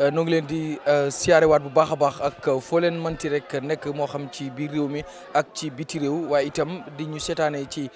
Euh, noo ngi leen di euh, siyaarewaat bu baax a baax ak euh, foo leen manti rek nekk moo xam ci biir réew mi ak ci biti réew waaye itam di ñu seetaane ci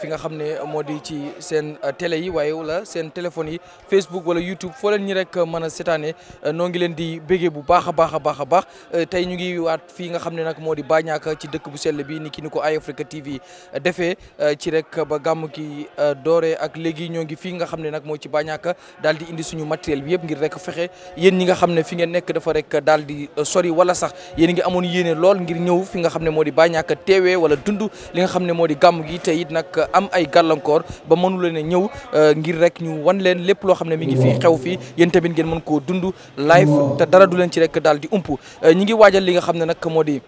fi nga xam ne moo di ci seen télé waaye wala seen téléphone yi Facebook wala YouTube foo ñi rek mën a seetaane noo ngi leen di béggee bu baax a baax baax a baax tey ñu ngi waat fii nga xam ne nag moo di Banyanka ci dëkk bu sell bi ni ki ni ko Eye Africa TV defee ci rek ba gàmm ki dooree ak léegi ñoo ngi fii nga xam ne nag moo ci Banyanka daal di indi suñu matériel bi yëpp ngir rek fexe yéen ñi nga xam ne fi ngeen nekk dafa rek daal di euh, sori wala sax yéen ngi amoon yéene lool ngir ñëw fi nga xam ne moo di bàyyi ñàkk teewee wala dund li nga xam ne moo di gàmm gi te it nag am ay gàllankoor ba mënu leen a ñëw euh, ngir rek ñu wan leen lépp loo xam ne mi ngi fii xew fii yéen tamit ngeen mën koo dundu live te dara du leen ci rek daal di ump euh, ñi ngi waajal li nga xam ne nag moo di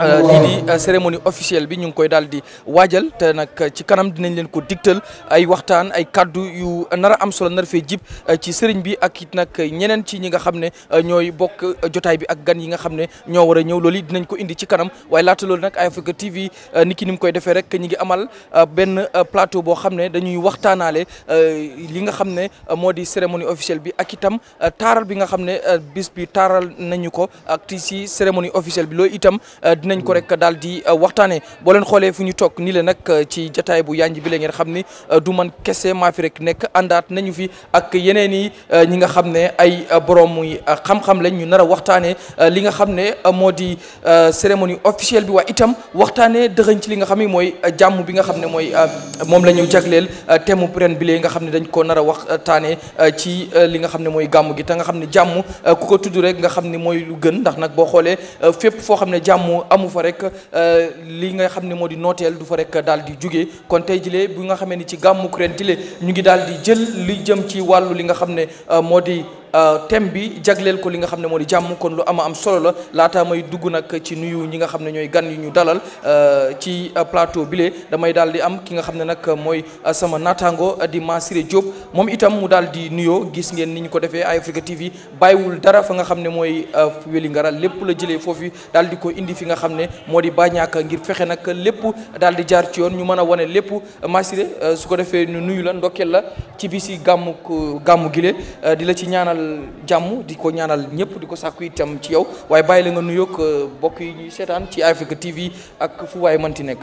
Euh, lii di euh, cérémonie officielle bi ñu ngi koy daal di waajal te nag euh, ci kanam dinañ leen ko digtal ay waxtaan ay kaddu yu nar a am solo nar fee jib ci sëriñ bi ak it nag ñeneen ci ñi nga xam ne ñooy bokk jotaay bi ak gan yi nga xam ne ñoo war a ñëw loolu dinañ ko indi ci kanam waaye laata loolu nag Africa TV ni ki ni mu koy defee rek ñi ngi amal benn plateau boo xam ne dañuy waxtaanaale li nga xam ne moo di cérémonie officielle bi ak itam taaral bi nga xam ne bis bi taaral nañu ko ak ci cérémonie officielle bi loolu itam dinañ ko rek daal di euh, waxtaanee boo leen xoolee fu ñu toog nii la nag euh, ci jataay bu yanj bi la ngeen xam ni euh, du man kese maa fi rek nekk àndaat nañu fi ak yeneen yi ñi nga xam ne ay borom muy xam-xam lañ ñu nar waxtaanee li nga xam ne moo di cérémonie officielle bi waa itam waxtaanee dëxëñ ci li nga xam ne mooy jàmm bi nga xam ne mooy moom la ñu jagleel thème ren bi lee nga xam ne dañ ko nar a waxtaanee ci li nga xam ne mooy gàmm gi te nga xam ne jàmm ku tudd rek nga xam ni mooy lu gën ndax nag boo xoolee fépp foo xam ne jàmm amu fa rek euh, li nga xam ne moo di nooteel du fa rek daal di jugee kon tey jilee bu nga xamee ni ci gàmmu ren jile ñu ngi daal di jël li jëm ci wàllu li nga xam ne euh, moo di Euh, thème bi jagleel ko li nga xam ne moo di jàmm kon lu ama am solo la laataa may dugg nag ci nuyu ñi nga xam ne ñooy gan yu ñu dalal euh, ci euh, plateau bile damay daal di am ki nga xam ne nag mooy sama naataango di Massiré Diop moom itam mu daal di nuyoo gis ngeen ni ñu ko defee ay Africa TV bàyyiwul dara fa nga xam ne mooy Wélingara lépp la jëlee foofu daal di ko indi fi nga xam ne moo di Banyak ngir fexe nag lépp daal di jaar ci yoon ñu mën a wane lépp Massiré su ko defee ñu nuyu la ndokkeel la ci bisi gàmmu gàmmu gile di la ci ñaanal jàmm di ko ñaanal ñëpp di ko sàkku itam ci yow waaye bàyyi la nga nuyoog euh, bokk yi ñuy seetaan ci Africa TV ak fu waay mënti nekk.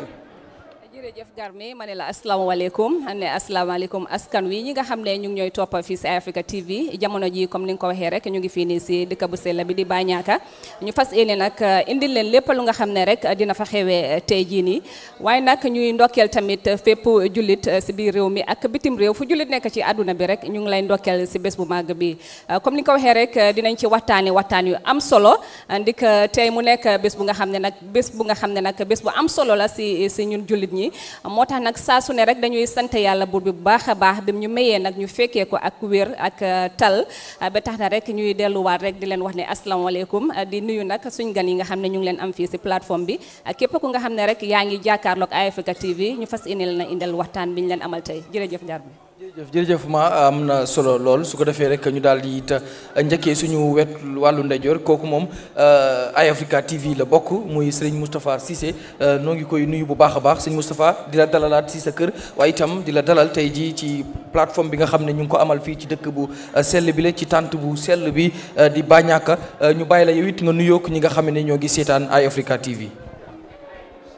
jërëjëf Garmi ma la asalaamaaleykum ne asalaamaaleykum askan wi ñi nga xam ne ñu ngi ñooy toppa fii si Africa TV jamono ji comme ni ko waxee ñu ngi fii nii si dëkk bu sell bi di Banyanka ñu fas yéene nag eh, indil leen lépp lu nga xam ne rek eh, dina xewee eh, tey jii nii waaye nag ñuy ndokkeel tamit fépp jullit si biir réew mi ak bitim réew fu jullit nekk ci àdduna bi rek ñu ngi lay ndokkeel si bés bu màgg bi comme ni nga ko waxee rek dinañ ci waxtaani waxtaan yu am solo ndik tey mu nekk bés bu nga xam ne nag bés bu nga xam ne nag bés bu am solo la si si ñun jullit ñi moo tax nag saa su ne rek dañuy sant yàlla buur bi bu baax a baax bi ñu mayee nag ñu fekkee ko ak wér ak euh, tal euh, ba tax na rek ñuy delluwaat rek di leen wax ne asalaamaaleykum euh, di nuyu nag suñ gan yi nga xam ne ñu ngi leen am fii si plateforme bi képp ku nga xam ne rek yaa ngi jàkkaarloog Eye Africa TV ñu fas inil na indal waxtaan bi ñu leen amal tey jërëjëf jaar bi jërëjëf jërëjëf ma am na solo lool su ko defee rek ñu daal di it uh, njëkkee suñu wet wàllu ndeyjoor kooku moom Eye uh, Africa TV la bokk muy Serigne Moustapha Cissé uh, noo ngi koy nuyu bu baax a baax Serigne Moustapha di la dalalaat si sa kër waaye itam di la dalal tey jii ci plateforme bi nga xam ne ñu ngi ko amal fii ci dëkk bu sell bi la ci tànt bu sell bi di Banyanka ñu bàyyi la yow it nga nuyoog ñi nga xam ne ñoo ngi seetaan Eye Africa TV.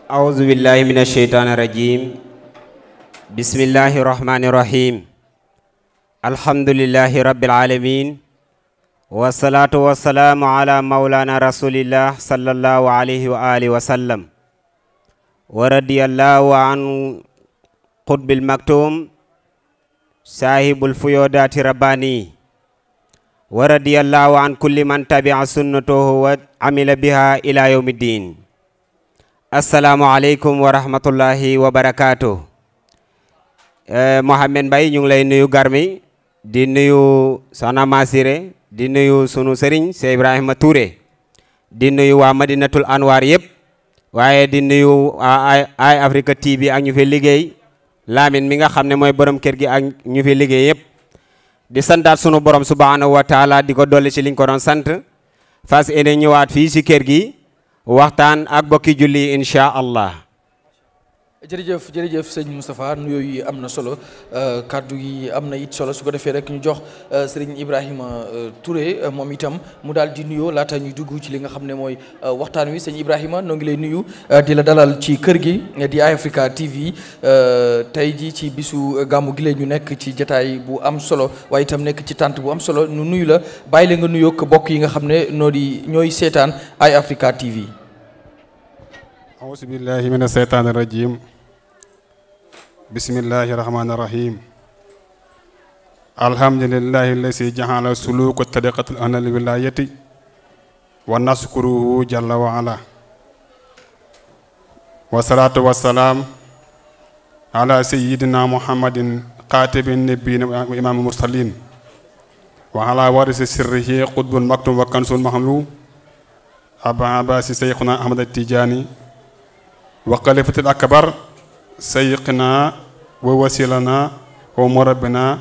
aouzu billahi mina sheytaani rajim bismillahi irrahmani irrahim alhamdulilahi rabilalamin wasalaatu wasalaamu ala maulana rasulillah sallallahu alayhi wa alihi wa sallam wa radiyallahu an qutbil maktum sahibul fuyodati rabbani wa radiyallahu an kulli man tabi'a sunnatahu wa amila biha ila yawmiddin assalaamu aleykum wa rahmatullahi wa barakatuh Eh, Mohamed mbay ñu ngi lay nuyu garmi di nuyu Soxna Masiré di nuyu sunu sëriñ Cheikh Ibrahima Touré di nuyu waa Madinatul Anwar yëpp waaye di nuyu ay Africa TV ak ñu fi liggéey Lamine mi nga xam ne mooy borom kër gi ak ñu fi liggéey yëpp di santaat sunu borom subhanahu wa taala di ko dolli ci liñ ko doon sant fas yéene ñëwaat fii si kër gi waxtaan ak bokki julli incha allah jërëjëf jërëjëf sëñ Moustapha nuyoo yi am na solo euh, kàddu yi am na it solo su ko defee rek ñu jox euh, sëriñ Ibrahima euh, Touré moom itam mu daal di nuyoo laata ñuy dugg ci li nga xam ne mooy waxtaan wi sëñ Ibrahima noo ngi lay nuyu di la dalal ci kër gi di Eye Africa TV tey ji ci bisu gàmmu gi ñu nekk ci jataay bu am solo waaye itam nekk ci tànt bu am solo nu nuyu la bàyyi la nga nuyoo ak bokk yi nga xam ne noo di ñooy seetaan Eye Africa TV. awusu billaahi mina seytaani rajiim bismillahi rahmaani rahim alhamdulillahi allasi jaxala suluuka tariqatal anal wilayati wa naskuruhu jalla wa ala wasalaatu wasalaam ala sayidina muhammadin xaatibi nabiina wa imaamul mursaliin wa ala warisi sirrihi qutbul maktum wa kansul mahmum abaa abasi sayxuna ahmad tijaani wa xalifatil akbar sayyiqinaa wa wasilanaa wa murabbinaa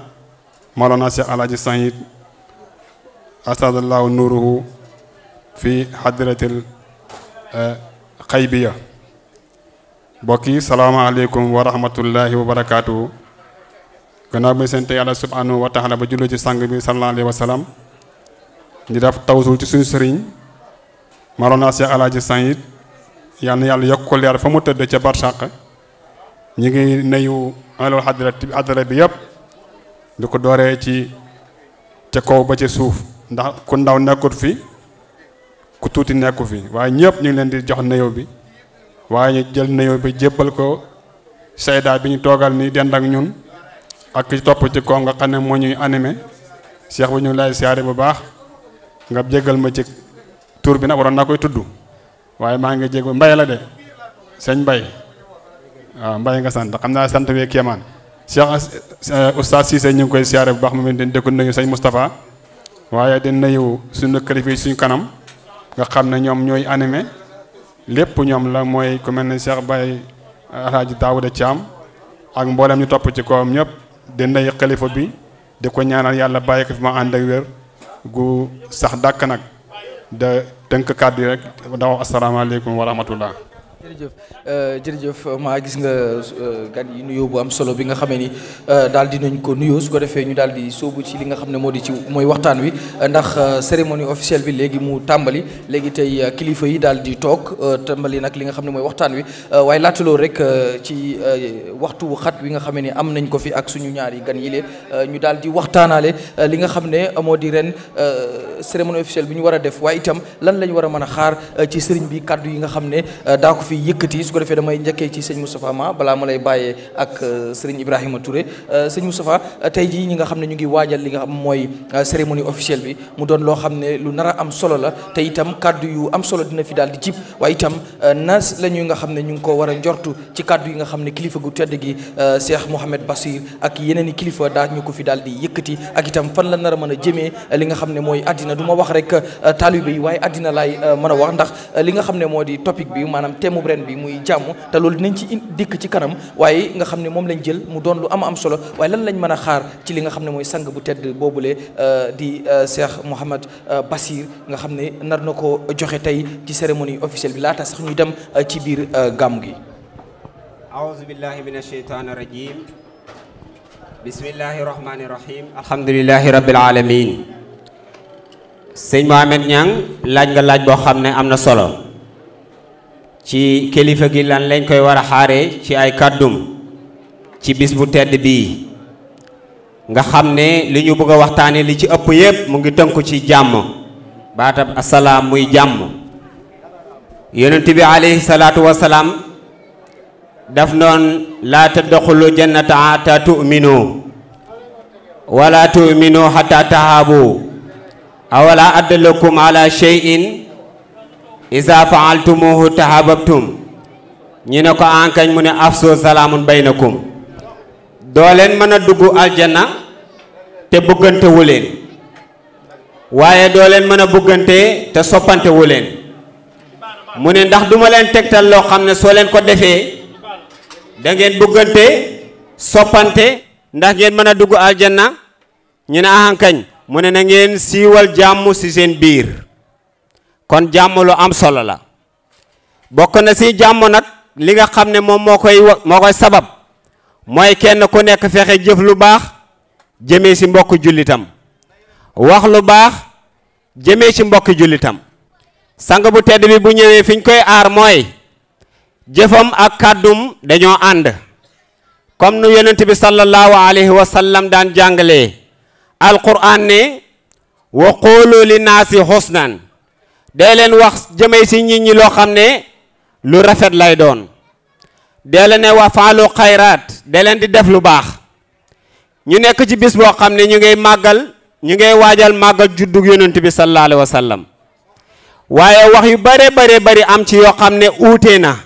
mawlaanaa Cheikh Alaaji Sayid asadallahu nuuruhu fi hadratil eh, xaybiya mbokk yi salaamaaleykum wa rahmatullahi wa barakaatu. gannaaw bi sant yàlla subhaanahu wa ba julli ci sang bi sallallahu alayhi wa salaam Alaaji Sayid yal yàlla yokk ko fa mu tëdd ca barsàq ñu ngi nuyu alal xadara xadara bi yëpp di ko dooree ci ca kaw ba ci suuf ndax ku ndaw nekkut fi ku tuuti nekku fi waaye ñëpp ñu ngi leen di jox nuyu bi waaye ñu jël nuyu bi jéppal ko saydaa bi ñu toogal ni dend ak ñun ak ki topp ci kow nga xam ne moo ñuy animé seex bi ñu ngi lay siyaare bu baax nga jégal ma ci tur bi nag waroon naa koy tudd waaye maa ngi jégal mbay la de sëñ mbay waaw mbay nga sant xam naa sant wee kéemaan Cheikh euh, Oustaz Cissé ñu ngi koy siyaare bu baax moom den dëkk nañu sëñ Moustapha waaye den nañu suñu kilifa yi suñu kanam nga xam ne ñoom ñooy animé lépp ñoom la mooy ku mel ne Cheikh Baye Alhaji euh, Daouda Thiam ak mboolem ñu topp ci kawam ñëpp den nañu kilifa bi di ko ñaanal yàlla bàyyi ko fi ma ànd ak gu sax dàkk nag da tënk kàddu yi rek da wax asalaamaaleykum wa rahmatullah jërëjëf euh, jërëjëf maa gis nga euh, gan yi nuyoo bu am solo bi nga xamee ni euh, daal di nañ ko nuyoo su ko defee ñu daal di sóobu ci li nga xam ne moo di ci mooy waxtaan wi ndax cérémonie officielle bi léegi mu tàmbali léegi tey kilifa yi daal di toog tàmbali nag li nga xam ne mooy waxtaan wi waaye laata loolu rek ci waxtu wu xat wi nga xamee ni am nañ ko fi ak suñu ñaari gan yi le ñu daal di waxtaanaale li nga xam ne moo di ren cérémonie officielle bi ñu war a def waaye itam lan lañ war a mën a xaar ci sëriñ bi kaddu yi nga xam ne daa ko fi yëkkati su ko defee damay njëkkee ci sëñ Moustapha ma balaa ma lay bàyyee ak euh, sëriñ Ibrahima Touré euh, sëñ Moustapha tey jii ñi nga xam ne ñu li nga xam mooy euh, cérémonie officielle bi mu doon loo xam ne lu nar la te itam kàddu yu am fi daal di jib waaye itam nas la ñu nga xam ñu ngi ko war a njortu ci kàddu yi nga xam ne kilifa gu tedd gi Cheikh Mouhamed Bassir ak yeneen i kilifa daa ñu ko fi daal yëkkati ak itam fan la nar a mën a jëmee li nga xam ne mooy àddina du ma wax rek taalibe yi waaye àddina laay mën a wax ndax li nga xam ne moo di topic bi maanaam thème gàmmu ren bi muy jàmm te loolu dinañ ci dikk ci kanam waaye nga xam ne moom lañ jël mu doon lu am am solo waaye lan lañ mën a xaar ci li nga xam ne mooy sang bu tedd boobule euh, di euh, Cheikh Mouhamad euh, Bassir nga xam ne nar na ko joxe tey ci cérémonie bi laata sax ñu dem ci biir gàmmu gi aouzu billahi min asheytaani rajim bismillahi alamin sëñ Mohamed Niang laaj nga laaj boo xam ne am na solo ci kilifa gi lan lañ koy war a xaare ci ay kàddum ci bis bu tedd bii nga xam ne li ñu bëgg a waxtaane li ci ëpp yépp mu ngi tënku ci jàmm baatab asalaam muy jàmm yonent bi alayhi salaatu wasalaam daf noon laata tadxulu jannata hatta tu'minu wala tu'minu hatta tahaabu awala addalakum ala shay'in isa faaltumuhu tahababtum ñi ne ko ankañ mu ne afso salaamun baynakum doo leen mën a dugg aljanna te bëggantewu leen waaye doo leen mën a buggante te soppantewu leen mu ne ndax duma leen tegtal loo xam ne soo leen ko defee da ngeen bëggante soppante ndax ngeen mën a dugg aljanna ñu ne ahankañ mu ne na ngeen siiwal jàmm ci seen biir kon jàmm lu am solo la bokk na si jàmm nag li nga xam ne moom moo koy moo sabab mooy kenn ku nekk fexe jëf lu baax jëmee ci mbokk jullitam wax lu baax jëmee ci mbokk jullitam sang bu tedd bi bu ñëwee fiñ koy aar mooy jëfam ak kàddum dañoo ànd kom nu yonent bi sallallahu alayhi wa sallam daan jàngalee alquran ne wa qulu naasi xusnan dee leen wax jëmee si nit ñi loo xam ne lu rafet lay doon dee leen ne wa xayraat dee leen di def lu baax ñu nekk ci bis boo xam ne ñu ngay màggal ñu ngay waajal màggal juddu yonent bi sallallahu alayhi wa sallam waaye wax yu bare bare bari am ci yoo xam ne uute na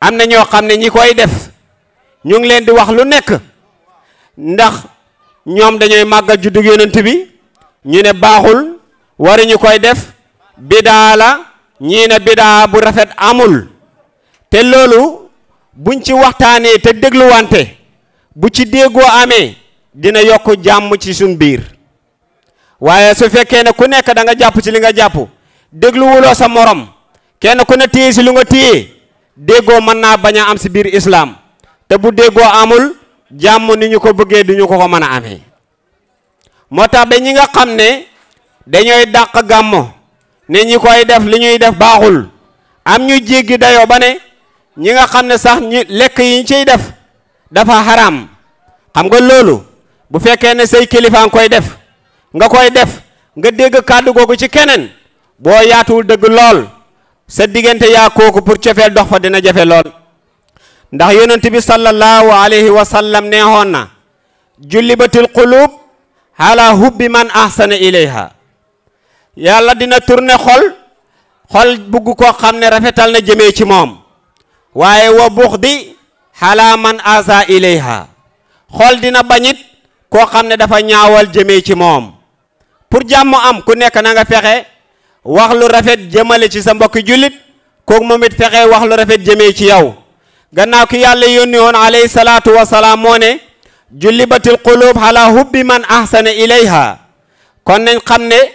am na ñoo xam ne ñi koy def ñu ngi leen di wax lu nekk ndax ñoom dañooy màggal juddu yonent bi ñu ne baaxul waruñu koy def bidaa la ñii ne bu rafet amul te loolu buñ ci waxtaanee te dégluwante bu ci déggoo amee dina yokk jàmm ci suñ biir waaye su fekkee ne ku nekk da nga jàpp ci li nga jàpp dégluwuloo sa morom kenn ku ne téye si lu nga téye déggoo mën naa bañ a am si biir islaam te bu déggoo amul jàmm ni ñu ko bëggee du ñu ko ko mën a amee moo tax ba ñi nga xam ne dañooy dàq gàmmo ne ñi koy def li ñuy def baaxul am ñu jéggi dayoo ba ne ñi nga xam ne sax ñu lekk yi ñu ciy def dafa xaraam xam nga loolu bu fekkee ne say kilifaa nga koy def nga koy def nga dégg kàddu googu ci keneen boo yaatuwul dëgg lool sa diggante yaa kooku pour cofeel dox fa dina jafe lool ndax yonent bi sallallahu alayhi wa neexoon na jullibatil qulub ala hubbi man ahsana ilayha yàlla dina tourné xol xol bugg koo xam ne rafetal na jëmee ci moom waaye wa bux di xalaa man aza ilayha xol dina bañit koo xam ne dafa ñaawal jëmee ci moom pour jàmm am ku nekk na nga fexe wax lu rafet jëmale ci sa mbokki jullit kooku moom fexe wax lu rafet jëmee ci yow gannaaw ki yàlla yónni woon alayhi salaatu wasalaam moo ne jullibatil qulub ala hubbi man ahsana ilayha kon nañ xam ne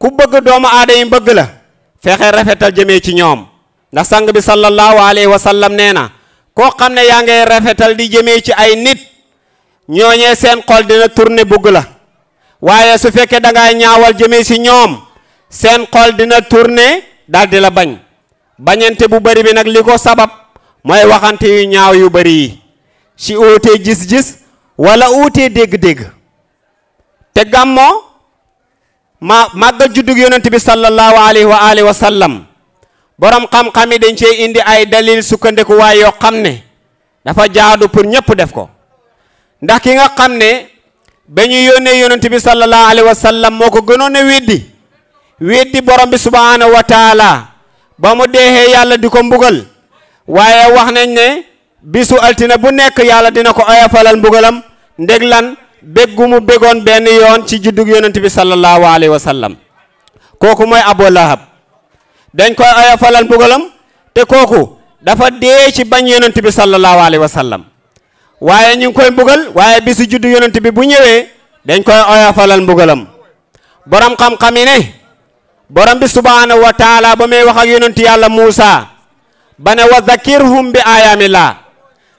ku bëgg doomu aadama yi bëgg la fexe rafetal jëmee ci ñoom ndax sang bi sallallahu alayhi wa sallam nee na koo xam ne yaa ngay rafetal di jëmee ci ay nit ñooñee seen xol dina tourner bugg la waaye su fekkee dangay ñaawal jëme ci ñoom seen xol dina tourner daal la bañ bañante bu bari bi nag li ko sabab mooy waxante yu ñaaw yu bari yi ci uutee gis-gis wala uutee dégg-dégg te gàmmoo ma màggal juddug yonent bi sallallahu alayhi wa alihi wa sallam borom xam-xam yi dañ cee indi ay dalil sukkandiku waay yoo xam ne dafa jaadu pour ñëpp def ko ndax ki nga xam ne ba ñu yónnee yonent bi sallallahu alayhi wa sallam moo ko gënoon a weddi weddi borom bi subhanahu wa taala ba mu deexee yàlla di ko mbugal waaye wax nañ ne bisu altina bu nekk yàlla dina ko oyofalal mbugalam ndeg lan bég gu benn yoon ci juddug yonent bi sallallahu alayhi wa kooku mooy Abu Lahab dañ koy oyofalal mbugalam te kooku dafa dee ci bañ yonent bi sallallahu alayhi wa sallam waaye ñu koy mbugal waaye bisu juddu yonent bi bu ñëwee dañ koy oyofalal mbugalam borom xam-xam yi ne borom bi subhaanahu wa ba muy wax ak yonent yàlla Muusa ba ne wa zakirhum bi ayaamillah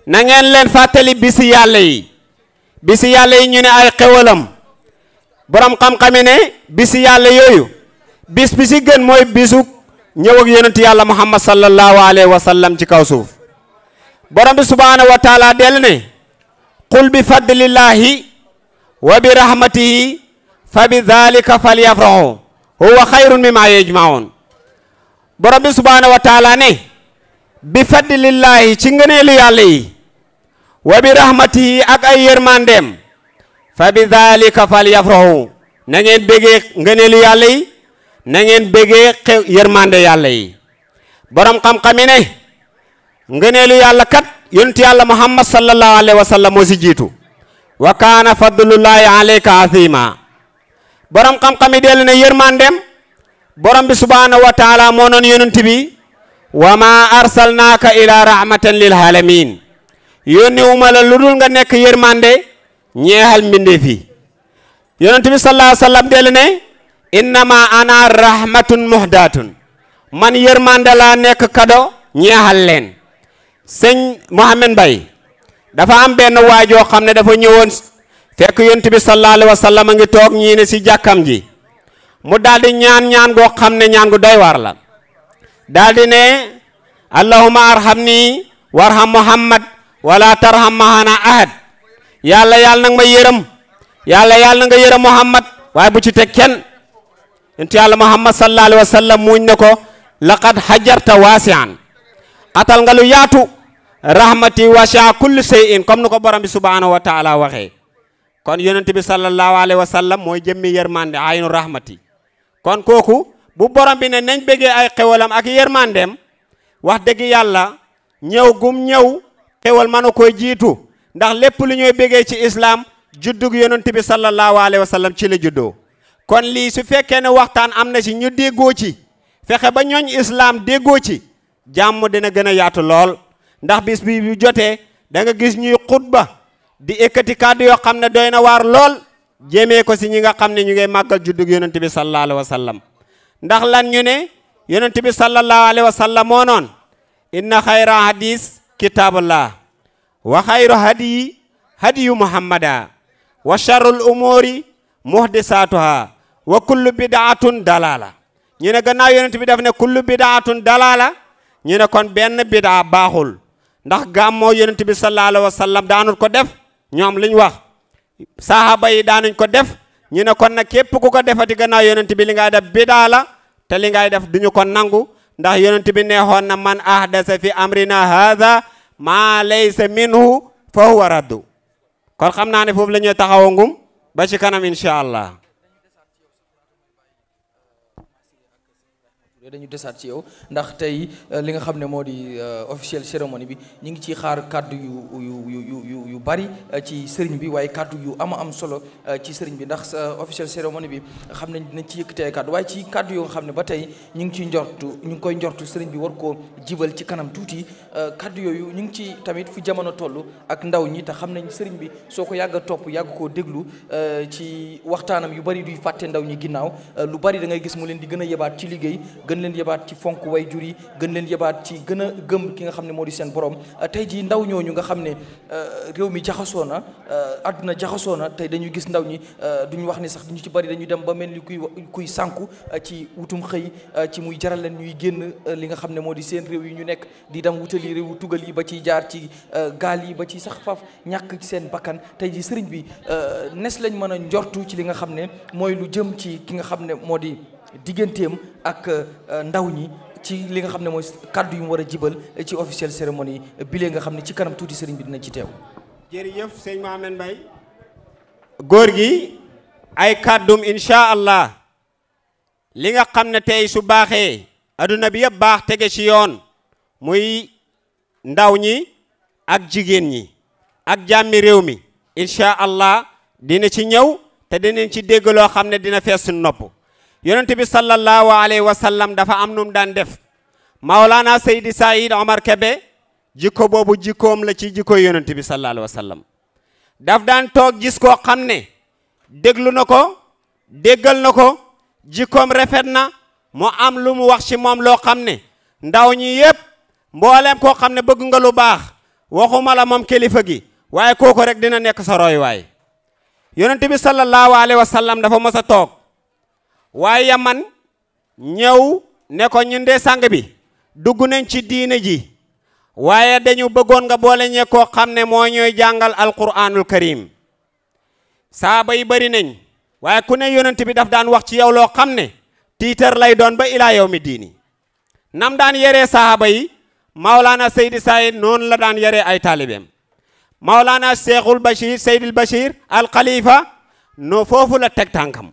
leen fàttali bisi yàlla yi bisi yàlla yi ñu ne ay xewalam borom xam-xam ne bisi yàlla yooyu bis bi ci gën mooy bisu ñëw ak yonent yàlla muhammad sallallahu alayhi wa sallam ci kaw suuf borom bi subhaanahu wa taala del ne qul bi fadlillahi wa bi rahmatihi fa bi dalika falyafrahu huwa xayrun mimma yajmaun borom bi subhaanahu wa taala ne bi fadlillahi ci ngëneelu yàlla yi wa bi rahmatihi ak ay yërmandeem fa bi daalika fal yafrahu na ngeen bégee yàlla yi na ngeen bégee yàlla yi borom xam-xam yi ne ngëneelu yàlla kat yontu yàlla muhammad sallallahu alayhi wa sallam moo si jiitu wa kaana fadlullahi alayka azima borom xam-xam dellu ne yërmandeem borom bi subhanahu wa taala moo noon bi wa ma arsalnaaka ila rahmatan lil alamin yónniwuma la lu dul nga nekk yërmande ñeexal mbindeef yi yonent bi sallallahu alayhi wa sallam del ne innama ana rahmatun muhdatun man yërmande nekk kado ñeexal leen sëñ Mohamed Mbaye dafa am benn waajoo xam ne dafa ñëwoon fekk yonent bi sallallahu alayhi wa sallam a ngi toog ñii ne si jàkkam ji mu daldi ñaan ñaan goo xam ne ñaan gu doy waar la daal ne allahuma arham nii warham muhammad wala tarham mahana ahad yàlla yàlla ma yërëm yàlla yàlla na nga yërëm muhammad waaye bu ci teg kenn intu yàlla muhammad sallallahu alayhi wa sallam ko laqad hajarta waasian xatal nga lu yaatu rahmati wasia kulli shay'in comme ni ko borom bi subhanahu wa taala waxee kon yonent bi sallallahu alayhi wa sallam mooy jëmmi yërmande aynu rahmati kon kooku bu borom ne nañ bëggee ay xewalam ak yërmandeem wax dëgg yàlla ñëw gum ñëw xewal mën a koy jiitu ndax lépp lu ñuy bégee ci islaam juddug yonent bi sallallahu alayhi wa sallam ci la juddoo kon lii su fekkee ne waxtaan am na ci ñu déggoo ci fexe ba ñooñ islaam déggoo ci jàmm dina gën a yaatu lool ndax bis bi bu jotee da nga gis ñuy xutba di ekkati kàddu yoo xam ne doy na waar lool jéemee ko si ñi nga xam ne ñu ngay màggal juddug yonent bi sallallahu alayhi wa sallam ndax lan ñu ne yonent bi sallallahu alayhi wa noon inna xayra kitaabullah wa xayru hadiyi hadiyu muhammada wa charrul umuri muhdisatuha wa kullu bidaatun dalala ñu ne gannaaw yonent bi daf ne kullu bidaatun dalala ñu ne kon benn bidaa baaxul ndax gàmmoo yonent bi sallallahu alayhi wa sallam ko def ñoom liñ wax sahaaba yi daanuñ ko def ñu ne kon nag képp ku ko defati gannaaw yonent bi li ngay def bidaa la li ngay def duñu ko nangu ndax yonent bi neexoon man ahdasa fi amrina haada maa laysa minhu fa huwa raddu kon xam naa ne foofu la ñuy taxawangum ba ci kanam incha allah dañu desaat ci yow ndax tey euh, li nga xam ne moo di euh, officiel cérémonie bi ñu ngi ci xaar kàddu yu yu yu yu yu bari euh, ci sëriñ bi waaye kàddu yu ama am solo ci sëriñ bi ndax officiel cérémonie bi xam nañ dinañ ci yëkkatee ay ci kàddu yoo xam ne ba tey ñu ngi ciy njortu ñu ngi koy njortu sëriñ bi war koo jibal ci kanam tuuti kàddu yooyu ñu ngi ci tamit fu jamono toll ak ndaw ñi te xam nañ sëriñ bi soo ko yàgg a topp yàgg koo déglu ci waxtaanam yu bari duy fàtte ndaw ñi ginnaaw lu bari da ngay gis mu leen di gën a yebaat ci liggéey leen yebaat ci fonk way jur gën leen yebaat ci gën a gëm ki nga xam ne moo di seen borom euh, tey jii ndaw ñooñu nga xam ne euh, réew mi jaxasoo na euh, àdduna jaxasoo na tey dañuy gis ndaw ñi duñu wax ni sax duñu ci bari dañuy dem ba mel ni kuy kuy sànku ci wutum xëy ci muy jaral leen ñuy génn li nga xam ne moo di seen réew yi ñu nekk di dem wutali réewu tugal yi ba ci jaar ci gaal yi ba ci sax faaf ñàkk ci seen bakkan tey ji sëriñ bi nes lañ mën a njortu ci li nga xam ne mooy lu jëm ci ki nga xam ne moo di digganteem ak euh, ndaw ñi ci li nga xam ne mooy kàddu yu mu war a jibal ci officiel cérémonie bile nga xam ne ci kanam tuuti sëriñ bi dina ci teew. jërëjëf sëñ Mohamed Mbaye góor gi ay kàddum incha allah li nga xam ne tey su baaxee adduna bi yëpp baax tege ci yoon muy ndaw ñi ak jigéen ñi ak jàmmi réew mi incha allah dina ci ñëw te dinañ ci dégg loo xam ne dina fees suñu nopp. yonent bi sallallahu alayhi wa sallam dafa am num daan def maolana seydi saïd omar kebe jikko boobu jikkoom la ci jikko yonent bi sallallahu alayhi wa daf daan toog gis koo xam ne déglu na ko déggal na ko jikkoom rafet na mu am lu mu wax ci moom loo xam ne ndaw ñi yépp mbooleem koo xam ne bëgg nga lu baax waxuma la moom kilifa gi waaye kooku rek dina nekk sa roy waay yonent bi sallallahu alayhi wa sallam dafa mos a toog waaye yaman ñëw ne ko ñun de sang bi dugg nañ ci diina ji waaye dañu bëggoon nga boole ñe koo xam ne moo ñooy jàngal alquranul karim saaba yi bari nañ waaye ku ne yonent bi daf daan wax ci yow loo xam ne tiitar lay doon ba ilaa yow mi diini nam daan yaree saaba yi maolaana seydi said noonu la daan yaree ay taalibeem maolaana cheikhul bachir seydil bachir al khalifa no foofu la teg tànkam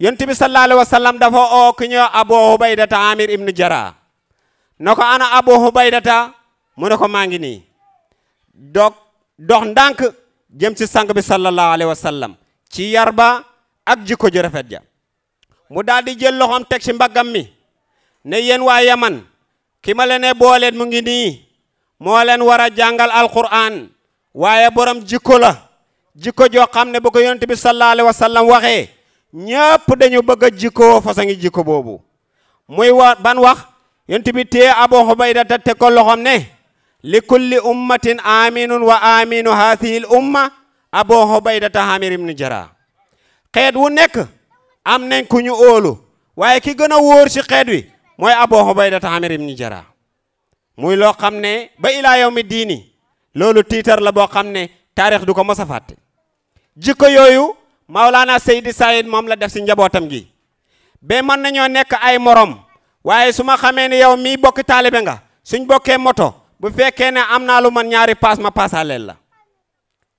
yonent bi sallallahu alayhi wa sallam dafa oo ku ñëw Abu Hubaydata Amir ibnu Jara na ana Abu Hubaydata mu ne ko maa ngi ni doog dox ndànk jëm ci sang bi sallallahu ci yar ba ak jikko ju rafet ja mu daal di jël loxoom teg ci mbaggam mi ne yéen waa Yaman ki ma leen booleen mu ngi nii moo leen war a jàngal alquran waaye borom jikko la jikko joo xam ne bu ko yonent bi sallallahu alayhi wa ñépp dañu bëgg a jikkoo fasangi jikko boobu muy wa ban wax yonent bi téye Abu Ubayda ta teg ko loxom ne li kulli ummatin aminun wa aminu hathihil umma Abu Ubayda ta Amir ibn Jarrah wu nekk am nañ ku ñu óolu waaye ki gën a wóor ci xeet wi mooy Abu Ubayda ta Amir ibn muy loo xam ne ba ilaa diini loolu tiitar la boo xam ne taarix du ko mos a fàtte jikko yooyu laa naa Seydi Saïd moom la def si njabootam gi ba mën nañoo nekk ay moroom waaye su ma xamee ne yow mii bokk taalibe nga suñ bokkee moto bu fekkee ne am naa lu man ñaari paas ma paasaaleel la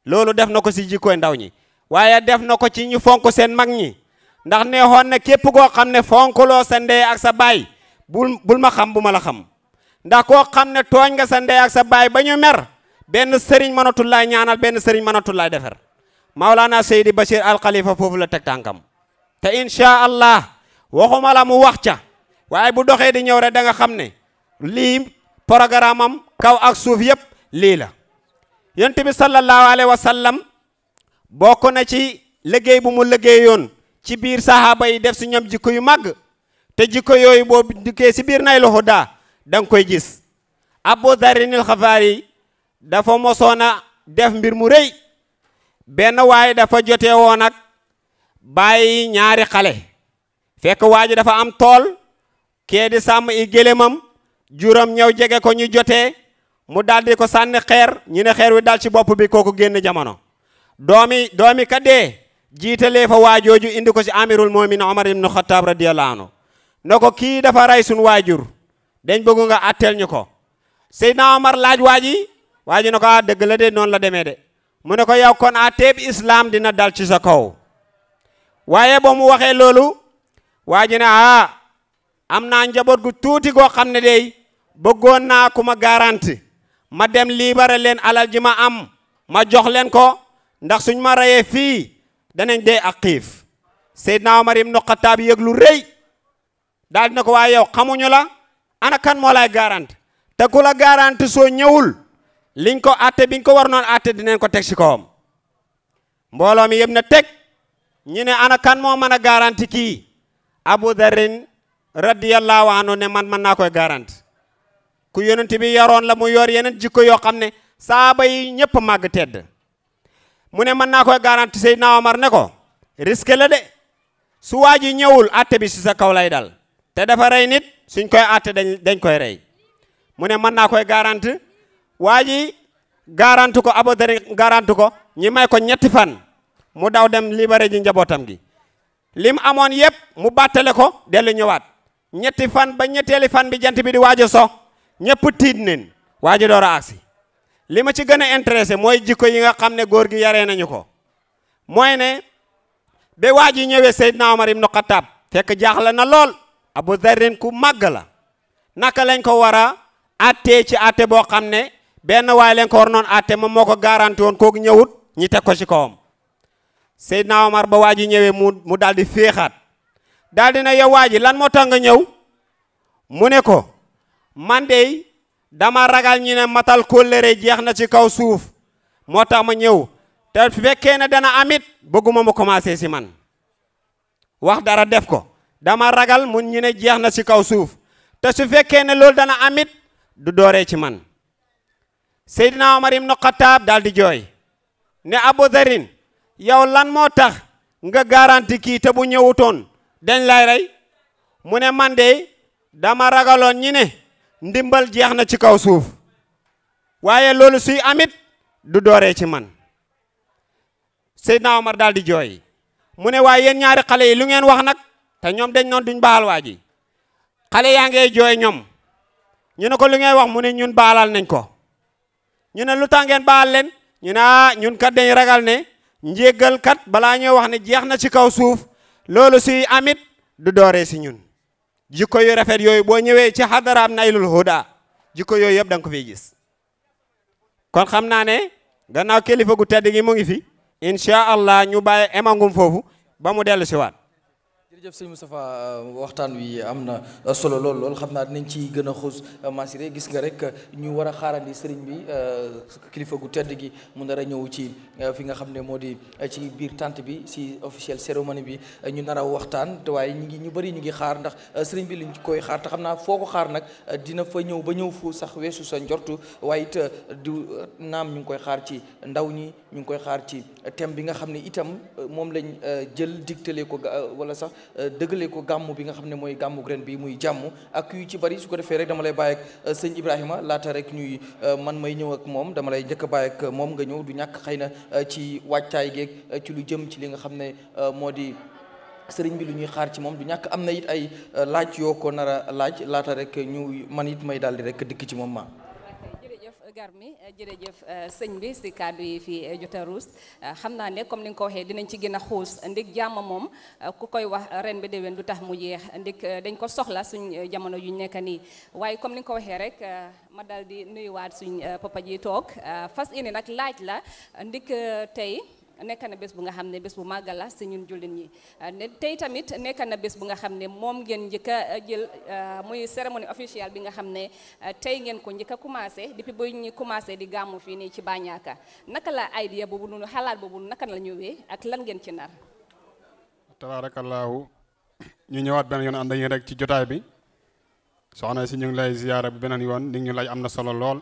loolu def na ko si jikkooy ndaw ñi waaye def na ko ci ñu fonk seen mag ñi ndax neexoon na képp koo xam ne fonkuloo sa ndey ak sa baay bul bul ma xam bu ma la xam ndax koo xam ne tooñ nga sa ndey ak sa baay ba ñu mer benn sëriñ mënatul laay ñaanal benn sëriñ mënatul laay defar Maulana Seydi Bachir Al foofu la teg tànkam te incha allah waxuma la mu wax ca waaye bu doxee di ñëw danga xam ne lii programme kaw ak suuf yépp lii la. yonent bi sallallahu alayhi wa ci liggéey bu mu liggéeyoon ci biir sahaaba yi def si ñoom jikko yu màgg te jikko yooyu boo dikkee si biir Naylul Huda daa danga koy gis. Abu Zarinil Xafaari dafa mosoon a def mbir mu rëy. benn waay dafa jote woo ak bàyyi ñaari xale fekk waa ji dafa am tool kee di sàmm i gélémam juróom ñëw jege ko ñu jote mu daldi ko sànni xeer ñu ne xeer wi dal ci bopp bi kooku génn jamono doomi doomi ka dee jiitalee fa waajooju indi ko ci amirul moomin omar ibnu xataab radiyallahu anhu ne ko kii dafa rey sun waajur dañ bëgg nga atteel ñu ko seydna omar laaj waa ji waa ji ne ko ah, dëgg la de noonu la demee de mu ne ko yow kon àtteeb islaam dina dal ci sa kaw waaye ba mu waxee loolu waa ji ah, am naa njaboot gu tuuti goo xam ne day bëggoon naa ku ma garanti ma dem libéré leen alal ji ma am ma jox leen ko ndax suñ ma reyee fii danañ dee ak xiif Seydina Omar ibn Xattaab yëg lu rëy daal dina ko waaye yow xamuñu la ana kan moo lay garanti te ku garanti soo ñëwul liñ ko àtte biñ ko war noon àtte dinañ ko teg si kawam mbooloo mi yëpp na teg ñu ne ana kan moo mën a garanti kii Abu Darin radiyallahu anhu ne man mën naa koy garanti ku yonent bi yaroon la mu yor yeneen jikko yoo xam ne saaba yi ñëpp màgg mu ne mën naa koy garanti Seydina Omar ne ko risque la de su waa ji ñëwul àtte bi ci sa kaw lay dal te dafa rey nit suñ koy àtte dañ dañ koy rey mu ne mën koy garanti waa ji garantu ko abodari garantu ko ñi may ko ñetti fan mu daw dem libéré ji njabootam gi lim amoon yëpp mu bàttale ko dellu ñëwaat ñetti fan ba ñetteeli fan bi jant bi di waaj a so ñëpp tiit neen waa ji door a agsi li ma ci gën a intéressé mooy jikko yi nga xam ne góor gi yaree nañu ko mooy ne ba waa ji ñëwee Seydina Omar ibnu Xattaab fekk jaaxle na lool Abu Zarrin ku màgg la naka lañ ko war a attee ci atte boo xam ne benn waaye leen ko war noon àtte moom moo ko garanti woon kooku ñëwut ñi teg ko ci kawam Seydina Omar ba waa ji ñëwee mu mu daal di féexaat daal di na yow waa ji lan moo tax nga ñëw mu ne ko man dey dama ragal ñi ne matal kóllëre jeex na ci kaw suuf moo tax ma ñëw te fekkee ne dana amit bëgguma mu commencé ci man wax dara def ko dama ragal mu ñu ne jeex na ci kaw suuf te su fekkee na loolu dana amit du dooree ci man Seydina Omar ibn Khattab daal di jooy ne Abu Dharin yow lan moo tax nga garanti kii te bu ñëwutoon dañ lay rey mu ne man de dama ragaloon ñi ne ndimbal jeex na ci kaw suuf waaye loolu suy amit du dooree ci man Seydina Omar daal di jooy mu ne waaye yéen ñaari xale yi lu ngeen wax nag te ñoom dañ noon duñ baal waa ji xale yaa ngee jooy ñoom ñu ne ko lu ngay wax mu ne ñun baalal nañ ko ñu ne lu tax ngeen leen ñu ne ah ñun kat dañ ragal ne njéggal kat balaa ñoo wax ne jeex na ci kaw suuf loolu si amit du dooree si ñun jikko yu rafet yooyu boo ñëwee ci xadaraam naylul huda jikko yooyu yëpp da nga ko fiy gis kon xam naa ne gannaaw kilifa gu tedd gi mu ngi fi incha allah ñu bàyyi emangum foofu ba mu dellu si waat jërëjëf sëñ Moustapha euh, waxtaan wi am na euh, solo lool lool xam naa dinañ ci gën a xuus euh, Massiré gis nga rek ñu war a xaarandi sëriñ bi kilifa gu tedd gi mu nar a ñëw ci fi nga xam ne moo di ci biir tante bi si officiel cérémonie bi ñu nar waxtaan waaye ñu ngi ñu bëri ñu ngi xaar ndax sëriñ bi liñ koy xaar xam naa foo xaar nag dina fa ñëw ba ñëw fu sax weesu sa njortu waaye it du naam ñu ngi koy xaar ci ndaw ñi ñu ngi koy xaar ci thème bi nga xam ne itam moom lañ jël digtale ko wala sax Euh, dëgale ko gàmmu bi nga xam ne mooy gàmmu ren bi muy jàmm ak yu ci bari su ko defee rek dama lay bàyyi ak euh, sëñ Ibrahima laata rek ñuy euh, man may ñëw ak moom dama lay njëkk a bàyyi moom nga ñëw du ñàkk xëy na ci waajtaay geeg ci lu jëm ci li nga xam ne moo di sëriñ bi lu ñuy xaar ci moom du ñàkk am na it ay laaj yoo ko nar a laaj laata rek ñu man it may daal di rek dikk ci moom ma garmi eh, jërëjëf eh, sëñ bi si kàddu yi fi eh, jota ruus xam naa ne comme ni nga ko waxee dinañ ci gën a xuus ndig jàmm moom ku koy wax ren bi déwén du tax mu jeex ndig dañ ko soxla suñ jamono yu nekk nii waaye comme ni nga ko waxee rek ma dal di nuyuwaat suñ papa ji toog fas yéene nag laaj la ndik tey nekk na bés bu nga xam ne bés bu màggal la si ñun jullit ñi ah, tey tamit nekk na bés bu nga xam ne moom ngeen njëkk jël ah, muy cérémonie officielle bi nga xam ne ah, tey ngeen ko njëkka a commencé depuis ba commencé di gàmmu fii nii ci Banyanka naka la idée boobu noonu xalaat boobu naka la ñëwee ak lan ngeen ci nar. tabaarakallaahu ñu ñëwaat benn yoon ànd rek ci jotaay bi soxna si ñu ngi beneen yoon li ñu lay am na solo lool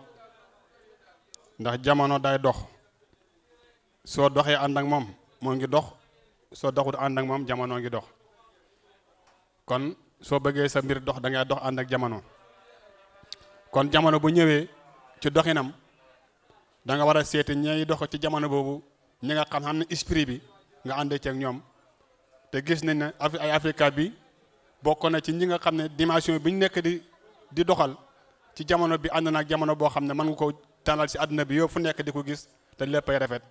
ndax jamono day dox. soo doxee ànd ak moom moo ngi dox soo doxut ànd ak moom jamono ngi dox kon soo bëggee sa mbir dox da dox ànd ak jamono kon jamono bu ñëwee ci doxinam danga war a seeti ñay dox ci jamono boobu ñi nga xam xam ne esprit bi nga àndee ceeg ñoom te gis nañ ne ay Africa bi bokk na ci ñi nga xam ne dimension bi ñu nekk di di doxal ci jamono bi ànd na ak jamono boo xam ne mën nga ko tànnal si àdduna bi yow fu nekk di ko gis te léppay rafet.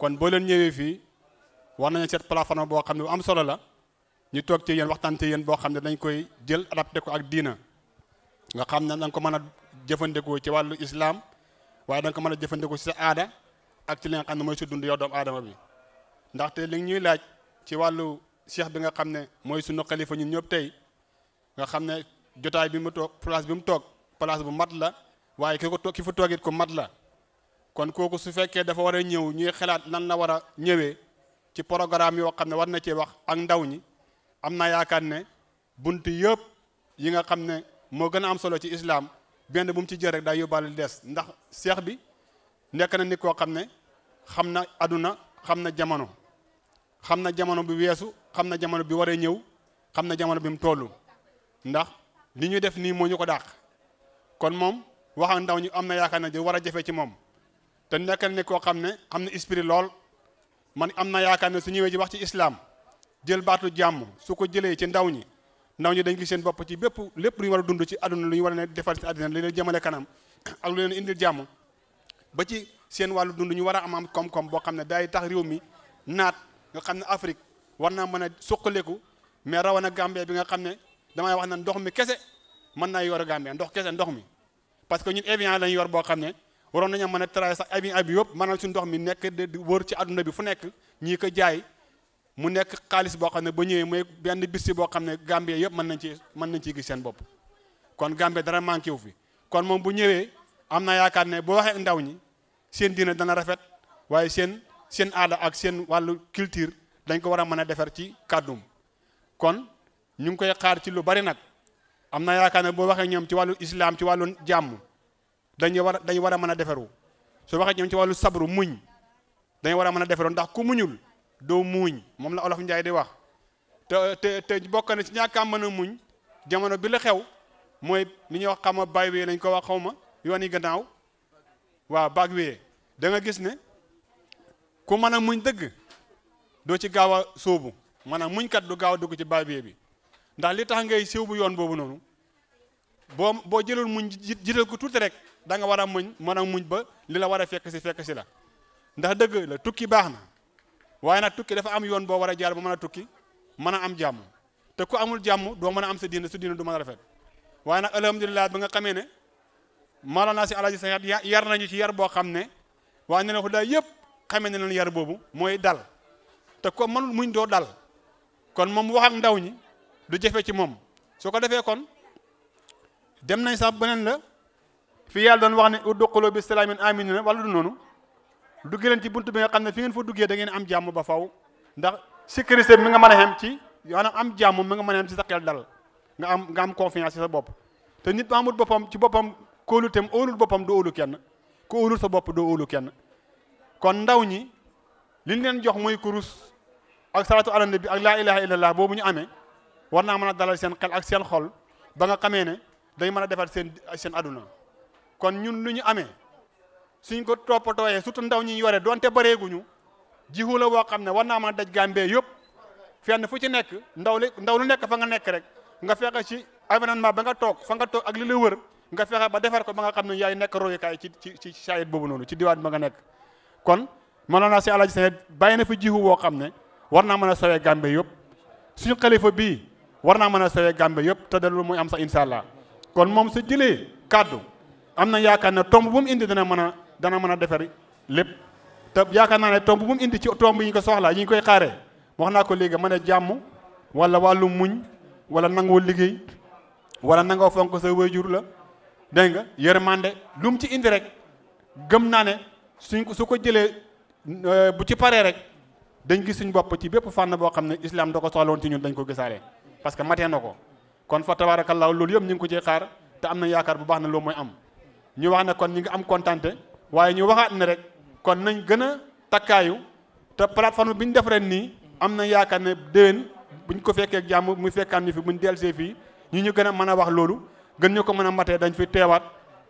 kon boo leen ñëwee fii war nañu seet plateforme boo xam ne bu am solo la ñu toog ci yéen waxtaan ci yéen boo xam ne dañ koy jël adapté ko ak diina nga xam ne danga ko mën a jëfandikoo ci wàllu islam waaye da ko mën a jëfandikoo ci sa aada ak ci li xam ne mooy su dund yow doomu aadama bi ndaxte li ñuy laaj ci wàllu cheikh bi nga xam ne mooy sunu xalifa ñun ñëpp tey nga xam ne jotaay bi mu toog place bu mu toog place bu mat la waaye ki ko toog ki fa toogit ko mat la kon kooku su fekkee dafa war a ñëw ñuy xalaat nan la war a ñëwee ci programme yoo xam ne war na cee wax ak ndaw ñi am naa yaakaar ne bunt yëpp yi nga xam ne moo gën a am solo ci islaam benn bu mu ci jël rek day yóbbaale des ndax seex bi nekk na nit koo xam ne xam na aduna xam na jamono xam na jamono bi weesu xam na jamono bi waree ñëw xam na jamono bi mu toll ndax li ñu def nii moo ñu ko dàq kon moom wax ak ndaw ñi am na yaakaar ne war a jafe ci moom te nekkal ne koo xam ne am na esprit lool man am na yaakaar ne su ñëwee ji wax ci islaam jël baatu jàmm su ko jëlee ci ndaw ñi ndaw ñi dañ gis seen bopp ci bépp lépp lu ñu war a dund ci àdduna lu ñu war a ne defar ci àddina li leen kanam ak lu leen indil jàmm ba ci seen wàllu dund ñu war a am am koom boo xam ne day tax réew mi naat nga xam ne Afrique war naa mën a suqaleku mais rawana gàmbee bi nga xam ne damay wax na ndox mi kese mën naa yor gàmbee ndox kese ndox mi parce que ñun Évian lañ yor boo xam ne waroon nañu mën a traiter sax abi abi yëpp maanaam suñu ndox mi nekk di wër ci adduna bi fu nekk ñii ko jaay mu nekk xaalis boo xam ne ba ñëwee mooy benn bis boo xam ne Gambie yëpp mën nañ ci mën nañ ciy gis seen bopp kon Gambie dara manqué wu fi kon moom bu ñëwee am na yaakaar ne boo waxee ndaw ñi seen diina dana rafet waaye seen seen aada ak seen wàllu culture dañ ko war a mën a defar ci kàddum kon ñu ngi koy xaar ci lu bari nag am na yaakaar ne boo waxee ñoom ci wàllu islam ci wàllu jàmm dañu war a dañu war a mën a deferu su waxee ñoom ci wàllu sabru muñ dañu war a mën a deferu ndax ku muñul doo muuñ moom la olof Njaay di wax te te te bokk na ci ñàkk a mën a muñ jamono bi la xew mooy mu ñuy wax xam ma bay wee lañ ko wax xaw ma yoon yi gannaaw waa baag wee da gis ne ku mën a muñ dëgg doo ci gaaw a sóobu maanaam muñkat du gaaw a dugg ci baay bi ndax li tax ngay siw bu yoon boobu noonu boo boo jëlul muñ jiital ko tuuti rek da nga war a muñ mën a muñ ba li la war a fekk si fekk si la ndax dëgg la tukki baax na waaye nag tukki dafa am yoon boo war a jaar ba mën a tukki mën a am jàmm te ku amul jàmm doo mën a am sa diina su diina du mën a rafet waaye nag alhamdulilah xamee ne maanaam si alaji sa yar nañu ci yar boo xam ne waa ne la ko daal yëpp xamee ne leen yar boobu mooy dal te ko mënul muñ doo dal kon moom wax ak ndaw ñi du jafe ci moom soo ko defee kon dem nañ sax beneen la. fii yàlla doon wax ne udxulu bi salaamin aaminiin wala du noonu dugge leen ci buntu bi nga xam ne fi ngeen fa duggee da ngeen am jàmm ba faw ndax sécurité mi nga mën a xem ci yoonam am jàmm mi nga mën a xem ci sa xel dal nga am nga am confiance ci bopp te nit ba boppam ci boppam koolu kóoluteem óolul boppam doo óolu kenn ku óolul sa bopp doo óolu kenn kon ndaw ñi liñ leen jox muy kurus ak salaatu ala nabi ak laa ilaha illallah boobu ñu amee war naa mën dalal seen xel ak seen xol ba nga xamee ne day mën a defar seen seen aduna kon ñun lu ñu amee suñ ko toppatooyee surtout ndaw ñi yore donte bareeguñu jiwu la boo xam ne war naa man a daj gàmbee yëpp fenn fu ci nekk ndaw li ndaw lu nekk fa nga nekk rek nga fexe ci environnement ba nga toog fa nga toog ak li la wër nga fexe ba defar ko ba nga xam ne yaay nekk ci ci ci sayit boobu noonu ci diwaan ba nga nekk kon mënoon naa si Alaaji Seydi bàyyi na fi jiwu boo xam ne war naa mën a sawee gàmbe yëpp suñu xalifa bii war naa mën a sawee gàmbe yëpp te de muy am sax incha allah kon moom su jëlee kàddu am na yaakaar ne tomb bu mu indi dana mën a dana mën a defar lépp te yaakaar naa ne tomb bu mu indi ci tomb yi ñu ko soxlaa yi ñu koy xaaree wax naa ko léegi mën a jàmm wala wàllu muñ wala nangoo liggéey wala nangoo fonk sa wéyjur la dégg nga yërmande lu mu ci indi rek gëm naa ne suñ ko su ko jëlee euh, bu ci paree rek dañ gis suñ bopp ci bépp fànn boo xam ne islam da ko soxlawoon ci ñun dañ ko gisaale parce que matee na ko kon fa tabaarakallaahu loolu yëpp ñu ngi ko ci xaar te am na baax ne loolu mooy am ñu wax ne kon ñu ngi am kontante waaye ñu waxaat ne rek kon nañ gën a takkaayu te plateforme bi ñu def ren nii am na yaakaar ne bu ñu ko fekkee ak jàmm muy fekkaan ñu fi buñ dellusee fii ñu ñu gën a mën a wax loolu gën ñu ko mën a matee dañ fi teewaat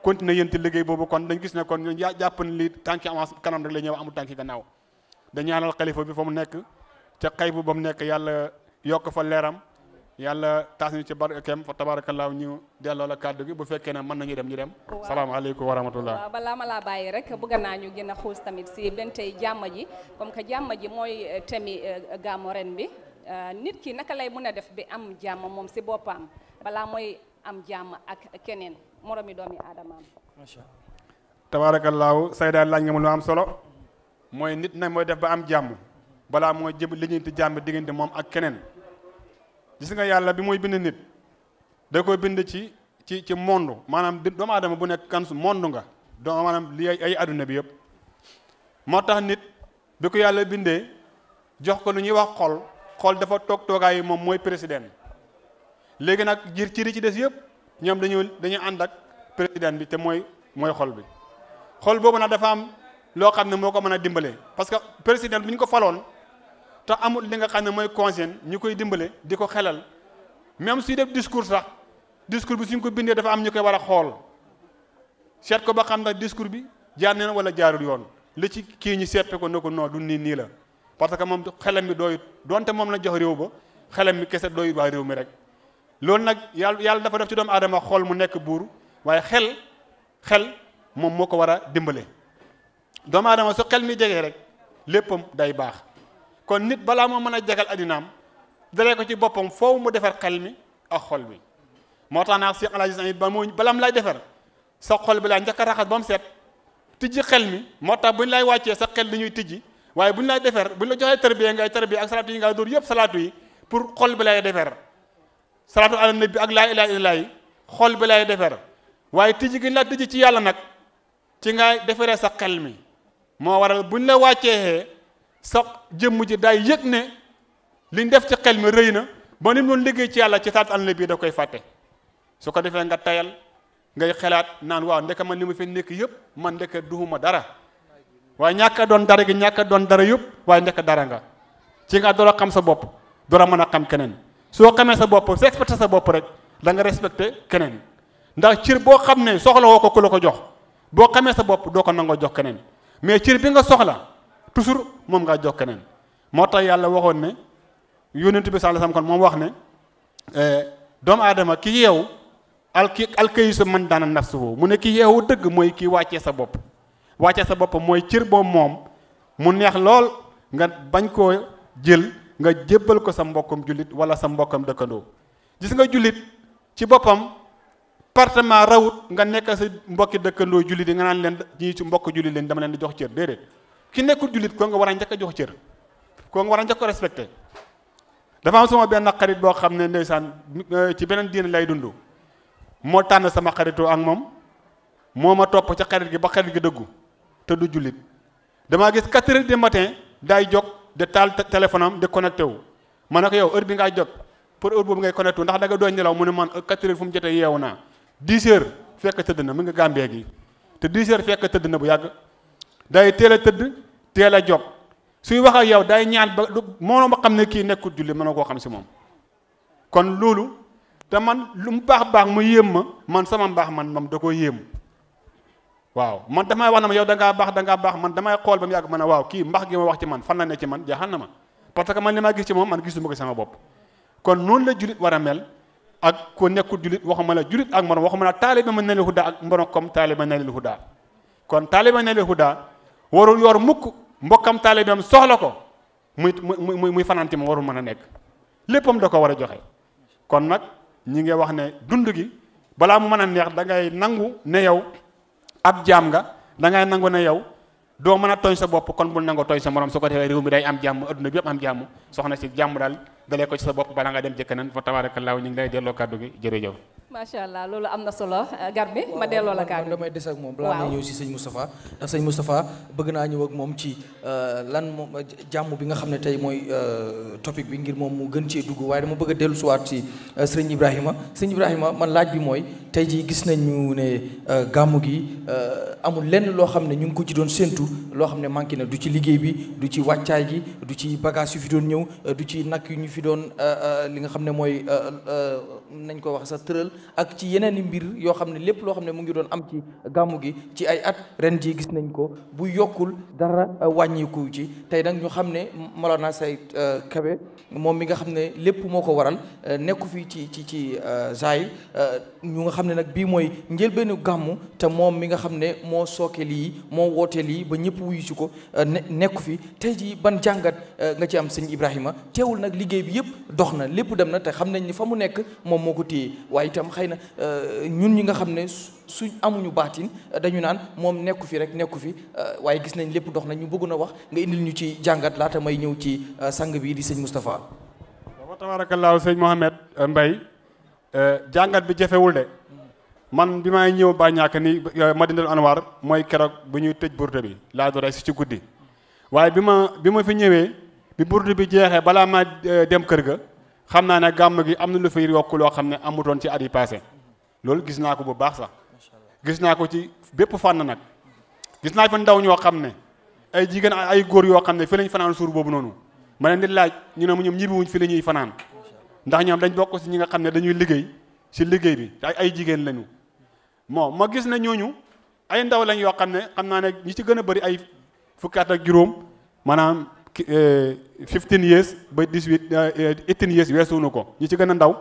continuer yéen ci liggéey boobu kon dañ gis na kon ñun yaa jàpp ne lii tànki avance kanam rek la ñuy wax amul tànki gannaaw dañ ñaanal xalifa bi fa mu nekk ca xay bu ba mu nekk yàlla yokk fa leeram yàlla taas ñu ci barkeem fa tabaarakallaahu ñu delloo la kàddu gi bu fekkee ne mën nañu dem ñu dem salaamaaleykum wa rahmatullah waaw balaa ma laa bàyyi rek bëgga naa ñu gën a xuus tamit si benn tey jàmm ji comme que jàmm ji mooy euh, temi euh, gàmmu ren bi euh, nit ki naka lay mën a def bi am jàmm moom si boppam balaa mooy am jàmm ak keneen moromi doomi aadamaam macha allah tabaarakallaahu sayda laaj nga mu am solo mooy nit nag mooy def ba am jàmm balaa mooy jëm li ñuy jàmm diggante moom ak keneen gis nga yàlla bi muy bind nit da koy bind ci ci ci monde maanaam doomu aadama bu nekk kan su monde nga doomu maanaam li ay adduna bi yëpp moo tax nit bi ko yàlla bindee jox ko lu ñuy wax xol xol dafa toog toogaay yi moom mooy président léegi nag jir ciri ci des yëpp ñoom dañu dañu ànd ak président bi te mooy mooy xol bi xol boobu nag dafa am loo xam ne moo ko mën a dimbale parce que président bi ñu ko faloon te amul li nga xam ne mooy conseil ñu koy dimbale di ko xelal même suy def discours sax discours bi suñ ko bindee dafa am ñu koy war a xool seet ko ba xam ndax discours bi jaar na wala jaarul yoon li ci kii ñu seppe ko ne ko non du nii nii la parce que moom xelam bi dooyut donte moom na jox réew ba xelam mi kese doyut waa réew mi rek loolu nag yàlla yàlla dafa def ci doomu adama xool mu nekk buur waaye xel xel moom moo ko war a dimbale doomu aadama xel mi jegee rek léppam day baax kon nit balaa moo mën a jagal addinaam dalee ko ci boppam foofu mu defar xel mi ak xol bi moo tax naa si alaaji Seydi ba mu balam lay defar sa xol bi laa njëkk a raxas ba mu set tijji xel mi moo tax bu lay wàccee sax xel li ñuy tijji waaye bu ñu lay defar bu ñu la joxee tarbiya ngay tarbiya ak salaatu yi ngay dóor yëpp salaatu yi pour xol bi lay defer salaatu ala bi ak laa ilaaha illallaah yi xol bi lay defar waaye tijji gi ñu la tijji ci yàlla nag ci ngay defaree sax xel mi moo waral bu ñu la wàccee sax jëmm ji day yëg ne liñ def ci xel mi rëy na ba ni mu liggéey ci yàlla ci saat àll bii da koy fàtte su ko defee nga tayal ngay xelaat naan waaw ndeke man li ma fi nekk yëpp man ndeke duhuma dara waaye ñàkk doon dara gi ñàkk doon dara yëpp waaye ndeke dara nga ci nga door a xam sa bopp door a mën a xam keneen soo xamee sa bopp respecté sa bopp rek da nga respecté keneen ndax cir boo xam ne soxla woo ko ku la ko jox boo xamee sa bopp doo ko nangoo jox keneen nga soxla. toujours moom ngaa jox keneen moo tax yàlla waxoon ne yónent bi sallallahu kon moom wax ne eh, doomu aadama ki yeewu al ki alkayisu man daana nafsuhu mu ne ki yeewu dëgg mooy ki wàccee sa bopp wàccee sa bopp mooy cër boobu moom mu neex lool nga bañ koo jël nga jébbal ko sa mbokkam jullit wala sa mbokkam dëkkandoo gis nga jullit ci boppam partement rawut nga nekk sa mbokki dëkkandoo jullit yi nga naan leen ñii ci mbokk jullit leen dama leen di jox cër déedéet ki nekkul jullit ko nga war a njëkk a jox cër ko nga war a njëkk a respecte dafa am sama benn xarit boo xam ne ndeysaan euh, ci beneen diine lay dund moo tànn sama xaritu ak moom moo ma topp ca xarit gi ba xarit gi dëggu te du jullit damaa gis 4 heures du matin daay jóg de taal téléphone am de connecté wu ma ne ko yow heure bi ngaa jot pour heure boobu ngay connecté ndax da nga doon nelaw mu ne man 4 heures fu mu jotee yeewu naa 10 heures fekk tëdd na mu nga gàmbee gi te 10 heures tëdd na bu yàgg day a tëdd. teel a jóg suy wax ak yow day ñaan ba lu moo ma xam ne kii nekkul julli mën na koo xam si moom kon loolu te man lu mu baax baax mu yéem ma man sama mbaax man moom da ko yéem waaw man damay wax na ma yow dangaa baax da ngaa baax man damay xool ba mu yàgg man ne waaw kii mbax gi ma wax ci man fan na ne ci man jaaxal na ma parce que man li ma gis ci moom man gisuma ko sama bopp kon noonu la julit war a mel ak ku nekkul julit waxuma la julit ak morom waxuma la taaliba ma nelil hudaa ak morom comme taaliba nelil hudaa kon taaliba nelil hudaa warul yor mukk mbokkam taalibeem soxla ko muy muy muy fanaanti ma warul mën a nekk léppam da ko war a joxe kon nag ñi ngi wax ne dund gi balaa mu mën a neex da ngay nangu ne yaw ab jaam nga da ngay nangu ne yow doo mën a tooñ sa bopp kon bul nangoo tooñ sa morom su ko defee réew mi day am jàmm adduna bi yëpp am jàmm soxna si jàmm daal dalee ko ci sa bopp balaa nga dem jëkkanen fa tabaarakallaahu ñu ngi lay delloo kàddu gi jërëjëf macha allah loolu am na solo euh, Garmi ma delloo la kàddu damay des ak moom balaa may ñëw si sëñ Moustapha ndax sëñ Moustapha bëgg naa ñëw ak moom ci euh, lan moom euh, jàmm bi nga xam ne tey mooy topic bi ngir moom mu gën cee dugg waaye dama bëgg a dellu suwaat si sëñ Ibrahima sëñ Ibrahima man laaj bi mooy tey jii gis nañu ne gàmmu gi amul lenn loo xam ne ñu ngi ko ci doon séentu loo xam ne manqué na du ci liggéey bi du ci wàccaay gi du ci bagage yu fi doon ñëw du ci nag yu ñu fi doon li nga xam ne mooy nañ ko wax sa tëral ak ci yeneen i mbir yoo xam ne lépp loo xam ne mu ngi doon am ci gàmmu gi ci ay at ren jii gis nañ ko bu yokkul dara wàññiku ci tey nag ñu xam ne Mawlana Saïd euh, Kébé moom mi nga xam ne lépp moo ko waral euh, nekku fi ci ci ci euh, zaay euh, ñu nga xam ne nag bii mooy njëlbeenu gàmmu te moom mi nga xam ne moo sooke lii moo wootee lii ba ñëpp wuyu ci ko nekku fi te jii ban jàngat nga ci am sëñ Ibrahima teewul nag liggéey bi yëpp dox na lépp dem na te xam nañ ni fa mu nekk moom moo ko téye waaye itam xëy na ñun ñi nga xam ne suñ amuñu baatin euh, dañu naan moom nekku fi rek nekku fi euh, waaye gis nañ lépp dox na ñu bëgg wax nga indil ñu ci jàngat laata may ñëw ci euh, sang bi di sëñ Moustapha. waaw tabaarakallaahu sëñ Mohamed Mbaye jàngat bi jafewul de man bi may ñëw ba ñàkk ni Madinatul Anwar mooy keroog bu ñuy tëj burda bi laa doon si ci guddi waaye bi ma bi ma fi ñëwee bi burda bi jeexee balaa ma dem kër ga xam naa ne gàmm gi am na lu fi yokk loo xam ne amutoon ci at loolu gis naa ko bu baax sax. gis naa ko ci bépp fànn nag gis naa fa ndaw ñoo xam ne ay jigéen ay góor yoo xam ne fi lañ fanaan suur boobu noonu ma leen di laaj ñu ne mu ñoom ñibbiwuñ fi la ñuy fanaan ndax ñoom dañ bokk si ñi nga xam ne dañuy liggéey si liggéey bi ay ay jigéen lañu moo ma gis ne ñooñu ay ndaw lañ yoo xam ne xam naa ne ñi ci gën a bari ay fukki ak juróom maanaam 15 eh, years ba 18 18 eh, years weesuunu ko ñi ci gën a ndaw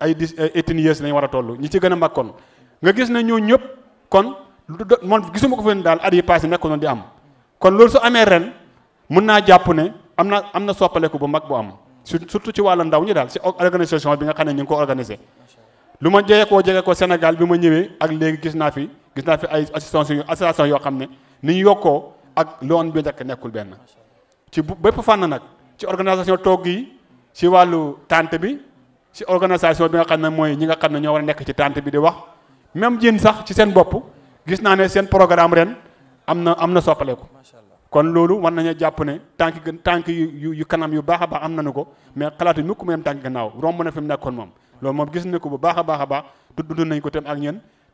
ay 18 eh, years lañ war a toll ñi ci gën a mag kon nga gis ne ñoo ñëpp kon lu man gisuma ko fen daal at yi passé nekk noonu di am kon loolu su amee ren mën naa jàpp ne am na am na soppaleku bu mag bu am surtout ci wàllu ndaw ñi daal si organisation bi nga xam ne ñu ngi ko organisé ma jege koo ko Sénégal bi ma ñëwee ak léegi gis naa fi gis naa fi ay assistance yu association yoo xam ne ni yokkoo ak loon bi njëkk nekkul benn ci bépp fànn nag ci organisation togg yi si wàllu tante bi si organisation bi nga xam ne mooy ñi nga xam ne ñoo war a nekk ci tante bi di wax même jën sax ci seen bopp gis naa ne seen programme ren am na am na soppaleeku kon loolu war nañu jàpp ne tànk gën tànk yu yu kanam yu baax a baax am nañu ko mais xalaatu mukk mu yem tànk gannaaw romb na fi mu nekkoon moom loolu moom gis nañu ko bu baax baax a ko tam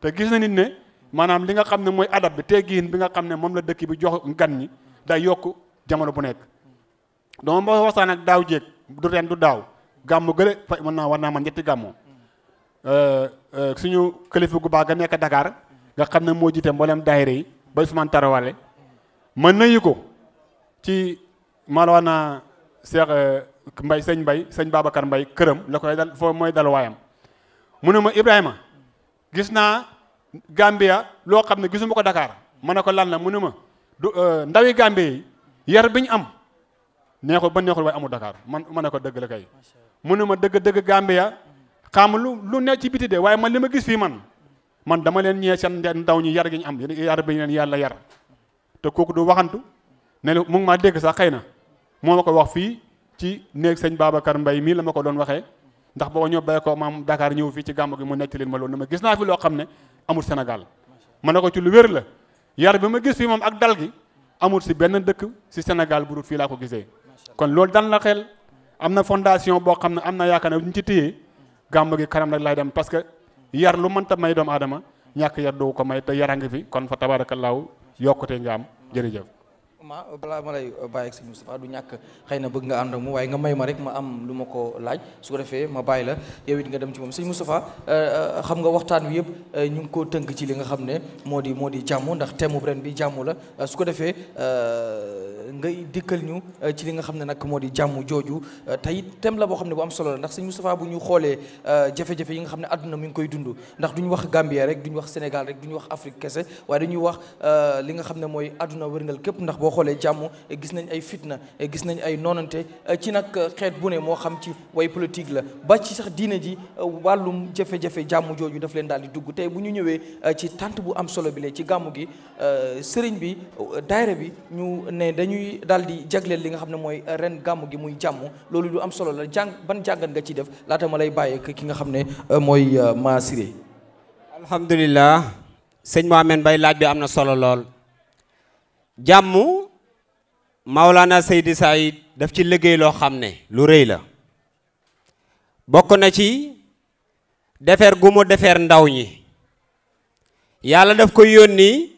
ak gis na nit ne maanaam li nga xam ne mooy adab bi teggiin bi nga xam ne moom la dëkk bi jox gan ñi day yokk jamono bu nekk dama ba waxtaan ak daaw jéeg du ren du daaw gàmmu gële fa mën naa war naa man ñetti gàmmoo euh, Euh, suñu kilifa gu baax ga nekk dakaar nga xam ne moo jiite mboolem day yi ba Ousmane Tarawale ma nuyu ko ci Maolana Cheikh euh, mbay sëñ Mbaye sëñ Babacar mbay këram la koy dal foo mooy dal waayam mu ne ma Ibrahima gis naa Gambia loo xam ne gisuma ko dakaar ma ne ko lan la mu ne ma du euh, ndawi Gambie yi yar bi ñu am neexul ba neexul waaye amu Dakar man ma ko dëgg la kay mu ne ma dëgg dëgg Gambia xam lu lu ne ci biti de waaye man li ma gis fii man man dama leen ñee seen ndaw ñi yar gi ñu am yar bi ñu leen yàlla yar te kooku du waxantu ne mu ngi maa dégg sax xëy na moo ma ko wax fii ci néeg sëñ Babacar Mbaye mii la ma ko doon waxee ndax boo ñëw bay ko maam Dakar ñëw fii ci gàmmu gi mu nekk leen ma loolu ma gis naa fi loo xam ne amul Sénégal ma ne ko ci lu wér la yar bi ma gis fii moom ak dal gi amul si benn dëkk si Sénégal bu dul fii laa ko gisee kon loolu dan la xel am na fondation boo xam ne am na yaakaar ne ñu ci gàmm gi kanam rek laay dem parce que yar lu mënta may doomu aadama ñàkk yar doo ko may te yara ngi fi kon fa tabaarakallaahu yokkute nga am jërëjëf ma balaa ma lay bàyyi ak sëñ Moustapha du ñàkk xëy na bëgg nga ànd ak mu waaye nga may ma rek ma am lu ma ko laaj su ko defee ma bàyyi la yow it nga dem ci moom sëñ Moustapha euh, euh, xam nga waxtaan wi yëpp euh, ñu ngi ko tënk ci li nga xam ne moo di moo di jàmm ndax thème bu ren bi jàmm la su ko defee ngay dikkal ñu ci li nga xam ne nag moo di jàmm jooju tey thème la boo xam ne bu solo ndax sëñ Moustapha bu ñu xoolee jafe-jafe yi nga xam ne àdduna mi ngi koy dund ndax duñu wax Gambie rek duñu wax Sénégal rek duñu wax Afrique kese waaye dañuy wax li nga xam ne mooy àdduna wërngal képp ndax boo xoolee jàmm gis nañ ay fitna gis nañ ay noonante ci nag xeet bu ne moo xam ci way politique la ba ci sax diine ji wàllum jafe-jafe jàmm jooju daf leen daal di dugg tey bu ñu ñëwee ci tànt bu am solo bi lee ci gàmmu gi sëriñ bi daayira bi ñu ne dañuy daal di jagleel li nga xam ne mooy ren gàmm gi muy jàmm loolu lu am solo la jàng ban jàngat nga ciy def laata ma lay bàyyee ki nga xam ne mooy Massiré alhamdulilah sëñ Mohamed Mbaye laaj bi am na solo lool jàmm Maulana Seydi Saïd daf ci liggéey loo xam ne lu rëy la bokk na ci defeer gu mu defeer ndaw ñi yàlla daf ko yónni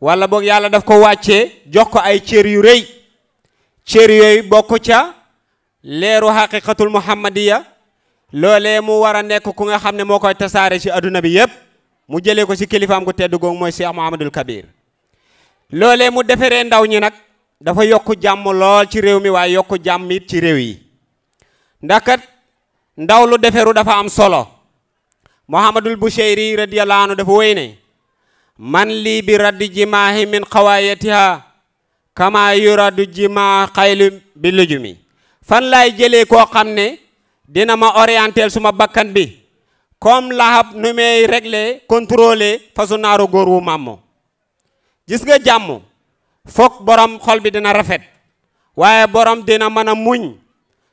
wala boog yàlla daf ko wàcce jox ko ay cër yu rëy cër yooyu bokk ca leeru xaqiqatul muhammadiya loolee mu war a nekk ku nga xam ne moo koy tasaare ci adduna bi yépp mu jëlee ko ci kilifaam gu tedd googu mooy Cheikh Mouhamadul Kabir loole mu defaree ndaw ñi nag dafa yokk jàmm lool ci réew mi waa yokk jàmm it ci réew yi ndax kat ndaw lu deferu dafa am solo Muhammadul Buseyri radiyallahu anhu dafa wéy ne man lii bi raddi jimaahi min xawaayatiha kama yuradu jimaa xaylu bi lujumi fan laay jëlee koo xam ne dina ma orientel suma bakkan bi comme lahab nu may controle contrôler fasu naaru góor wu mammo gis nga jàmm foog borom xol bi dina rafet waaye borom dina mën muñ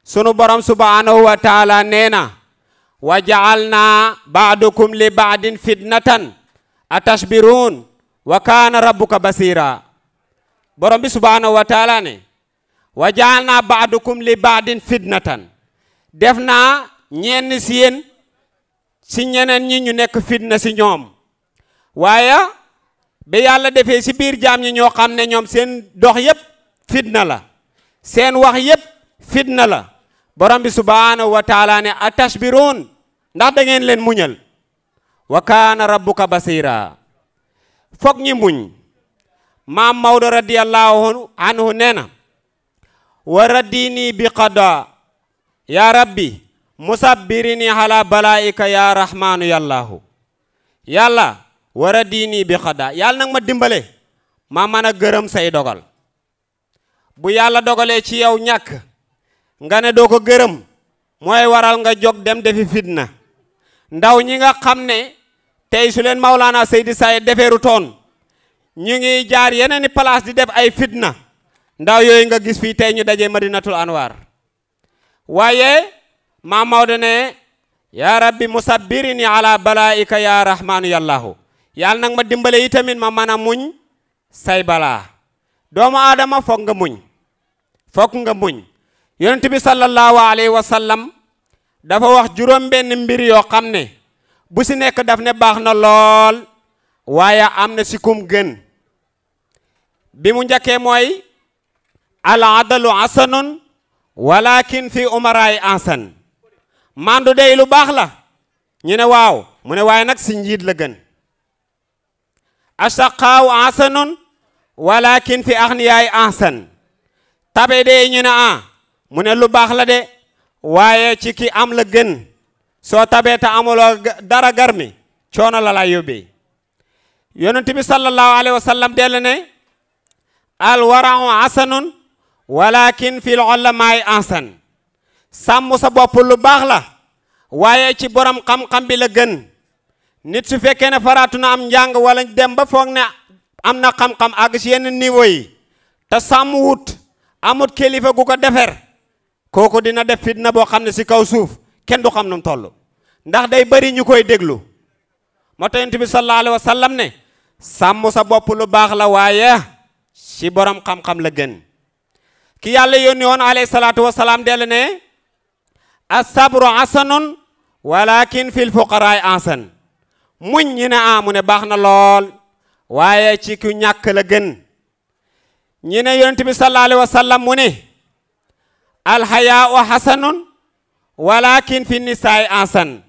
sunu borom subhanahu wa taala nee na wa jaal naa baadukum li baadin fitnatan a tashbiruun wa kaana rabbuka basira borom bi subhanahu wa ne wa jaal baadukum li baadin fitnatan def naa ñenn si yéen si ñeneen ñi ñu nekk fitna si ñoom waaye bi yàlla defe si biir jaam ñi ñoo xam ne ñoom seen dox yépp fitna la seen wax yépp fitna la borom bi subhaanahu wa ne atashbiroon ndax da leen muñal wa kaana rabbuka basira foog ñi muñ maam mawdo radiyallahu anhu nee wa raddini bi qada ya rabbi musabbirini ala balaika ya rahmanu yallahu yàlla wara diini bi xaddaa yàlla nag ma dimbale ma mën a gërëm say dogal bu yàlla dogalee ci yow ñàkk nga ne doo ko gërëm mooy waral nga jóg dem defi fitna ndaw ñi nga xam ne tey su leen Maulana Seydi Saïd defeeru toon ñu ngi jaar yeneen i place di def ay fitna ndaw yooyu nga gis fii tey ñu dajee Madinatul Anwar waaye maam Maodo ne yaa rabbi musabbirini ala balaika ya rahmanu yàlla nag ma dimbale itamit ma mën a muñ say balaa doomu aadama foog nga muñ foog nga muñ yonent bi sallallahu alayhi wa sallam dafa wax juróom benn mbir yoo xam ne bu si nekk daf ne baax na lool waaye am na si kum gën bi mu njëkkee mooy al adalu asanun walakin fi umaraay ansan mandu day lu baax la ñu ne waaw mu ne waaye nag si njiit la gën ashaqaawu ahsanun walakin fi axniyaay ahsan tabe de ñu ne ah mu ne lu baax la de waaye ci ki am la gën soo tabee te amuloo dara gar coono la lay yóbbee yonent bi sallallahu alayhi wa sallam dellu ne al warau ahsanun walakin fi ulamaay ahsan sàmm sa bopp lu baax la waaye ci borom xam-xam bi la gën nit su fekkee ne faraatu na am njàng wala dem ba foog ne am na xam-xam àgg si yenn niveau yi te sàmm wut amut kilifa gu ko defer kooku dina def fitna boo xam ne si kaw suuf kenn du xam nu mu toll ndax day bari ñu koy déglu moo tax yonent bi sallallahu ne sàmm sa bopp lu baax la waaye si borom xam-xam la gën ki yàlla yónni woon alayhi salaatu wa salaam del ne asabru asanun walakin fil fuqaraay asan muñ ñi ne ah mu ne baax na lool waaye ci ku ñàkk la gën ñi ne yonent bi sallallahu alayhi wa sallam mu ne alxayaau fi nisaay ansan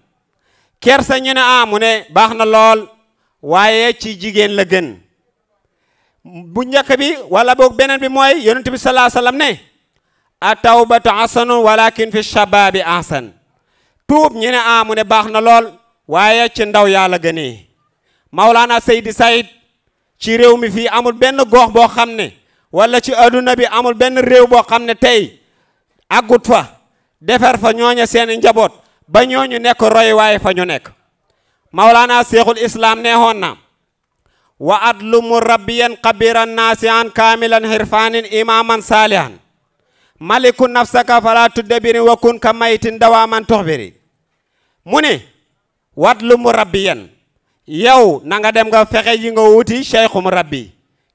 kersa ñu ne ah mu ne baax na lool waaye ci jigéen la gën bu njëkk bi walla boog beneen bi mooy yonent bi sallallahu alayhi wa sallam ne a tawbatu asanun walakin fi shababi ansan tuub ñu ne ah baax na lool waaye ci ndaw yaa la gënee Maulana Seydi ci réew mi fii amul benn gox boo xam ne walla ci adduna bi amul benn réew boo xam ne tey aggut fa defar fa ñooña seeni njaboot ba ñooñu nekk roy fa ñu nekk Maulana Cheikhul Islam nee hoon na wa adlumu rabbiyan kabiran naasihan kaamilan hirfanin imaman saalihan maliku nafsaka fala tuddabirin wa kun ka maytin dawaman toxbiri mu ne wat lu mu rabbi yen yow nanga dem nga fexe ji nga wuti cheikhum rabbi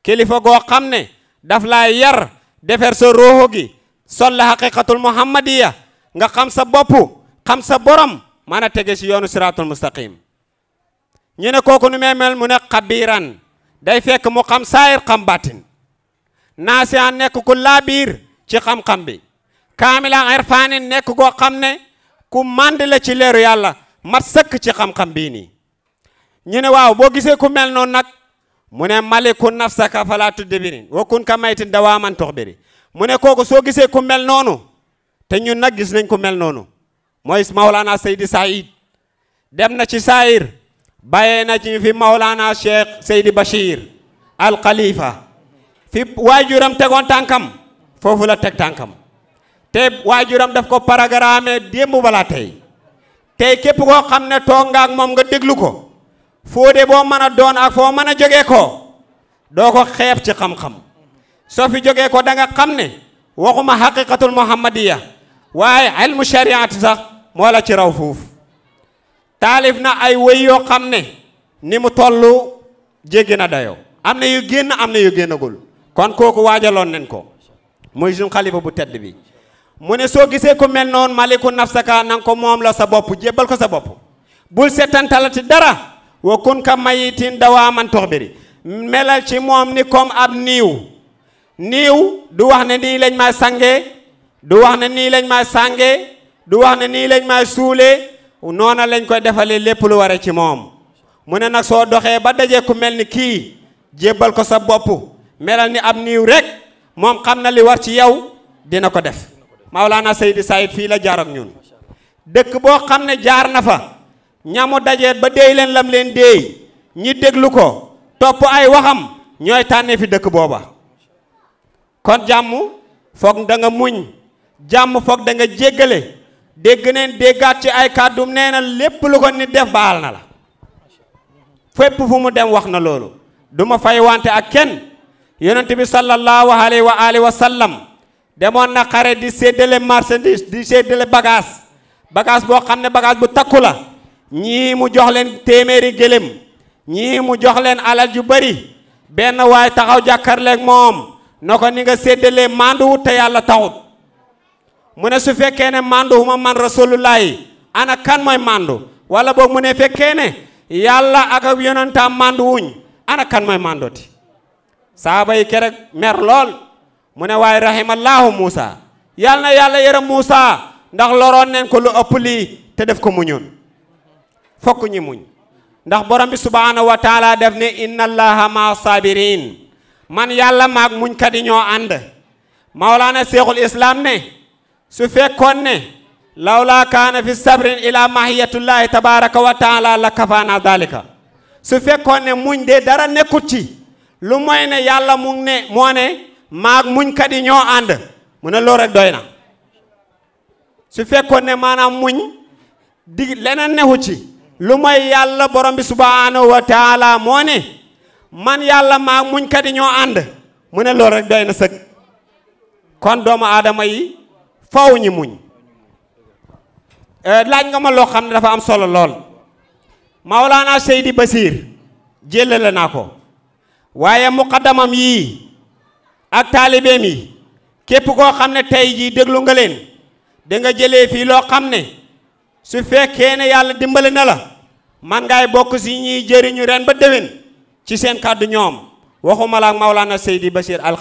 kilifa goo xam ne daf laa yar defar sa ruuxu gi sol la muhammadiya nga xam sa bopp xam sa borom mën a tege si yoonu siraatul mustaqim ñu ne kooku nu mee mel mu ne xabiiran day fekk mu xam saayir xam baatin naasiyan nekk ku laabiir ci xam-xam bi kaamila irfaanin nekk koo xam ne ku mànd la ci leeru yàlla mat sëkk ci xam-xam bii nii ñu ne waaw boo gisee ku mel noon nag mu ne maliku nafsaka falaa tudbirin wa kun ka maytin dawaaman tuxbiri mu ne kooku soo gisee ku mel noonu te ñun nag gis nañ ku mel noonu mooy Maulana Seydi Saïd dem na ci Saïr bàyyee na ci fi Maulana Cheikh Seydi Bachir al Khalifa fi waajuram tegoon tànkam foofu la teg tànkam te waajuram def ko programme démb balaa tey tey képp koo xam ne toog nga ak moom nga déglu ko Fodé boo mën a doon ak foo mën a jógee ko doo ko xeeb ci xam-xam soo fi jógee ko danga nga xam ne waxuma xaqiqatul muhammadiya waaye ilmu shariat sax moo la ci raw foofu taalif na ay wéy yoo xam ne ni mu toll jéggi na dayoo am na yu génn am na yu génnagul kon kooku waajaloon nañ ko muy suñ xalifa bu tedd bi mu ne soo gisee ku mel noonu maliku nafsaka nanga ko moom la sa bopp jébbal ko sa bopp bul setantalati dara wa kun ka mayitin dawaaman toxbiri melal ci moom ni comme ab niiw niiw du wax ne nii lañ may sange du wax ne nii lañ may sàngee du wax ne nii lañ may suulee noona lañ koy defalee lépp lu ware ci moom mu ne nag soo doxee ba dajee ku mel ni kii jébbal ko sa bopp melal ni ab niiw rek moom xam na li war ci yow dina ko def Maulana Seydi Saïd fii la jaar ak ñun dëkk boo xam ne jaar na fa ñamu dajeet ba déey leen lam leen déey ñi déglu ko topp ay waxam ñooy tànnee fi dëkk booba kon jàmm foog danga nga muñ jàmm foog danga nga jéggale dégg neen déggaat ci ay kàddum nee na lépp lu ko nit def baal na la fépp fu mu dem wax na loolu duma fay wante ak kenn yonent bi sallallahu alayhi wa alihi wa sallam demoon na xare di séddale marchandise di séddale bagaas bagaas boo xam ne bagage bu takku la ñii mu jox leen téeméeri gëléem ñii mu jox leen alal ju bari benn waay taxaw jàkkarleeg moom na ko ni nga séddalee manduwut te yàlla taxut mu ne su fekkee ne manduwuma man rasulullahi ana kan mooy mandu wala boog mu ne fekkee ne yàlla ak yonentam mandu wuñ ana kan mooy mandoti saaba yi kerek mer lool mu ne waaye rahimallahu Muusa yàlla na yàlla yërëm Muusa ndax loroon neen ko lu ëpp lii te def ko muñoon fokk ñi muñ ndax borom bi subhaanahu wa def ne inna allaha saabiriin man yàlla maag muñ yi ñoo ànd mawlaana seexul islaam ne su fekkoon ne lawlaa kaana fi sabrin ila mahiyatullahi tabaraka wa la kafaana dalika su fekkoon ne muñ de dara nekkut ci lu mooy ne yàlla mu ne moo ne maag muñ yi ñoo ànd mu ne lool rek doy na su fekkoon ne maanaam muñ digg leneen newu ci lu mooy yàlla borom bi subhaanahu wa taala moo ne man yàlla maag muñ yi ñoo ànd mu ne loolu rek doy na sëg kon doomu aadama yi faw ñi muñ eh, laaj nga ma loo xam ne dafa am solo lool Mawlaana Seydi Basiir jëlale naa ko waaye muqaddamam yii ak taalibeem yi képp koo xam ne tey jii déglu nga leen da jëlee fii loo xam ne su fekkee ne yàlla dimbali na la man ngaay bokk si ñuy jëriñu ren ba déwén ci seen kàddu ñoom waxuma la ak Maulana Seydi Bachir Al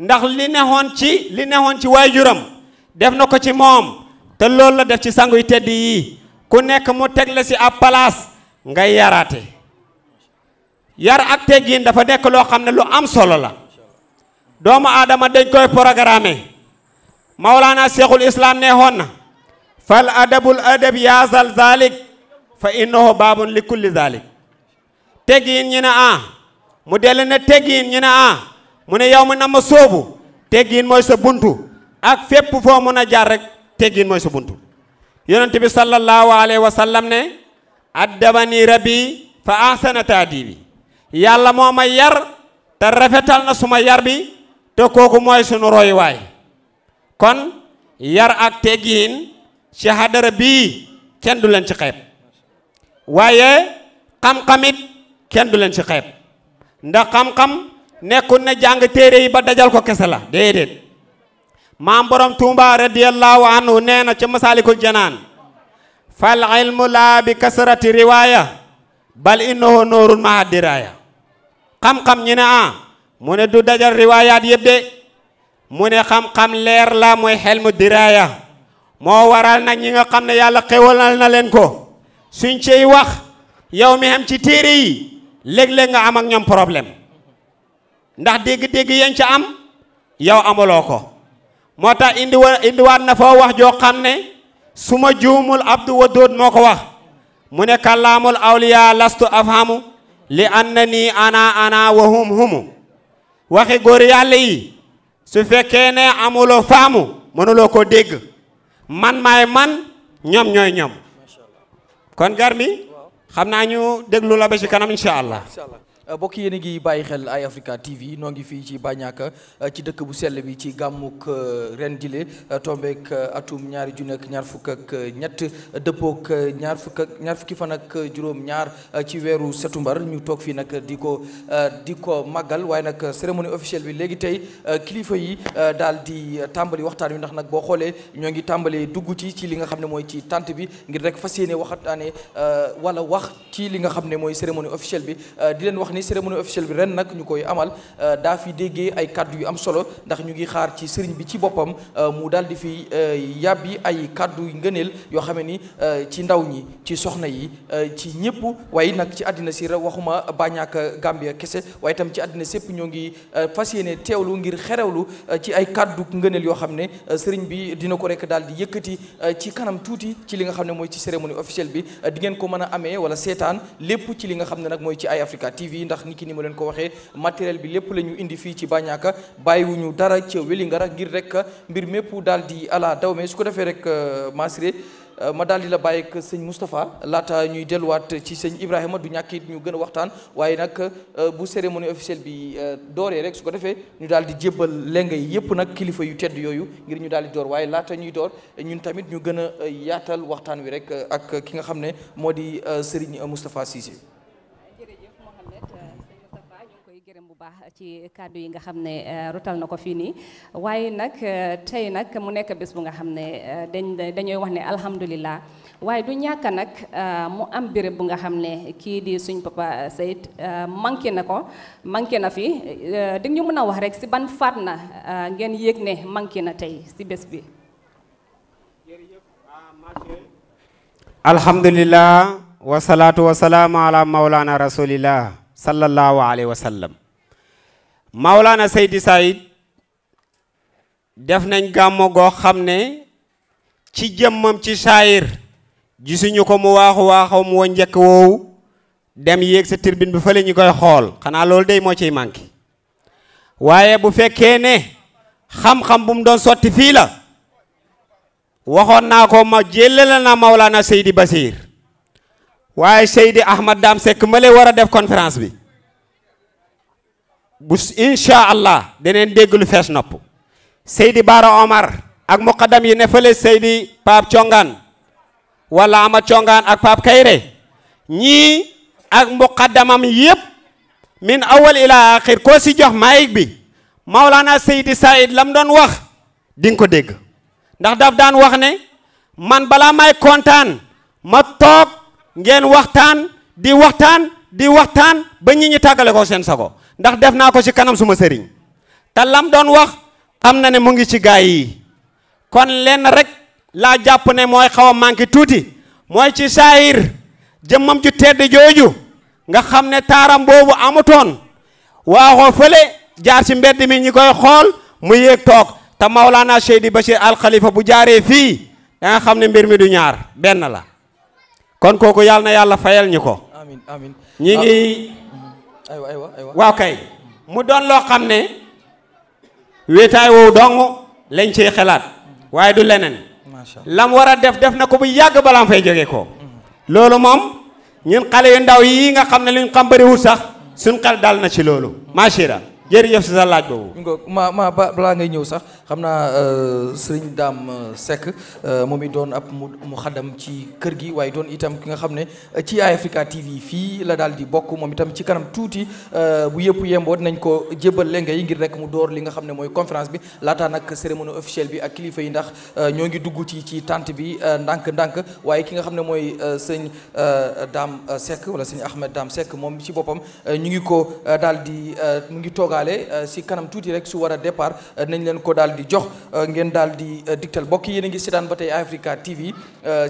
ndax li nexoon ci li nexoon ci waajuram def na ko ci moom te loolu la def ci sanguy tedd yi ku nekk mu teg la si ab palaas ngay yaraate yar ak teggin dafa nekk loo xam ne lu am solo la doomu aadama dañ koy programme mawlaana cheikhul islam ne hoon na fal adabul adab yaasal zalik fa innahu baabun li kulli zalik teggiin ñu ne ah mu dellu ne teggiin ñu ne ah mu ne yow mi na ma sóobu teggiin mooy sa buntu ak fépp foo mën a jaar rek teggiin mooy sa buntu yonent bi sallallahu alayhi wa sallam ne addabani rabbi fa ahsana taadibi yàlla moo ma yar te rafetal na suma yar bi te kooku mooy sunu royuwaay kon yar ak teggiin ci hadara bii kenn du leen ci xeeb waaye xam-xamit kenn du leen ci xeeb ndax xam-xam nekkul ne jàng téere yi ba dajal ko kese la déedéet maam borom Tuuba radiyallahu anhu nee na ca masaalikul janaan fal ilmu laa kasrati riwaaya bal innahu nuurun mahadiraaya xam-xam ñi ne ah mu ne du dajal riwaayaat yëpp de mu ne xam-xam leer la mooy xel mu diraaya moo waral nag ñi nga xam ne yàlla xewalal na leen ko suñ ciy wax yow mi xam ci téere yi léeg-léeg nga am ak ñoom problème ndax dégg-dégg yañ ca am yow amuloo ko moo tax indi indiwaat na foo wax joo xam ne su ma juumul abdu wadóot moo ko wax mu ne kàllaamul awliya lastu afhamu li anna nii ana ana wa hum humu waxi góor yàlla yi su fekkee ne amuloo faamu mënuloo ko dégg man maay man ñoom ñooy ñoom kon gar mi xam naa ñu déglu la ba ci kanam incha allah Euh, bokk yéen a ngi bàyyi xel ay Africa TV noo ngi fii ci Banyanka euh, ci dëkk bu sell bi ci gàmmuk euh, ren jile tombeek atum ñaari junni ak ñaar fukk ak ñett dëppook ñaar fukk ak fukki fan ak juróom ñaar ci weeru setumbar ñu toog fii nag di ko di ko màggal waaye nag cérémonie officielle bi léegi tey kilifa yi daal di tàmbali waxtaan wi ndax nag boo xoolee ñoo ngi tàmbalee dugg ci ci li nga xam ne mooy ci tànt bi ngir rek fas yéene waxataane wala wax ci li nga xam ne mooy cérémonie officielle bi ni cérémonie officielle bi ren nag ñu koy amal euh, daa fi déggee ay kaddu yu am solo ndax ñu ngi xaar ci sëriñ bi ci boppam euh, mu daal di fi euh, yàbbi ay kàddu ngëneel yoo xam ni ci ndaw ñi ci soxna yi ci ñëpp waaye nag ci àddina si waxuma bàññaak Gambia kese waaye itam ci àddina sépp ñoo ngi fas yéene teewlu ngir xerewlu ci ay kaddu ngëneel yoo xam ne sëriñ bi dina ko rek daal di yëkkati ci kanam tuuti ci li nga xam ne mooy ci cérémonie officielle bi di ko mën a amee wala seetaan lépp ci li nga xam ne nag mooy ci ay Africa TV ndax ni ki ni ma leen ko waxee matériel bi lépp lañu indi fii ci Bañaaka bàyyiwuñu dara ca Wélingara ngir rek mbir mépp daal di ala daw su ko defee rek euh, Massiré euh, ma daal di la bàyyi ak sëñ Moustapha laata ñuy delluwaat ci sëñ Ibrahima du ñàkk it ñu gën a waxtaan waaye nag euh, bu cérémonie officielle bi dooree rek su ko defee ñu daal di jébbal leng yi yëpp nag kilifa yu tedd yooyu ngir ñu daal di door waaye laata ñuy door ñun tamit ñu gën a yaatal waxtaan wi rek ak ki nga xam ne moo di sëriñ Moustapha Cissé. baax ci kàddu yi nga xam ne euh, rutal na ko fii nii waaye nag euh, tey nag mu nekk bés bu nga xam ne euh, dañ dañuy wax ne alhamdulilah waaye du ñàkk nag mu am béréb bu nga xam ne kii di suñ papa Said manqué na ko manqué na fi di ñu mën a wax rek si ban faat na ngeen yéeg ne manqué na tey si bés bi. Ah, alhamdulilah wasalaatu wasalaam ala maulana rasulillah sallallahu alayhi wa sallam Maolana Seydi Saïd def nañ gàmmo goo xam ne ci jëmmam ci saayir suñu ko mu waaxu waaxaw mu wa njëkk woowu dem yéeg sa tirbine bi fële ñu koy xool xanaa loolu day moo ciy manqué waaye bu fekkee ne xam-xam bu mu doon sotti fii la waxoon naa ko ma jële la naa Maolana Seydi Basir waaye Seydi Ahmad daam sekk ma lay war a def conférence bi bu insha allah deneen dégg lu fees nopp Seydi Bara Omar ak muqaddam yi ne fële Seydi Pape Congaan wala Ama Congaan ak Pape Kayre ñii ak muqaddamam yépp min awal ila axir koo si jox maayik bi Maulana Seydi Saïd lam doon wax ding ko dégg ndax daf daan wax ne man balaa may kontaan ma toog ngeen waxtaan di waxtaan di waxtaan ba ñi ñi tàggale ko seen sago ndax def naa ko ci kanam suma sëriñ te lam doon wax am na ne mu ngi ci gaay yi kon lenn rek laa jàpp ne mooy xawa a manqué tuuti mooy ci saayir jëmmam ju tedd jooju nga xam ne taaram boobu amutoon waaxoo fële jaar ci mbedd mi ñi koy xool mu yéeg toog te Maulana Seydi Bachir Al bu jaaree fii da xam ne mbir mi du ñaar benn la kon kooku yàlla na yàlla fayal ñu ko. ñi ngi aywa aywa aywa waaw kay mu doon loo xam ne wéetaay woowu dong lañ ciy xalaat waaye du leneen lam war a def def na ko bu yàgg balaa fay jógee ko loolu moom ñun xale yu ndaw yi nga xam ne luñ xam bëriwul sax suñ xel daal na ci loolu maasira jërëjëf si sa laaj boobu. ma ma balaa ngay ñëw sax xam naa euh, sëriñ daam euh, Seck euh, moom it doon ab mu xadam ci kër gi waaye doon itam ki nga xam ne ci Eye Africa fii la daal di bokk moom itam ci kanam tuuti bu yëpp yemboo nañ ko jébbal lenge yi ngir rek mu door li nga xam ne mooy conférence bi laataa nag cérémonie officielle bi ak kilifa ndax ñoo ngi dugg ci ci tante bi ndànk-ndànk waaye ki nga xam ne mooy sëñ Dame Seck wala sëñ Ahmed Dame Seck moom ci boppam ñu ngi ko daal di mu ngi toogaa. yóbbaale euh, si kanam tuuti rek su war a départ euh, nañ leen ko daal di jox euh, ngeen daal di diktal bokk yéen a ngi seetaan ba tey Africa TV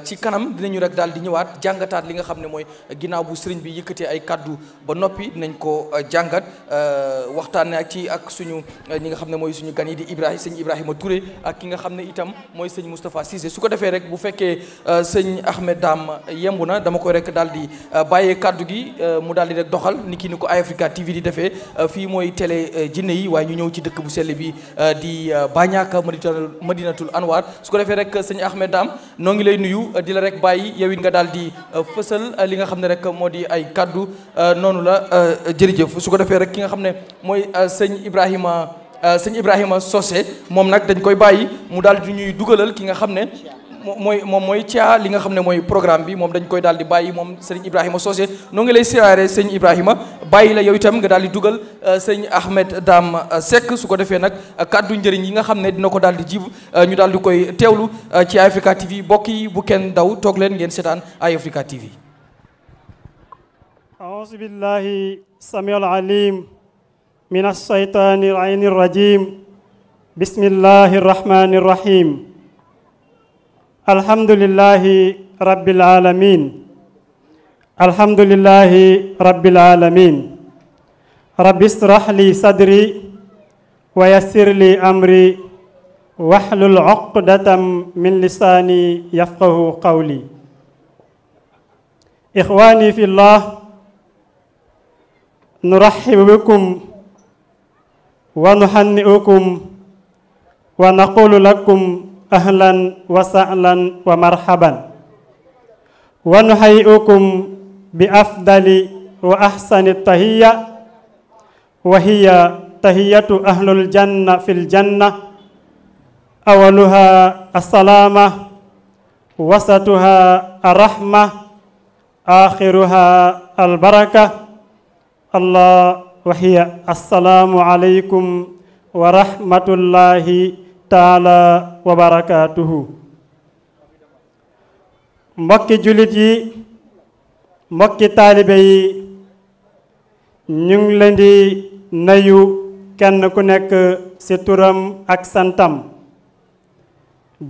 ci kanam dinañu rek daal di ñëwaat jàngataat li nga xam ne mooy ginnaaw bu sëriñ bi yëkkatee ay kàddu ba noppi dinañ ko jàngat waxtaan ak ci ak suñu ñi nga xam ne mooy suñu gan yi di Ibrahima sëñ Ibrahima ture ak ki nga xam ne itam mooy sëñ Moustapha Cissé su ko defee rek bu fekkee sëñ Ahmed Dame yemb na dama koy rek daal di bàyyee kàddu gi mu daal di rek doxal ni ki ni ko Africa TV di defee fii mooy télé jaaxle euh, jinne yi waaye ñu ñëw ci dëkk bu sell bi euh, di euh, Bañaaka Madinatul Anwar su ko defee rek sëñ Ahmed Dame noo ngi lay nuyu di la rek bàyyi yow it nga daal di fësal li nga xam ne rek moo di ay kaddu noonu la jërëjëf su ko defee rek ki nga xam ne mooy sëñ Ibrahima sëñ Ibrahima Sosé moom nag dañ koy bàyyi mu daal ñuy dugalal ki nga xam ne. mooy moom mooy caa li nga xam ne mooy programme bi moom dañ koy daal di bàyyi moom sëñ Ibrahima Socé noo ngi lay siyaare sëñ Ibrahima bàyyi la yow itam nga daal di dugal euh, sëñ Ahmed daam euh, sekk su ko defee nag euh, kàddu njëriñ yi nga xam ne dina ko daal di jib ñu daal di koy teewlu ci Africa TV mbokk yi bu kenn daw toog leen ngeen seetaan ay Africa TV. أعوذ بالله السميع العليم من الشيطان العين الرجيم بسم الله الرحمن alhamdulillahi rabbil alamin alhamdulillahi rabbil alamin rabbi israh li sadri wa yassir li amri wahlul uqdatam min lisaani yafqahu qawli ixwaani fi llah nuraxibu bikum wa nuhanni'ukum wa naqulu lakum ahlan wa sahlan wa marhaban wa nuhayi'ukum bi afdali wa ahsani tahiyya wa hiya tahiyyatu ahlul janna fil janna awaluha assalama wasatuha arrahma akhiruha albaraka allah wa hiya assalamu alaykum wa rahmatullahi taala wa barakaatuhu mbokki jullit yi mbokki taalibe yi ñu ngi leen di nayu kenn ku nekk ci turam ak santam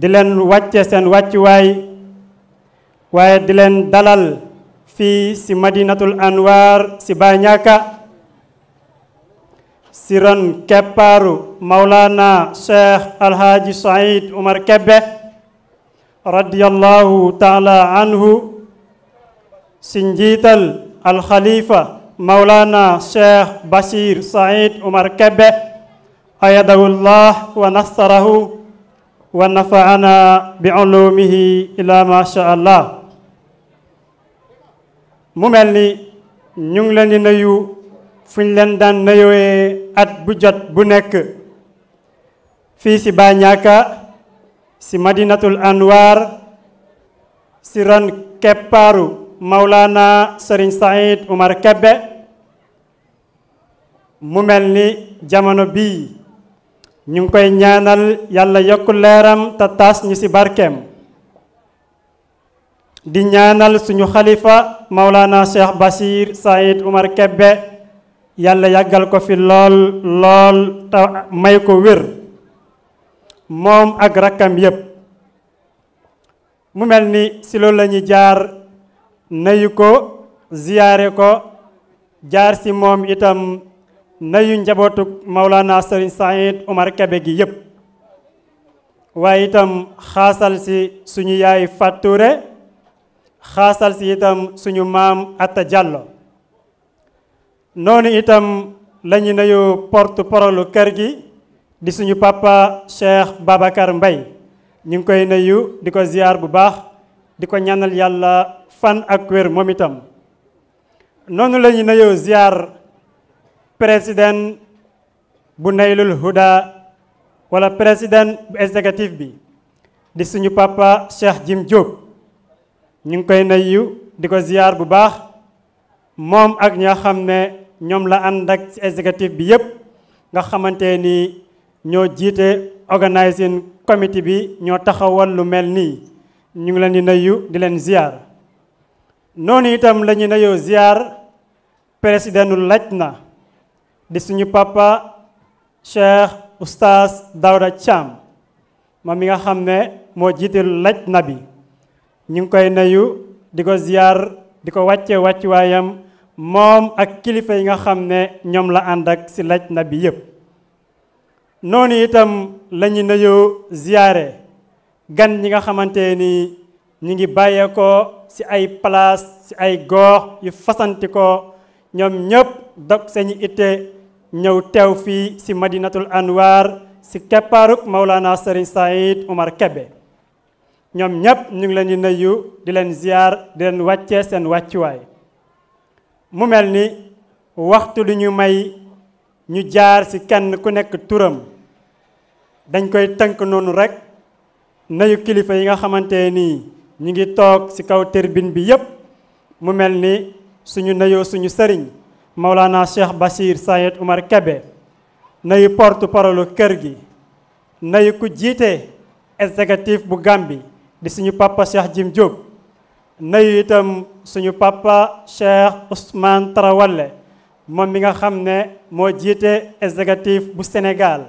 di leen wàcce seen wàccuwaay waaye di leen dalal fii ci madinatul anwar ci Banyanka si ron keppaaru mawlana cheikh alhaaji said omar kebbe radiallahu taala anhu si njiital alxalifa mawlana cheikh basir said omar kebbe ayadahullah wa nasarahu wa nafaana bi allah mu mel ni ñu ngi leen di nuyu at bu jot bu nekk fii ci Banyanka ci madinatul anwar ci ron keppaaru Maulana Serigne Saïd Oumar Kébé mu mel ni jamono bii ñu ngi koy ñaanal yàlla yokk leeram te taas ñu ci barkeem di ñaanal suñu xalifa Maulana Cheikh Bachir Saïd Oumar Kébé yàlla yàggal ko fi lool lool te may ko wér moom ak rakkam yépp mu mel ni si loolu la jaar nayu ko ziyaare ko jaar ci moom itam nayu njabootu Maulana Serigne Saïd Omar Kebe gi yépp waaye itam xaasal si suñu yaay Fatou xaasal si itam suñu maam Atta Diallo noonu itam lañu nuyu porte parole kër gi di suñu papa Cheikh Babacar mbay ñu ngi koy nuyu di ko ziar bu baax di ko ñanal yàlla fan ak wér moom itam noonu lañu nuyu ziar président bu Naylul Huda wala président bu exécutif bi di suñu papa Cheikh Jim Diop ñu ngi koy nuyu di ko ziar bu baax moom ak ña xam ne ñoom la ànd ak ci exécutif bi yëpp nga xamante ni ñoo jiite organizing committee bi ñoo taxawal lu mel nii ñu ngi leen di nayu di leen ziar noonu itam la ñuy nuyoo ziar présidentu na di suñu papa Cheikh Oustaz Daouda Thiam moom mi nga xam ne moo jiite na bi ñu ngi koy nayu di ko ziar di ko wàcce wàccuwaayam moom ak kilifa yi nga xam ne ñoom la ànd ak si laj na bi yépp noonu itam lañu nuyoo ziyaare gan ñi nga xamante ni ñu ngi bàyyeekoo ci ay place ci ay gox yu fasanti ko ñoom ñëpp dog seeni itte ñëw teew fii si madinatul anwar si keppaaruk Maulana Serigne Saïd Omar Kebe ñoom ñëpp ñu ngi leen di nuyu di leen ziyaar di leen wàccee seen wàccuwaay mu mel ni waxtu li ñu may ñu jaar ci kenn ku nekk turam dañ koy tënk noonu rekk nayu kilifa yi nga xamante nii ñu ngi toog ci kaw terbin bi yépp mu mel ni suñu nayoo suñu sëriñ Maulana Cheikh Bachir Sayed Umar Kebe nayu porte-parole kër gi nayu ku jiite exécutif bu Gàmbi di suñu papa Cheikh Jim Diop nayu itam suñu papa Cheikh Ousmane Tarawale moom mi nga xam ne moo jiite exécutif bu senegaal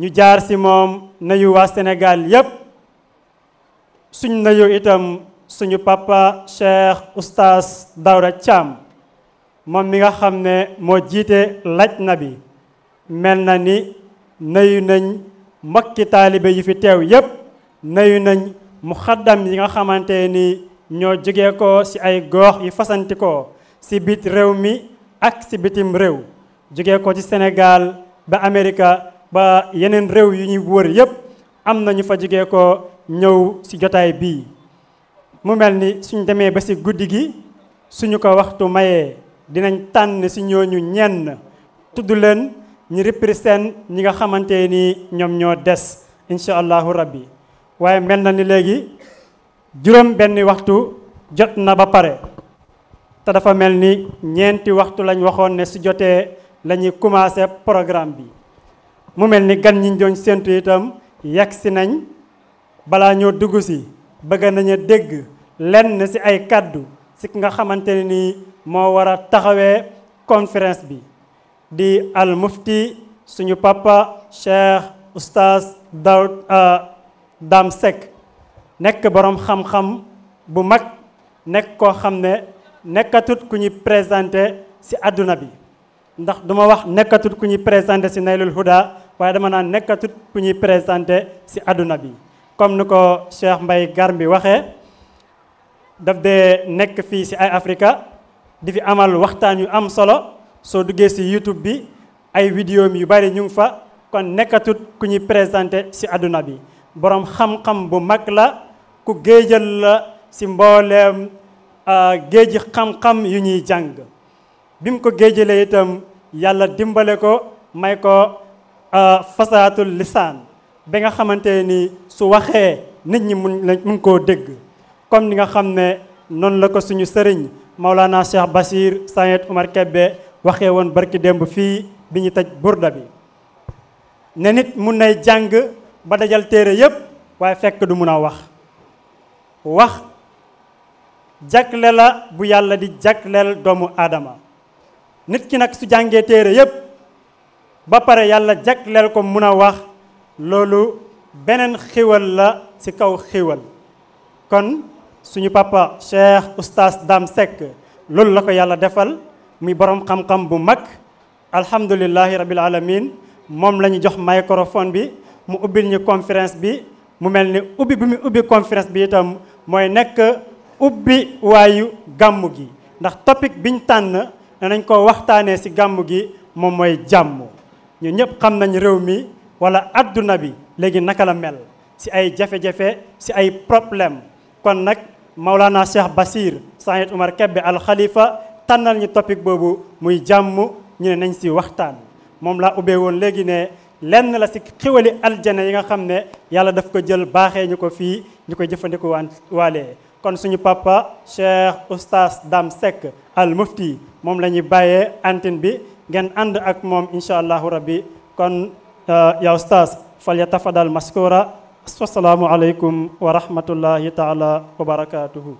ñu jaar ci moom nuyu senegaal Sénégal yépp suñ nuyu itam suñu pappa Cheikh Oustaz Daouda Thiam moom mi nga xam ne moo jiite laj na bi mel na ni nuyu nañ mbokki taalibe yu fi teew yépp nuyu nañ muxaddam yi nga xamante ni ñoo jóge ko ci ay gox yu fasantikoo ko ci bit réew mi ak ci bitim réew jóge ko ci Sénégal ba Amerika ba yeneen réew yu ñuy wër yépp am na ñu fa jóge ko ñëw ci jotaay bii mu mel ni suñ demee ba ci guddi gi suñu ko waxtu mayee dinañ tànn ci ñooñu ñenn tudd leen ñu représenté ñi nga xamante ni ñoom ñoo des incha allahu rabbi waaye mel na ni léegi juróom benni waxtu jot na ba pare te dafa mel ni ñeenti waxtu lañ waxoon ne su jotee la ñuy commencé programme bi mu mel ni gan ñi doon séntu itam yegg si nañ balaa ñoo dugg si bëgg nañu dégg lenn ci ay kàddu ci ki nga xamante ne nii moo war a taxawee conférence bi di al mufti suñu papa cheikh oustaz Daoud euh, Dame Seck nekk boroom xam-xam bu mag nekk koo xam ne nekkatut ku ñuy présenté ci àdduna bi ndax duma wax nekkatut ku ñuy présenté ci naylul huda waaye dama naan nekkatut ku ñuy présenté ci àdduna bi comme ni ko Cheikh Mbaye Garmi waxee daf dee nekk fii ci ay Africa di fi amal waxtaan yu am solo soo duggee ci YouTube bi ay vidéo yu bari ñu fa kon nekkatut ku ñuy présenté ci àdduna bi boroom xam-xam bu mag la ku géejal la ci mbooleem géeji xam-xam yu ñuy jàng bi mu ko géejalee itam yàlla dimbale ko may ko fasaatul lisaan bi nga xamante ni su waxee nit ñi mun mun koo dégg comme ni nga xam ne noonu la ko suñu sëriñ Maulana Cheikh Bachir Sayed Omar Kebbe waxee woon barki démb fii bi ñu tëj burda bi ne nit mun nay jàng ba dajal téere yépp waaye fekk du mun wax wax jàkkle la bu yàlla di jagleel doomu aadama nit ki nag su jàngee téere yépp ba pare yàlla jagleel ko mun a wax loolu beneen xiwal la ci kaw xiwal kon suñu papa Cheikh Oustaz Dame Seck loolu la ko yàlla defal muy boroom xam-xam bu mag alhamdulilahi rabil alamin moom la ñu jox microphone bi mu ubbi ñu conférence bi mu mel ni ubbi bi mu ubbi conférence bi itam mooy nekk ubbi waayu gàmmu gi ndax topic biñ tànn danañ ko waxtaanee ci gàmmu gi moom mooy jàmm ñu ñëpp xam nañ réew mi walla àdduna bi léegi naka la mel ci ay jafe-jafe ci ay problème kon nag Maulana Cheikh Basir Saïd Omar Kebbe al Khalifa tànnal ñu topic boobu muy jàmm ñu ne nañ ci waxtaan moom laa ubbee woon léegi ne lenn la ci xiwali aljana yi nga xam ne yàlla daf ko jël baaxee ñu ko fii ñu koy jëfandikoo waalee kon suñu papa cheikh oustaz Dame Seck al mufti moom la ñuy bàyyee antenne bi ngeen ànd ak moom incha allahu rabbi kon euh, ya oustaz fal ya tafadal maskura assalaamu aleykum wa rahmatullahi taala wa barakatuhu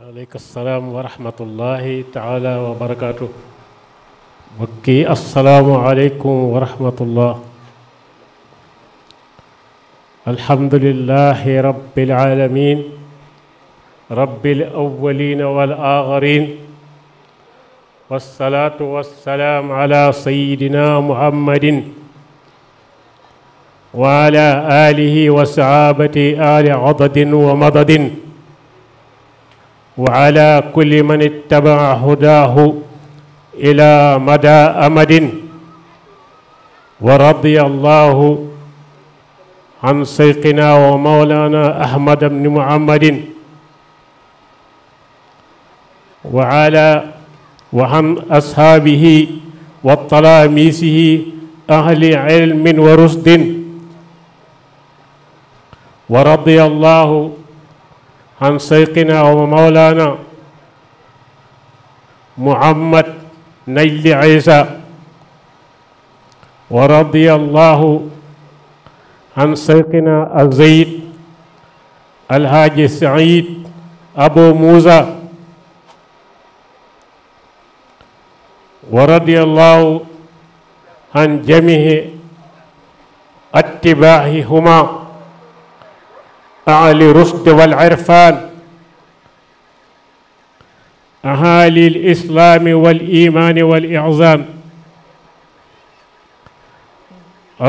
waaleykum salaam wa rahmatullahi taala wa barakatuhu mbokk yi asalaamualeykum wa rahmatullah alhamdulilahi rabbil alamin rabbil awalin wal axirin wasalaatu wasalaam ala sayidina muhammadin wa ala alihi wa sahabati ali adadin wa madadin wa ala kulli man ittabaca hudaahu ila mada amadin wa radiya allahu an sayqina wa mawlana ahmad bni muhammadin wa ala wa an ashaabihi wa talaamiisihi ahli ilmin wa rusdin wa radiya allahu an sayqina wa mawlana muhammad نجل عيسى ورضي الله عن سيقنا الزيد الهاج سعيد أبو موسى ورضي الله عن جميع اتباعهما أعلى رشد والعرفان أهالي الإسلام والإيمان والإعزام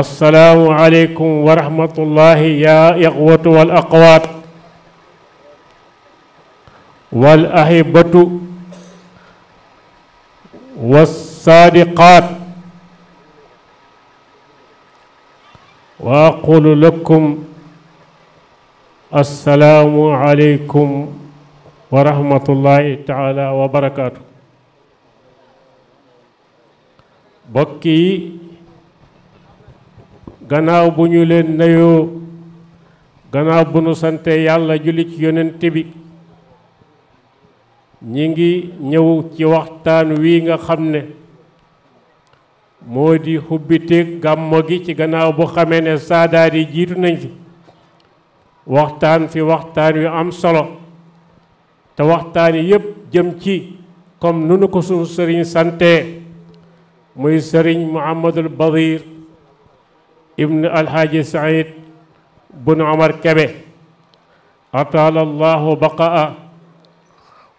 السلام عليكم ورحمة الله يا إخوة والأقوات والأحبة والصادقات وأقول لكم السلام عليكم wa rahmatullahi taala wa barakaatu yi gannaaw bu ñu leen nayoo gannaaw bu nu sante yàlla julli ci yonent bi ñi ngi ñëw ci waxtaan wi nga xam ne moo di xubbite gàmmo gi ci gannaaw bu xamee ne saadaat yi jiitu nañ fi waxtaan fi waxtaan wi am solo te waxtaan yi yëpp jëm ci comme nu nu ko suñu sëriñ sante muy sëriñ Mouhamadul Badir ibn alhaaji Saïd bun Omar Kebe ataala baqa'a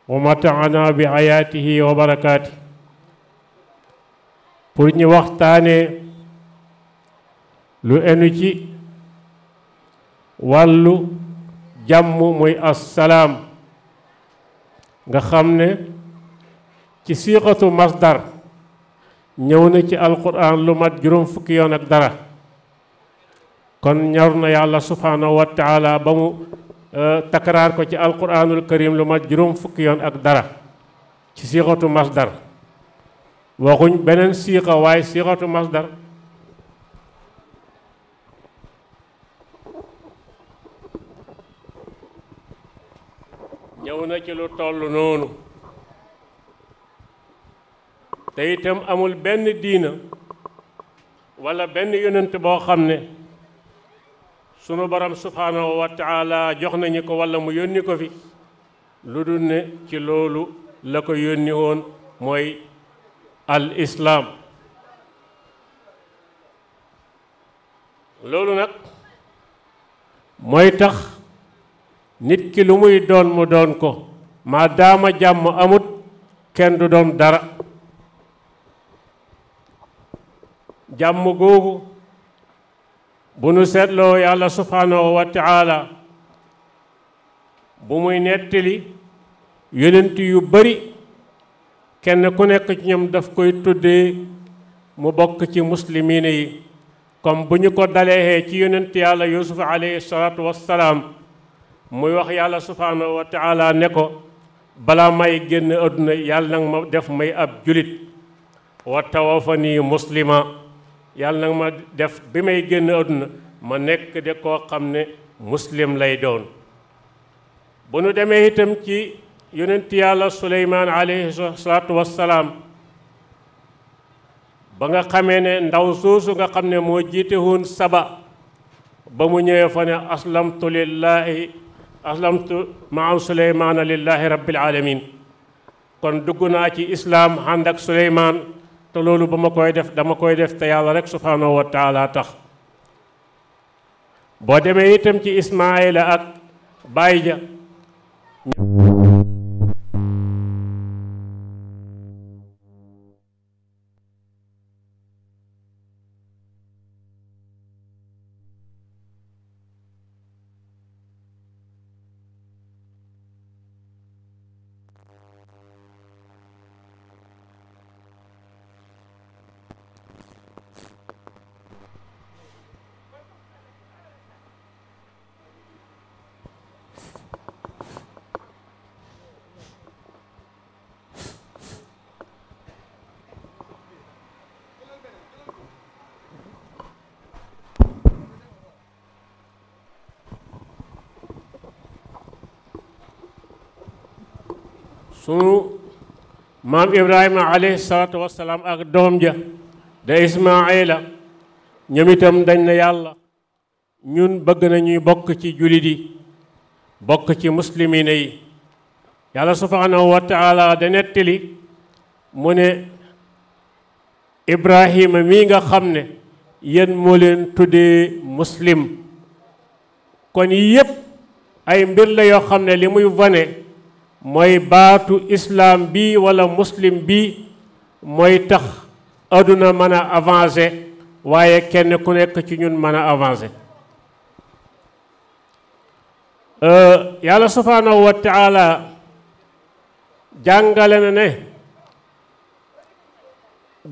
wa mataana bi hayaatihi wa barakaati pour ñu waxtaane lu enu ci wàllu jàmm muy assalaam nga xam ne ci siixatu masdar ñëw na ci alquran lu juróom fukki yoon ak dara kon ñor na yàlla subhanahu wa taala ba mu e, takaraar ko ci alquranul karim lu juróom fukki yoon ak dara ci siixatu masdar waxuñ beneen siixa waaye siixatu masdar ñëw na ci lu toll noonu te itam amul benn diina walla benn yonent boo xam ne sunu borom subhaanahu wa taala jox nañu ko wala mu yónni ko fi lu dul ne ci loolu la ko yónni woon mooy al islaam loolu nag mooy tax nit ki lu muy doon mu doon ko maa daama jàmm amut kenn du doon dara jàmm googu bu nu seetloo yàlla subhaanahu wa bu muy nettali yonent yu bari kenn ku nekk ci ñam daf koy tuddee mu bokk ci muslimine yi comme bu ñu ko dalee ci yonent yàlla yusuf alayhi salaatu wassalaam muy wax yàlla subhaanahu ne ko balaa may génn àdduna yàlla nag ma def may ab julit wa nii muslima yàlla nag ma def bi may génn àdduna ma nekk de koo xam ne muslim lay doon bu nu demee itam ci yonent yàlla suleymaan alayhi salaatu wassalaam ba nga xamee ne ndaw soosu nga xam ne moo jiite woon saba ba mu ñëwee fa ne aslamtu aslamtu maa suleymaana lillahi rabbil alamin kon dugg naa ci islaam ànd ak suleymaan te loolu ba ma koy def dama koy def te yàlla rek subhaanahu wa taala tax boo demee itam ci ismaila ak baay ja sunu maam ibrahima alayhi salaatu wassalaam ak doom ja da ismaila ñoom dañ na yàlla ñun bëgg nañuy bokk ci jullit yi bokk ci muslimine yi yàlla subhaanahu wa taala da nettali mu ne ibrahima mii nga xam ne yéen moo leen tuddee muslim kon yépp ay mbir la yoo xam ne li muy wane mooy baatu islaam bi walla muslim bi mooy tax àdduna mën a avancer waaye kenn ku nekk ci ñun mën a avancé euh, yàlla subhaanahu wa taala jàngale na ne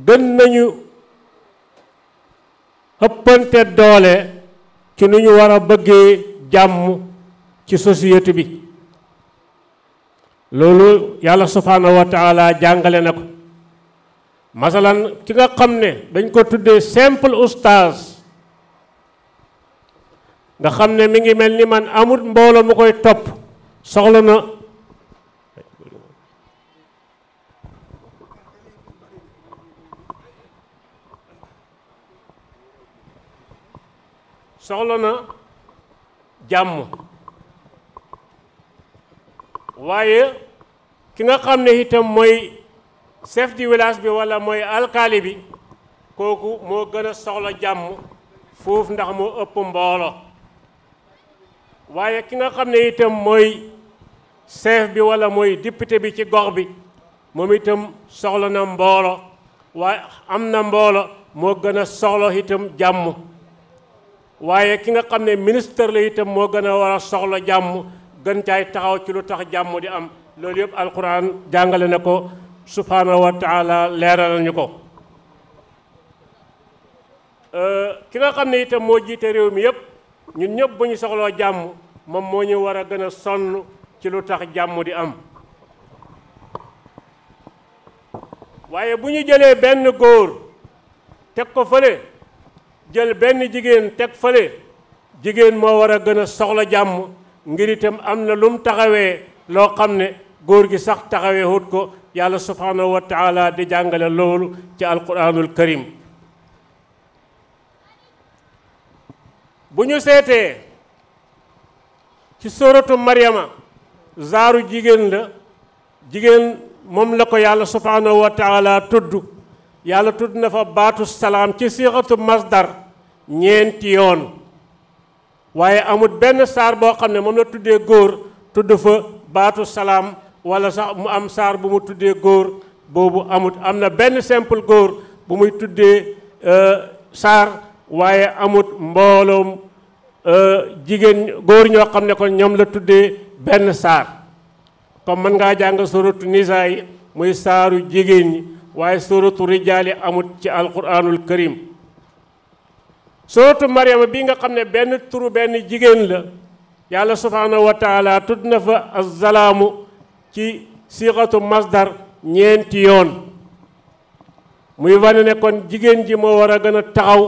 gën nañu ëppante doole ci nu ñu war a bëggee jàmm ci société bi loolu yàlla subhaanahu wa taala jàngale na ko masalan ki nga xam ne dañ ko tuddee simple oustaz nga xam ne mi ngi mel ni man amut mboolo mu koy topp soxla na soxla na jàmm waaye ki nga xam ne itam mooy chef du village bi walla mooy alkaali bi kooku moo gën a soxla jàmm foofu ndax moo ëpp mboolo waaye ki nga xam ne itam mooy chef bi walla mooy député bi ci gox bi moom itam soxla na mboolo waaye am na mboolo moo gën a soxla itam jàmm waaye ki nga xam ne ministre la itam moo gën a war a soxla jàmm gën caay taxaw ci lu tax jàmm di am loolu yëpp alquran jàngale na ko subhaanahu wa taala leeralal ñu ko euh, ki nga xam ne itam moo jiite réew mi yëpp ñun ñëpp bu ñu soxloo jàmm moom moo ñu war a gën a sonn ci lu tax jàmm di am waaye bu ñu jëlee benn góor teg ko fële jël benn jigéen teg fële jigéen moo war a gën a soxla jàmm ngir itam am na lum taxawee loo xam ne góor gi sax taxawee hut ko yàlla subhanahu wa taala di jàngale loolu ci alquranul karim bu ñu seetee ci suratu maryama zaaru jigéen la jigéen moom la ko yàlla subhanahu wa taala tudd yàlla tudd na fa baatu salaam ci siixatu masdar ñeenti yoon waaye amut benn saar boo xam ne moom la tuddee góor tudd fa baatu salaam walla sax mu am saar bu mu tuddee góor boobu amut am na benn simple góor bu muy tuddee euh, saar waaye amut mbooloom euh, jigéen góor ñoo xam ne ko ñoom la tuddee benn saar comme mën ngaa jàng suratu nisaa yi muy saaru jigéen ñi waaye suratu rijaali amut ci alquranul karim suratu Maryama bi nga xam ne benn turu benn jigéen la yàlla subhaanahu wa taala tudd na fa azalaamu ci siixatu masdar ñeenti yoon muy wane ne kon jigéen ji moo war a gën a taxaw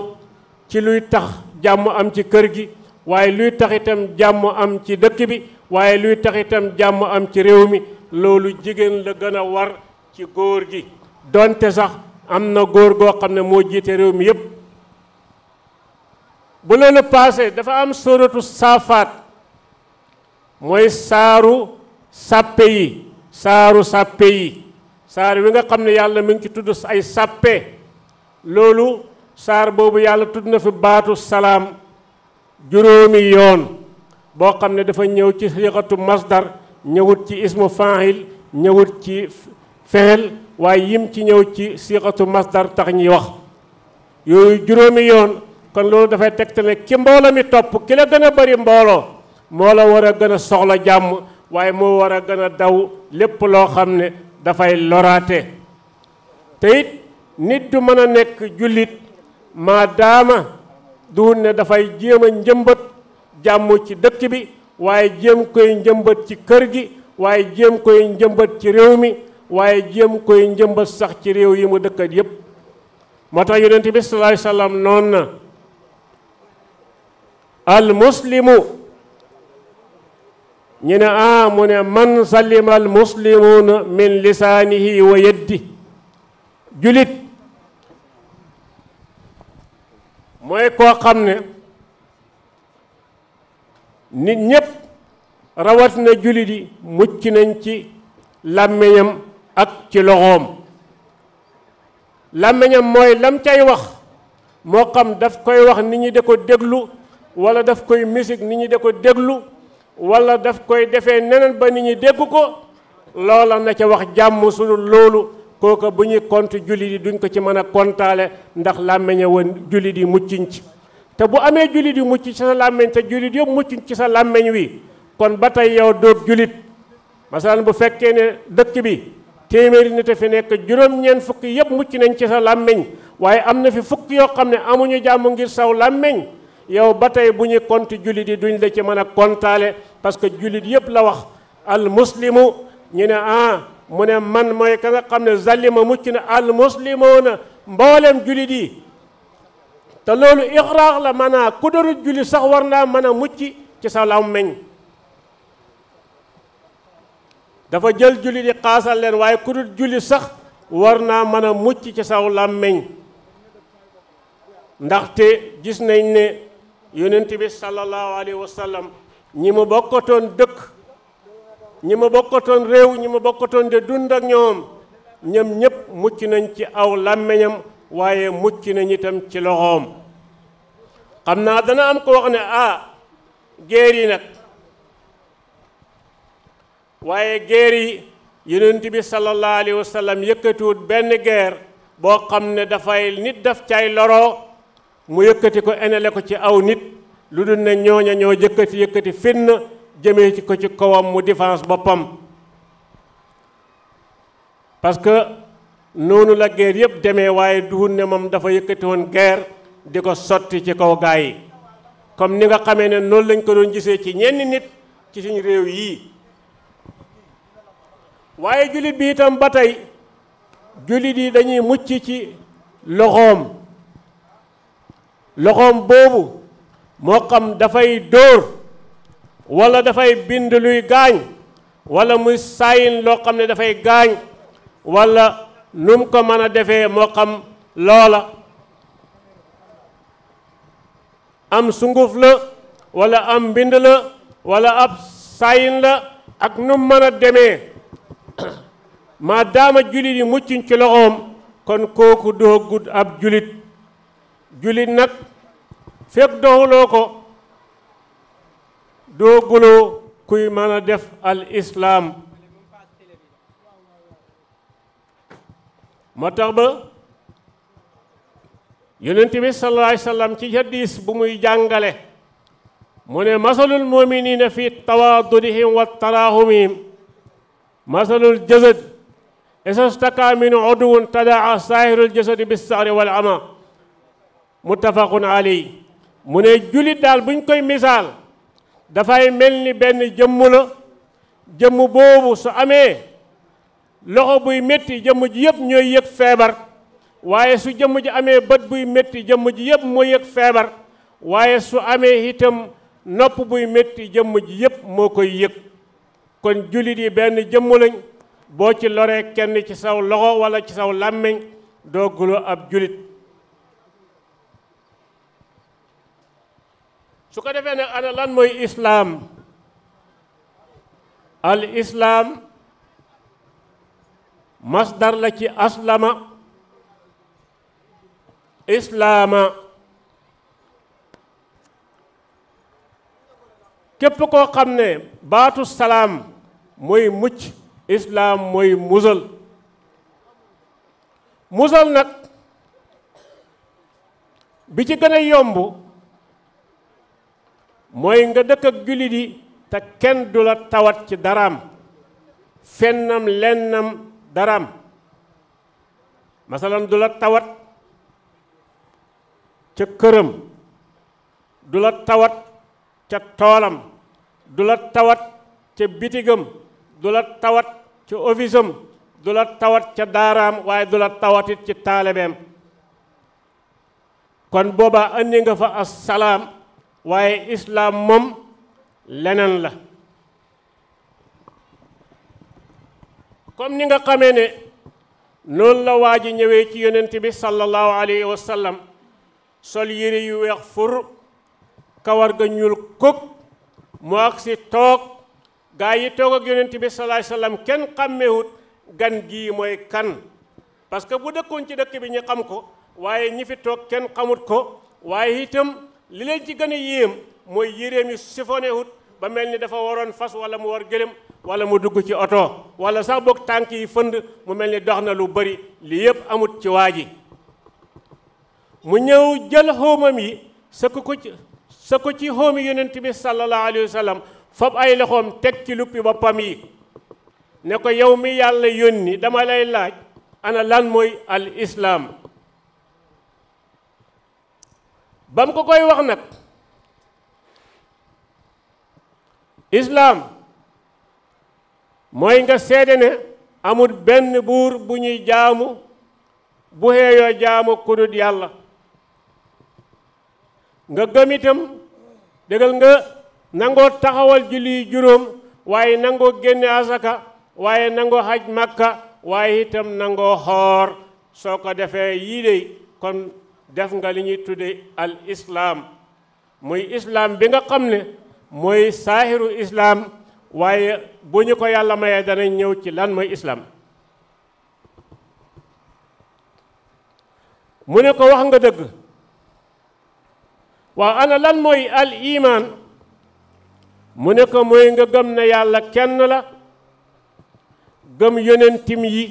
ci luy tax jàmm am ci kër gi waaye luy taxitam jàmm am ci dëkk bi waaye luy taxitam jàmm am ci réew mi loolu jigéen la gën a war ci góor gi donte sax am na góor goo xam ne moo jiite réew mi yépp bu loolu paase dafa am sóoratu saafaat mooy saaru sàppe yi saaru sàppe yi saar wi nga xam ne yàlla mi ngi ci tudd ay sàppe loolu saar boobu yàlla tudd na fi baatu salaam juróomi yoon boo xam ne dafa ñëw ci siixatu masdar ñëwut ci ismu faahil ñëwut ci fexel waaye yim ci ñëw ci siixatu masdar tax ñuy wax yooyu juróomi yoon kon loolu dafay tegtale ki mbooloo mi topp ki la gën a bari mbooloo moo la war a gën a soxla jàmm waaye moo war a gën a daw lépp loo xam ne dafay loraate te nit du mën a nekk jullit daama duwul ne dafay jéem a njëmbat jàmm ci dëkk bi waaye jéem koy njëmbat ci kër gi waaye jéem koy njëmbat ci réew mi waaye jéem koy njëmbat sax ci réew yi mu dëkkat yépp moo tax yonent bi sallallahu noon na al muslimu ñu ne a ah, mu ne man salima al muslimuuna min lisaanihi wa yeddi julit mooy koo xam ne nit ñépp rawat na julit yi mucc nañ ci làmmiñam ak ci loxoom làmmiñam mooy lam cay wax moo xam daf koy wax nit ñi da ko déglu wala daf koy musique nit ñi da ko déglu wala daf koy defee neneen ba nit ñi dégg ko loola na ca wax jàmm su loolu kooka bu ñuy kont jullit yi duñ ko ci mën a kontaale ndax làmmeñe woon jullit yi mucciñ ci te bu amee jullit yu mucc ci sa làmmeñ te jullit yëpp mucciñ ci sa làmmeñ wi kon ba tey yow doob jullit masalan bu fekkee ne dëkk bi téeméeri nit a fi nekk juróom-ñeent fukki yëpp mucc nañ ci sa làmmeñ waaye am na fi fukk yoo xam ne amuñu jàmm ngir saw làmmiñ yow ba tey bu ñu konti jullit yi duñ la ci mën a kontaale parce que jullit yëpp la wax al muslimu ñu ne ah mu ne man mooy ka nga xam ne zalima mucc na al muslimuna mboolem jullit yi te loolu ixraax la maanaam ku doonul jullit sax war naa mën a mucc ci sa dafa jël jullit yi waaye ku dul sax war naa mën a mucc ci saw làmmiñ ndaxte gis nañ ne yonent bi sallallahu alayhi wa sallam ñi ma bokkatoon dëkk ñi mu bokkatoon réew ñi ma bokkatoon de dund ak ñoom ñoom ñépp mucc nañ ci aw làmmiñam waaye mucc nañ itam ci loxoom xam naa dana am ko wax ne ah géer yi nag waaye géer yi yonent bi sallallahu alayhi wa sallam yëkkatiwut benn geer boo xam ne dafay nit daf cay loro mu yëkkati ko enele ko ci aw nit lu dul ne ñooña ñoo jëkkati yëkkati finn jëme ci ko ci kawam mu défense boppam parce que noonu la guerre yëpp demee waaye duhun ne moom dafa yëkkati woon guerre di ko sotti ci kaw gaa yi comme ni nga xamee ne noonu lañ ko doon gisee ci ñenn nit ci suñu réew yii waaye jullit bi itam ba tey jullit yi dañuy mucc ci loxoom loxoom boobu moo xam dafay dóor wala dafay bind luy gaañ walla muy saayin loo xam ne dafay gaañ walla nu ko mën a defee moo xam loola am sunguf la walla am mbind la wala ab saayin la ak num mën a demee daama jullit yi muccuñ ci loxoom kon kooku doo gudd ab jullit jullit nag fekk doxuloo ko doo guloo kuy mën def al islaam moo tax ba yonent bi sallallahu sallam ci hadiis bu muy jàngale mu ne masalul muminina fi tawaadudihim wa tarahumihim masalul jasad isastaka min oduwun tadaa sahirul jasadi bis sahri wal ama mu muttafaqun alayhi mu ne jullit daal buñ koy misaal dafay mel ni benn jëmm la jëmm boobu su amee loxo buy metti jëmm ji yëpp ñooy yëg feebar waaye su jëmm ji amee bët buy métti jëmm ji yëpp moo yëg feebar waaye su amee itam nopp buy metti jëmm ji yëpp moo koy yëg kon jullit yi benn jëmm lañ boo ci loree kenn ci saw loxo walla ci saw làmmiñ doo guloo ab jullit su ko defee nag ana lan mooy islaam al islaam masdar la ci aslama islaama képp koo xam ne baatu salaam mooy mucc islaam mooy musal musal nag bi ci gën a yomb mooy nga dëkk ak jullit te kenn du la tawat ci daraam fennam lennam daraam masalan dula tawat ca këram dula tawat ca toolam dula tawat ca bitigam du tawat ca ofisam du tawat ca daaraam waaye dula la tawatit ci taalibeem kon boobaa andi nga fa as salaam waaye islaam mom leneen la comme ni nga xamee ne noonu la waa ji ñëwee ci yonent bi sallallahu alayhi wa sallam sol yére yu weex fur kawar ga ñuul kuk mu agsi toog gaa yi toog ak yonent bi sallallahu alayhi wa sallam kenn xàmmewut gan gii mooy kan parce que bu dëkkoon ci dëkk bi ñu xam ko waaye ñi fi toog kenn xamut ko waaye itam li leen ci gën yéem mooy yéreem yi sifoné wut ba mel ni dafa waroon fas wala mu war gëlëm wala mu dugg ci oto wala sax boog tànk yi fënd mu mel ni dox na lu bari lii yëpp amut ci waa ji mu ñëw jël xóomam yi sëkk ko ci sëkk ko ci xóomi yonent bi sallallahu alayhi wa fab ay loxoom teg ci luppi boppam yi ne ko yow mi yàlla yónni dama lay laaj ana lan mooy al islaam ba ko koy wax nag islaam mooy nga seede ne amul benn buur bu ñuy jaamu bu xeeyoo jaamu kudut yàlla nga gëm itam dëggal nga nangoo taxawal julli juróom waaye nangoo génne asaka waaye nangoo xaj makka waaye itam nangoo xoor soo ko defee yii kon def nga li ñuy tudde al islaam muy islaam bi nga xam ne mooy saahiru islaam waaye bu ñu ko yàlla mayee danañ ñëw ci lan mooy islaam mu ne ko wax nga dëgg waaw ana lan mooy al iman mu ne ko mooy nga gëm ne yàlla kenn la gëm yonentim yi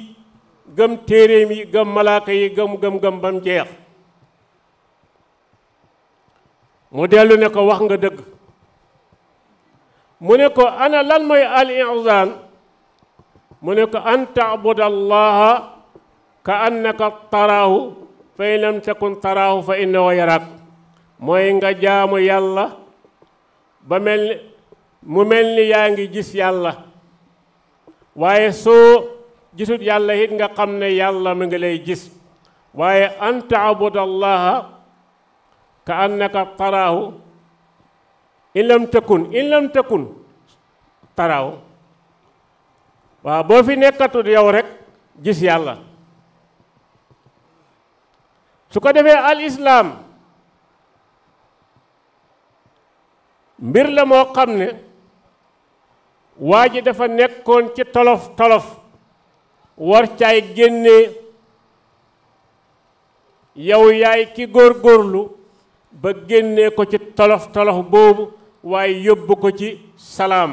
gëm téeréem yi gëm malaaka yi gëm gëm gëm bam jeex mu dellu ne ko wax nga dëgg mu ne ko ana lan mooy al i'zaan mu ne ko an taabuda allaha ka annaka taraahu fa in taraahu fa innahu yaraak mooy nga jaamu yàlla ba mel mu mel ni yaa ngi gis yàlla waaye soo gisut yàlla it nga xam ne yàlla mu ngi lay gis waaye an taabuda ka annaka taraahu in lam takun in lam takun taraahu waaw boo fi nekkatul yow rek gis yàlla su ko defee al islaam mbir la moo xam ne waa ji dafa nekkoon ci tolof tolof war caay génnee yow yaay ki góorgóorlu ba génnee ko ci tolof tolof boobu waaye yóbbu ko ci salaam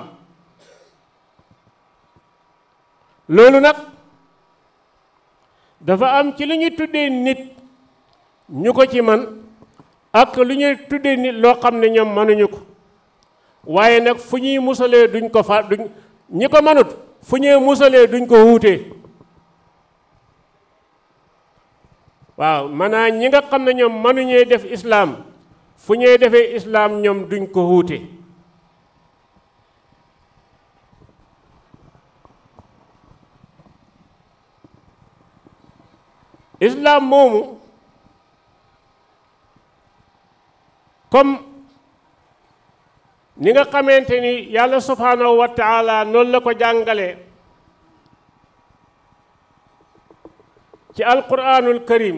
loolu nag dafa am ci lu ñuy tuddee nit ñu ko ci man ak lu ñuy tuddee nit loo xam ne ñoom mënuñu ko waaye nag fu ñuy musalee duñ ko fa duñ ñi ko mënut fu ñuy musalee duñ ko wuutee waaw manaa ñi nga xam ne ñoom mënuñee def islaam fu ñuy defee islaam ñoom duñ ko wuute islaam moomu comme ni nga xamante ni yàlla subhanahu wa taala noonu la ko jàngale ci alquranul karim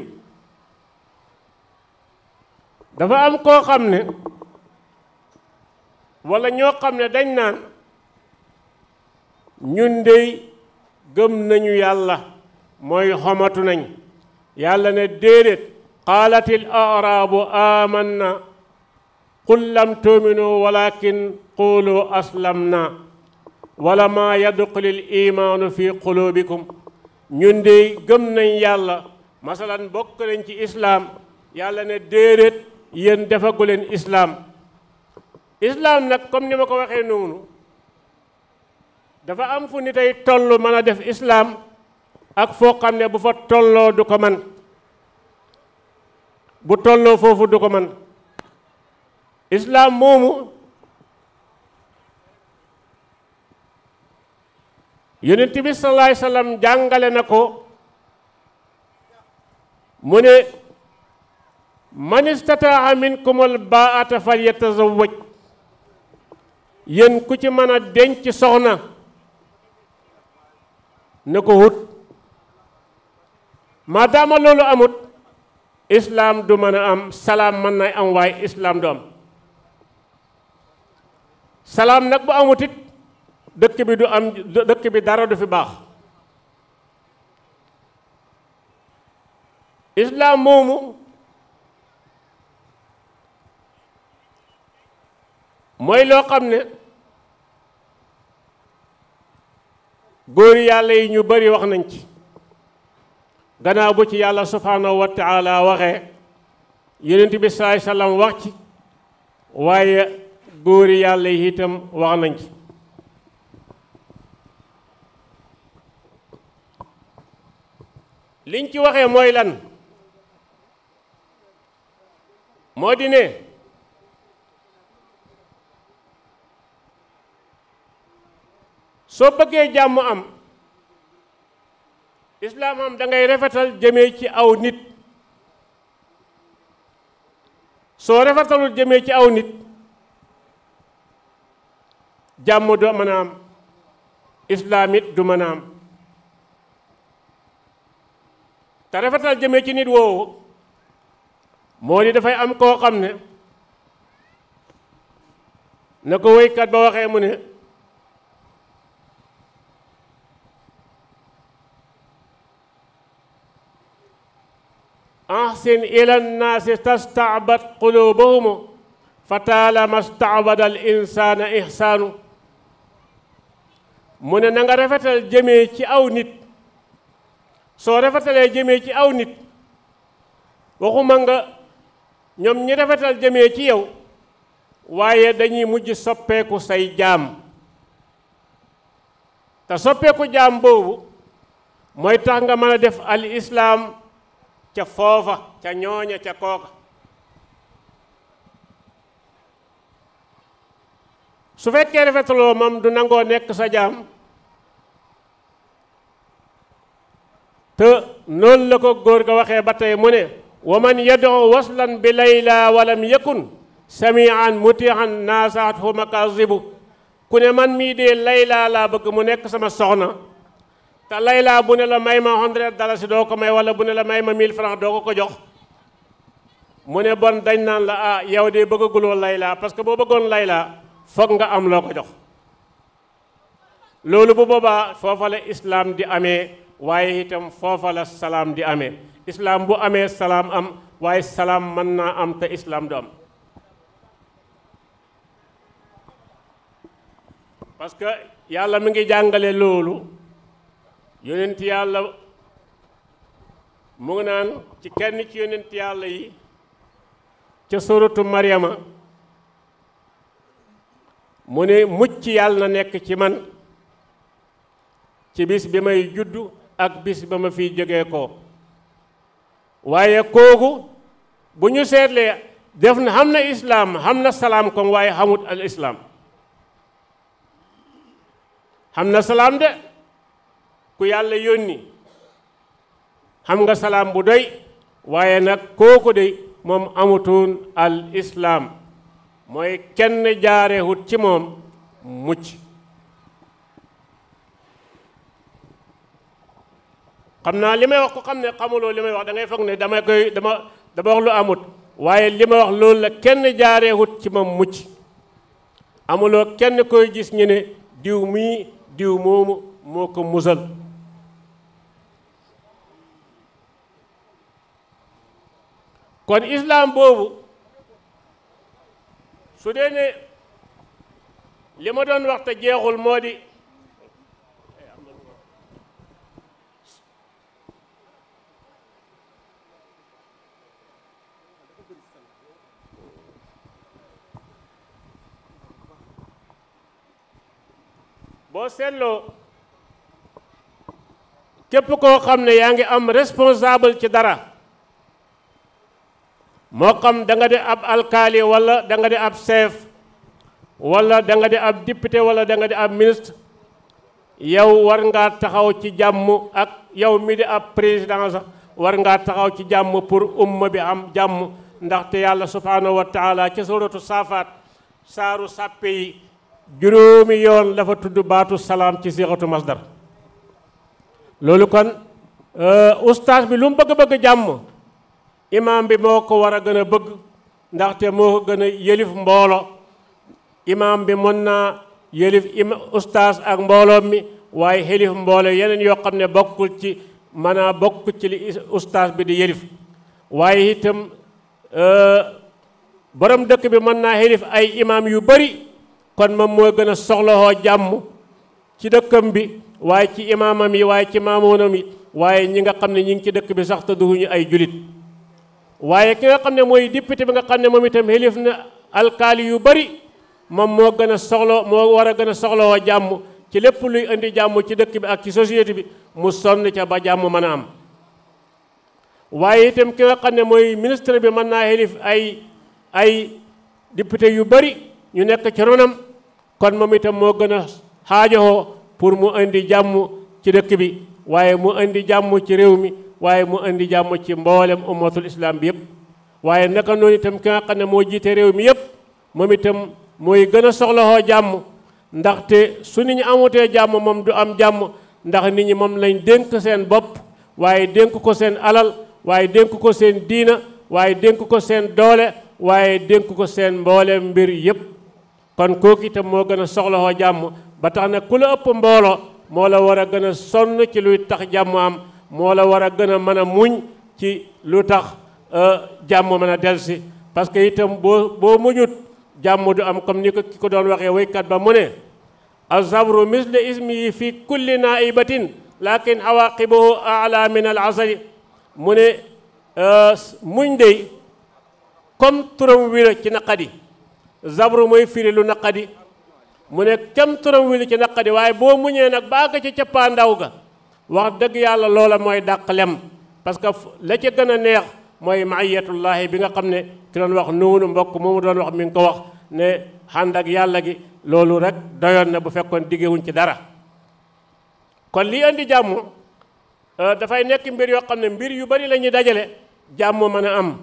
dafa am koo xam ne walla ñoo xam ne dañ naan ñun dey gëm nañu yàlla moy xomatu nañ yàlla na déedéet qaalatil aaraabu amanna qul lam tuminu walakin qulu aslamna wala ma yadxulil imaanu fi qulubikum ñun de gëm nañ yàlla masalan bokk ci islaam yàlla ne déedéet yéen defagu leen islaam islaam nag comme ni ma ko waxee noonu dafa am fu nit ay toll mën a def islaam ak foo xam ne bu fa tolloo du ko man bu tolloo foofu du ko man islaam moomu yonent bi salaay salaam jàngale na ko mu ne man istataa minkum al baata fal yatazawaj yéen ku ci mën a denc soxna na ko wut ma loolu amut islaam du mën a am salaam mën nay am waaye islaam du am salaam nag bu amut dëkk bi du am dëkk bi dara du fi baax islaam moomu mooy loo xam ne góor yàlla yi ñu bari wax nañ ci gannaaw bu ci yàlla subhaanahu wa taala waxee yonent bi salaam wax ci waaye góor yàlla yi itam wax nañ ci liñ ci waxee mooy lan moo di ne soo bëggee jàmm am islaam am da ngay rafetal jëmee ci aw nit soo rafetalul jëmee ci aw nit jàmm du mën a am islaam du mën a am te rafetal jëmee ci nit woowu moo ni dafay am koo xam ne na ko wéykat ba waxee mu ne ahsin ilan naasi tastaabat qulubuhumu fa taalama staabada insaana ihsaanu mu ne na nga rafetal jëmee ci aw nit soo rafetalee jëmee ci aw nit waxuma nga ñoom ñi rafetal jëmee ci yow waaye dañuy mujj soppeeku say jaam te soppeeku jaam boobu mooy tax nga mën a def al islaam ca foofa ca ñooña ca kooka su fekkee rafetaloo moom du nangoo nekk sa jaam te noonu la ko góor ga waxee ba tey mu ne wa man yadoo waslan bi layla walam yakun samian mutihan naasaathu makazibu ku ne man mii dee layla laa bëgg mu nekk sama soxna te layla bu ne la may ma hundred dalasi doo ko may wala bu ne la may ma mille francs doo ko ko jox mu ne bon dañ naan la ah yow de bëggaguloo layla parce que boo bëggoon layla foog nga am loo ko jox loolu bu boobaa foofa islaam di amee waaye itam foofa la salaam di amee islaam bu amee salaam am waaye salaam mën naa am te islaam du am parce yàlla mu ngi jàngale loolu yonent yàlla mu ngi naan ci kenn ci yonent yàlla yi ca suratu Maryama mu ne mucc yàlla na nekk ci man ci bis bi may juddu ak bis ba ma fiy jógee ko waaye kooku bu ñu seetlee def na xam na islaam xam na salaam kon waaye xamut al islaam xam na salaam de ku yàlla yónni xam nga salaam bu doy waaye nag kooku de moom amutoon al islaam mooy kenn jaarewut ci moom mucc xam naa li may wax ko xam ne xamuloo li may wax dangay ngay ne dama koy dama dama wax lu amut waaye li ma wax loolu la kenn jaareewut ci ma mucc amuloo kenn koy gis ñu ne diw mii diw moomu moo ko musal kon islam boobu su dee ne li ma doon wax jeexul moo di boo seetloo képp koo xam ne yaa ngi am responsable ci dara moo xam danga nga di ab alkaali walla danga di ab chef wala danga nga di ab député wala danga nga di ab ministre yow war ngaa taxaw ci jàmm ak yow mi di ab président sax war ngaa taxaw ci jàmm pour umma bi am jàmm ndaxte yàlla subhaanahu wa taala ci suratu saafaat saaru sàppe yi juróomi yoon la tudd baatu salaam ci siixatu masdar loolu kon euh, ustaas bi lu mu bëgg-bëgg jàmm imaam bi moo ko war a gën a bëgg ndaxte moo ko gën a yëlif mboolo imaam bi mën naa yëlif ustaas ak mbooloom mi waaye yëlif mboolo yeneen yoo xam ne bokkul ci mën a bokk ci li ustaas bi di yëlif waaye itam euh, borom dëkk bi mën naa yëlif ay imaam yu bari kon moom moo gën a soxlawoo jàmm ci dëkkam bi waaye ci imaamam yi waaye ci maamoonam yi waaye ñi nga xam ne ñi ngi ci dëkk bi sax te duñu ay julit waaye ki nga xam ne mooy député bi nga xam ne moom itam xilif na alkaali yu bari moom moo gën a soxla moo war a gën a soxlawoo jàmm ci lépp luy indi jàmm ci dëkk bi ak ci société bi mu sonn ca ba jàmm mën a am waaye itam ki nga xam ne mooy ministre bi mën naa xilif ay ay député yu bari ñu nekk ci ronam kon moom itam moo gën a xaajowoo pour mu indi jàmm ci dëkk bi waaye mu indi jàmm ci réew mi waaye mu indi jàmm ci mboolem ummatul islam bi yëpp waaye naka noonu itam ki nga ne moo jiite réew mi yëpp moom itam mooy gën a soxlawoo jàmm ndaxte su nit ñi amutee jàmm moom du am jàmm ndax nit ñi moom lañ dénk seen bopp waaye dénk ko seen alal waaye dénk ko seen diina waaye dénk ko seen doole waaye dénk ko seen mboolem mbir yëpp kon kooku itam moo gën a soxlawoo jàmm ba tax na ku la ëpp mbooloo moo la war a gën a sonn ci luy tax jàmm am moo la war a gën a mën a muñ ci lu tax euh, jàmm mën a delsi parce que itam boo boo muñut jàmm du am comme ni ko ki ko doon waxee waykat ba mu ne azabru misle ismi yi fi kulli naibatin lakin awaqibuhu ala min al asari mu ne euh, muñ dey comme turam wi la ci naqadi zabru mooy firi lu naqadi mu ne kem turam wili ci naqadi waaye boo muñee nag baa nga ci cappaa ndaw ga wax dëgg yàlla loola mooy dàq lem parce que la ca gën a neex mooy maayatullaahi bi nga xam ne ki doon wax nuunu mbokk moomu doon wax mi ngi ko wax ne xànd ak yàlla gi loolu rek doyoon na bu fekkoon diggewuñ ci dara kon li indi jàmm euh, dafay nekk mbir yoo xam ne mbir yu bari la ñuy dajale jàmm mën a am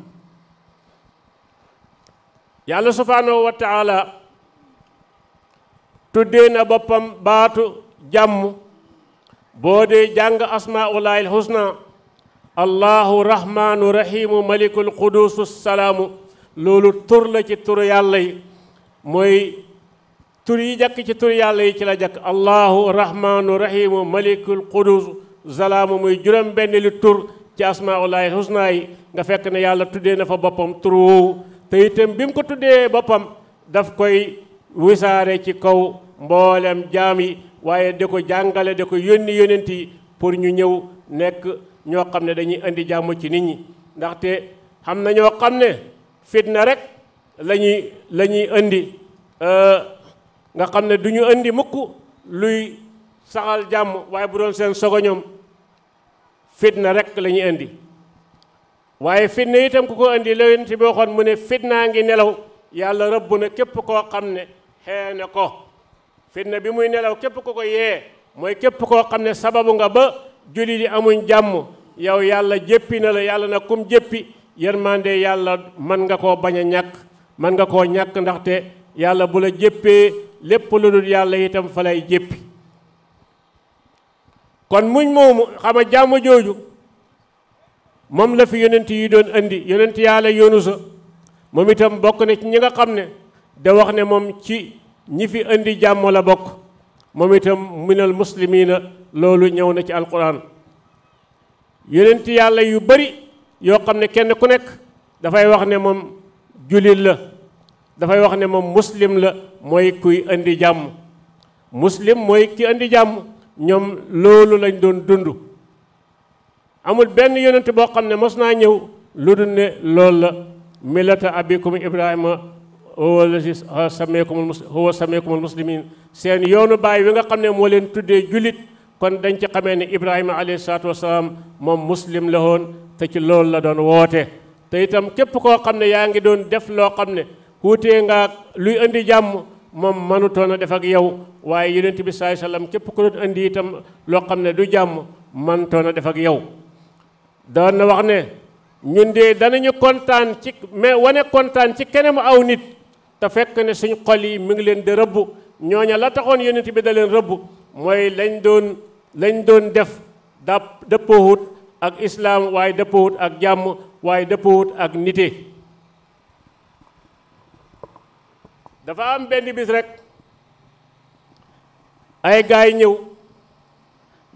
yàlla subhaanahu wa taala tuddee na boppam baatu jàmm boo dee jàng asmaullahi alhusna allahu rahmaanu rahimu malikul qudusu salaamu loolu tur la ci turu yàlla yi mooy tur yi jàkk ci tur yàlla yi ci la jàkk allahu rahmaanu rahimu malikul qudusu salaamu muy juróom benn li tur ci asmaullahi alhusna yi nga fekk ne yàlla tuddee na fa boppam tur woowu te itam bi mu ko tuddee boppam daf koy wisaare ci kaw mboolem jaam yi waaye da ko jàngale da ko yónni yónent yi pour ñu ñëw nekk ñoo xam ne dañuy indi jàmm ci nit ñi ndaxte xam na ñoo xam ne na rek lañuy la ñuy indi euh, nga xam ne duñu ñu indi mukk luy saxal jàmm waaye bu doon seen sogo ñoom na rek lañuy ñuy indi waaye fitna itam ku ko indi la yonent bi waxoon mu ne fitnaa ngi nelaw yàlla rëbb na képp koo xam ne xee na ko fitna bi muy nelaw képp ku ko yee mooy képp koo xam ne sababu nga ba jullit yi amuñ jàmm yow yàlla jéppi na la yàlla na kum jéppi yërmande yàlla mën nga koo bañ a ñàkk mën nga koo ñàkk ndaxte yàlla bu la jéppee lépp lu dul yàlla itam fa lay jéppi kon muñ moomu xama jàmm jooju moom la fi yonent yi doon andi yonent yàlla Yunusa moom itam bokk na ci ñi nga xam ne da wax ne moom ci ñi fi indi jàmm la bokk moom itam minal muslimina loolu ñëw na ci alquran yonent yu bari yoo xam ne kenn ku nekk dafay wax ne moom jullit la dafay wax ne moom muslim la mooy kuy indi jàmm muslim mooy ki indi jàmm ñoom loolu lañ doon dund amul benn yonent boo xam ne mos naa ñëw lu dul ne loolu la millata abikum ibrahima huwa sameekumul huwa sameekumul muslimin seen yoonu baay wi nga xam ne moo leen tuddee jullit kon dañ ci xamee ne ibrahima alayhi salaatu wasalaam moom muslim la woon te ci loolu la doon woote te itam képp koo xam ne yaa ngi doon def loo xam ne wuutee nga luy indi jàmm moom mënutoon a def ak yow waaye yonent bi saai sallam képp ku doon indi itam loo xam ne du jàmm mënutoon a def ak yow daan na wax ne ñun de danañu kontaan ci mais wane kontaan ci kanamu aw nit te fekk ne suñ xol yi mi ngi leen di rëbb ñooña la taxoon yonent bi da leen rëbb mooy lañ doon lañ doon def dap dëppoowut ak islaam waaye dëppoowut ak jàmm waaye dëppoowut ak nite dafa am benn bis rek ay gaay ñëw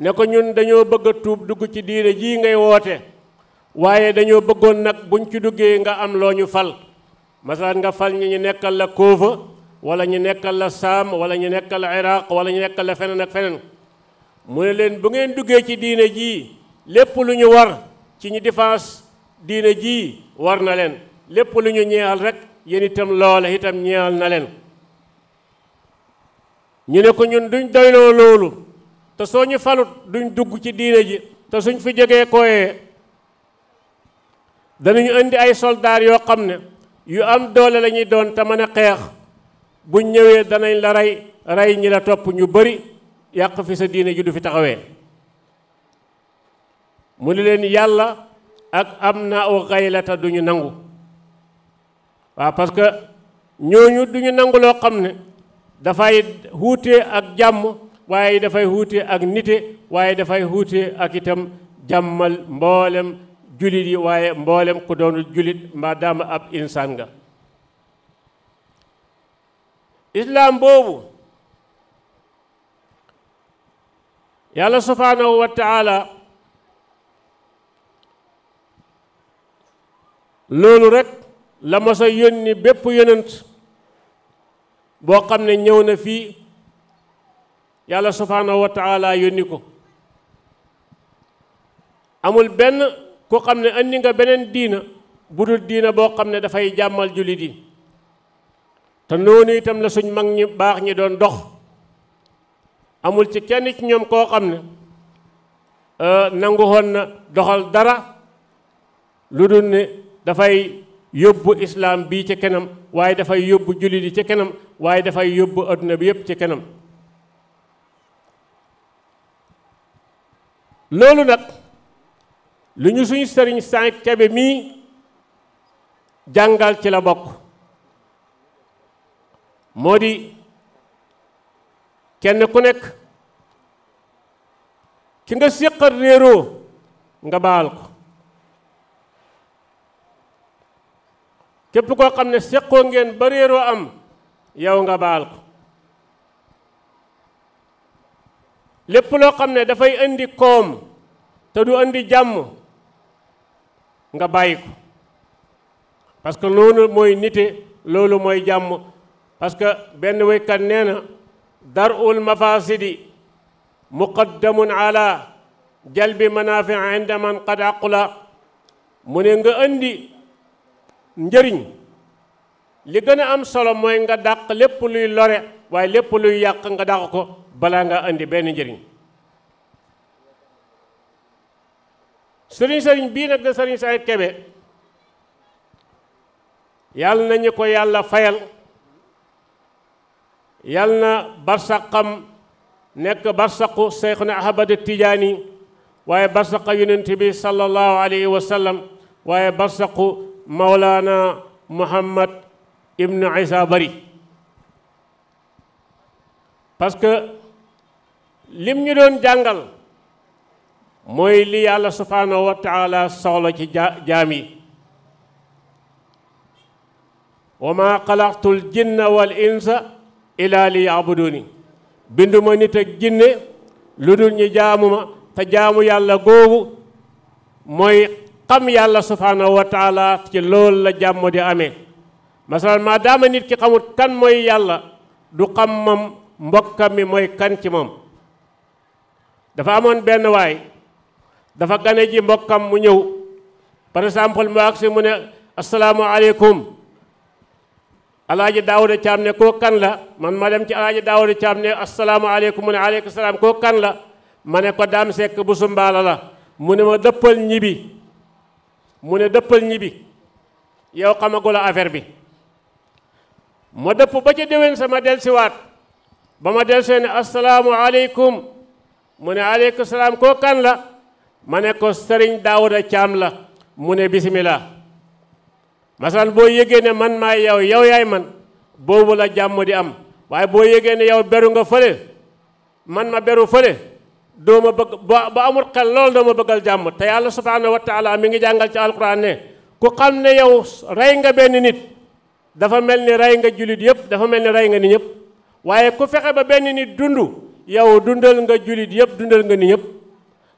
ne ko ñun dañoo bëgg a tuub dugg ci diine jii ngay woote waaye dañoo bëggoon nag buñ ci duggee nga am loo ñu fal masalan nga fal ñi ñu nekkal la Koofa wala ñu nekkal la Saam wala ñu nekkal la Iraq wala ñu nekkal la feneen ak feneen mu ne leen bu ngeen duggee ci diine jii lépp lu ñu war ci ñu défense diine jii war na leen lépp lu ñu ñeexal rek yéen itam loola itam ñeexal na leen ñu ne ko ñun duñ doyloo loolu te soo ñu falut duñ dugg ci diine ji te suñ fi jógee kooyee danañu indi ay soldaar yoo xam ne yu am doole lañuy doon te mën a xeex buñ ñëwee danañ la rey rey ñi la topp ñu bëri yàq fi sa diine ji du fi taxawee mu ni leen yàlla ak am na u xaylata duñu nangu waaw parce que ñooñu duñu nangu loo xam ne dafay wuute ak jàmm waaye dafay wuute ak nite waaye dafay wuute ak itam jàmmal mboolem julit yi waaye mboolem ku doonu julit maadaama ab insaan nga islaam boobu yàlla subhaanahu wa loolu rek la mos a bépp yonent boo xam ne ñëw na fii yàlla subhaanahu wa taala yónni ko amul benn ku xam ne andi nga beneen diina bu dul diina boo xam ne dafay jàmmal jullit yi te noonu itam la suñ mag ñi baax ñi doon dox amul ci kenn ci ñoom koo xam ne euh, nangu woon na doxal dara lu dul ne dafay yóbbu islaam bii ci kanam waaye dafay yóbbu jullit yi ci kanam waaye dafay yóbbu adduna bi yëpp ci kanam loolu nag lu ñu suñu sëriñ Sànq Kebe mii jàngal ci la bokk moo di kenn ku nekk ki nga séqal réeroo nga baal ko képp koo xam ne séqoo ngeen ba réeroo am yow nga baal ko lépp loo xam ne dafay indi koom te du indi jàmm nga bàyyi ko parce que loolu mooy nite loolu mooy jàmm parce que benn wéykat nee na darul mafasidi muqaddamun ala jalbi manaafi inda man qad aqula mu ne nga indi njëriñ li gën a am solo mooy nga dàq lépp luy lore waaye lépp luy yàq nga dàq ko balaa nga indi benn njëriñ sëriñ sëriñ bii nag da sëriñ Saïd Kébé yàlla nañu ko yàlla fayal yàlla na barsaqam nekk barsaqu Seyxuna Ahmadu Tijaani waaye barsaqa yonent bi sallallahu alayhi wa sallam waaye barsaqu Mawlaana Muhammad ibnu isa bari parce que lim ñu doon jàngal mooy li yàlla subhanahu wa taala soxla ci jaam yi wa ma xalaqtul jinna wal insa ila li yaabuduni binduma nit ak jinne lu dul ñu jaamuma te jaamu yàlla googu mooy xam yàlla subhanahu wa taala ci loolu la jàmm di amee masalan maa daama nit ki xamul kan mooy yàlla du xam moom mbokkam mi mooy kan ci moom dafa amoon benn waay dafa gane ji mbokkam mu ñëw par exemple mu agsi mu ne asalaamaaleykum alaaji daawuda caam ne koo kan la man ma dem ci alaaji daawuda caam ne asalaamaaleykum mu ne aleykum salaam koo kan la ma ne ko daam sekk bu sumbaala la mu ne ma dëppal ñibi mu ne dëppal ñibi yow xamagula affaire bi ma dëpp ba ci déwén sama delsiwaat ba ma delsee ne asalaamu aleykum mu ne aleykum salaam koo kan la ma ne ko sëriñ daawuda caam la mu ne bisimilaa masalan boo yégee ne man maay yow yow yaay man boobu la jàmm di am waaye boo yégee ne yow beru nga fële man ma beru fële doo ma bëgg ba amul xel loolu doo ma bëggal jàmm te yàlla subhaanahu wa mi ngi jàngal ci alquran ne ku xam ne yow rey nga benn nit dafa mel ni rey nga julit yëpp dafa mel ni rey nga ni ñëpp waaye ku fexe ba benn nit dund yow dundal nga julit yëpp dundal nga ni ñëpp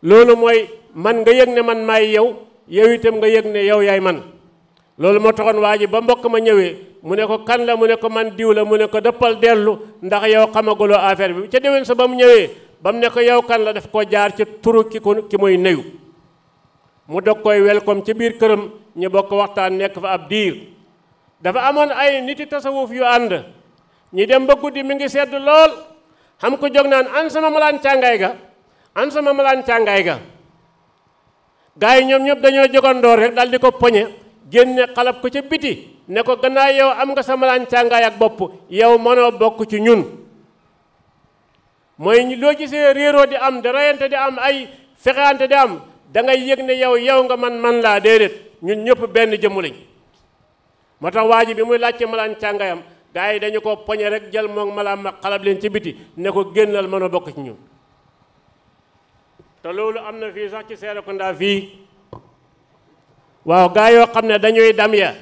loolu mooy man nga yëg ne man maay yow yow itam nga yëg ne yow yaay man loolu moo taxoon waa ji ba mbokk ma ñëwee mu ne ko kan la mu ne ko man diw la mu ne ko dëppal dellu ndax yow xamaguloo affaire bi ca déwén sa ba mu ñëwee ba mu ne ko yow kan la daf ko jaar ca turu ki ko ki muy nuyu mu dog koy welcome ci biir këram ñu bokk waxtaan nekk fa ab diir dafa amoon ay niti tasawuf yu ànd ñi dem ba guddi mi ngi sedd lool xam ko jóg naan an sama malaan càngaay ga an sama malaan càngaay ga gars yi ñoom ñëpp dañoo jógandoor rek daal di ko poñe génne xalab ko ca biti ne ko gannaaw yow am nga sa malaan càngaay ak bopp yow mënoo bokk ci ñun mooy loo gisee réeroo di am da rayante di am ay fexeante di am da ngay ne yow yow nga man man laa déedéet ñun ñëpp benn jëmu lañ moo tax waa bi muy laajte malaan càngayam gaa yi dañu ko poñe rek jël moom malaan ma xalab leen ci biti ne ko génnal mën a bokk ci ñun te loolu am na fii sax ci Serekunda fii waaw gaa yoo xam ne dañuy dam ya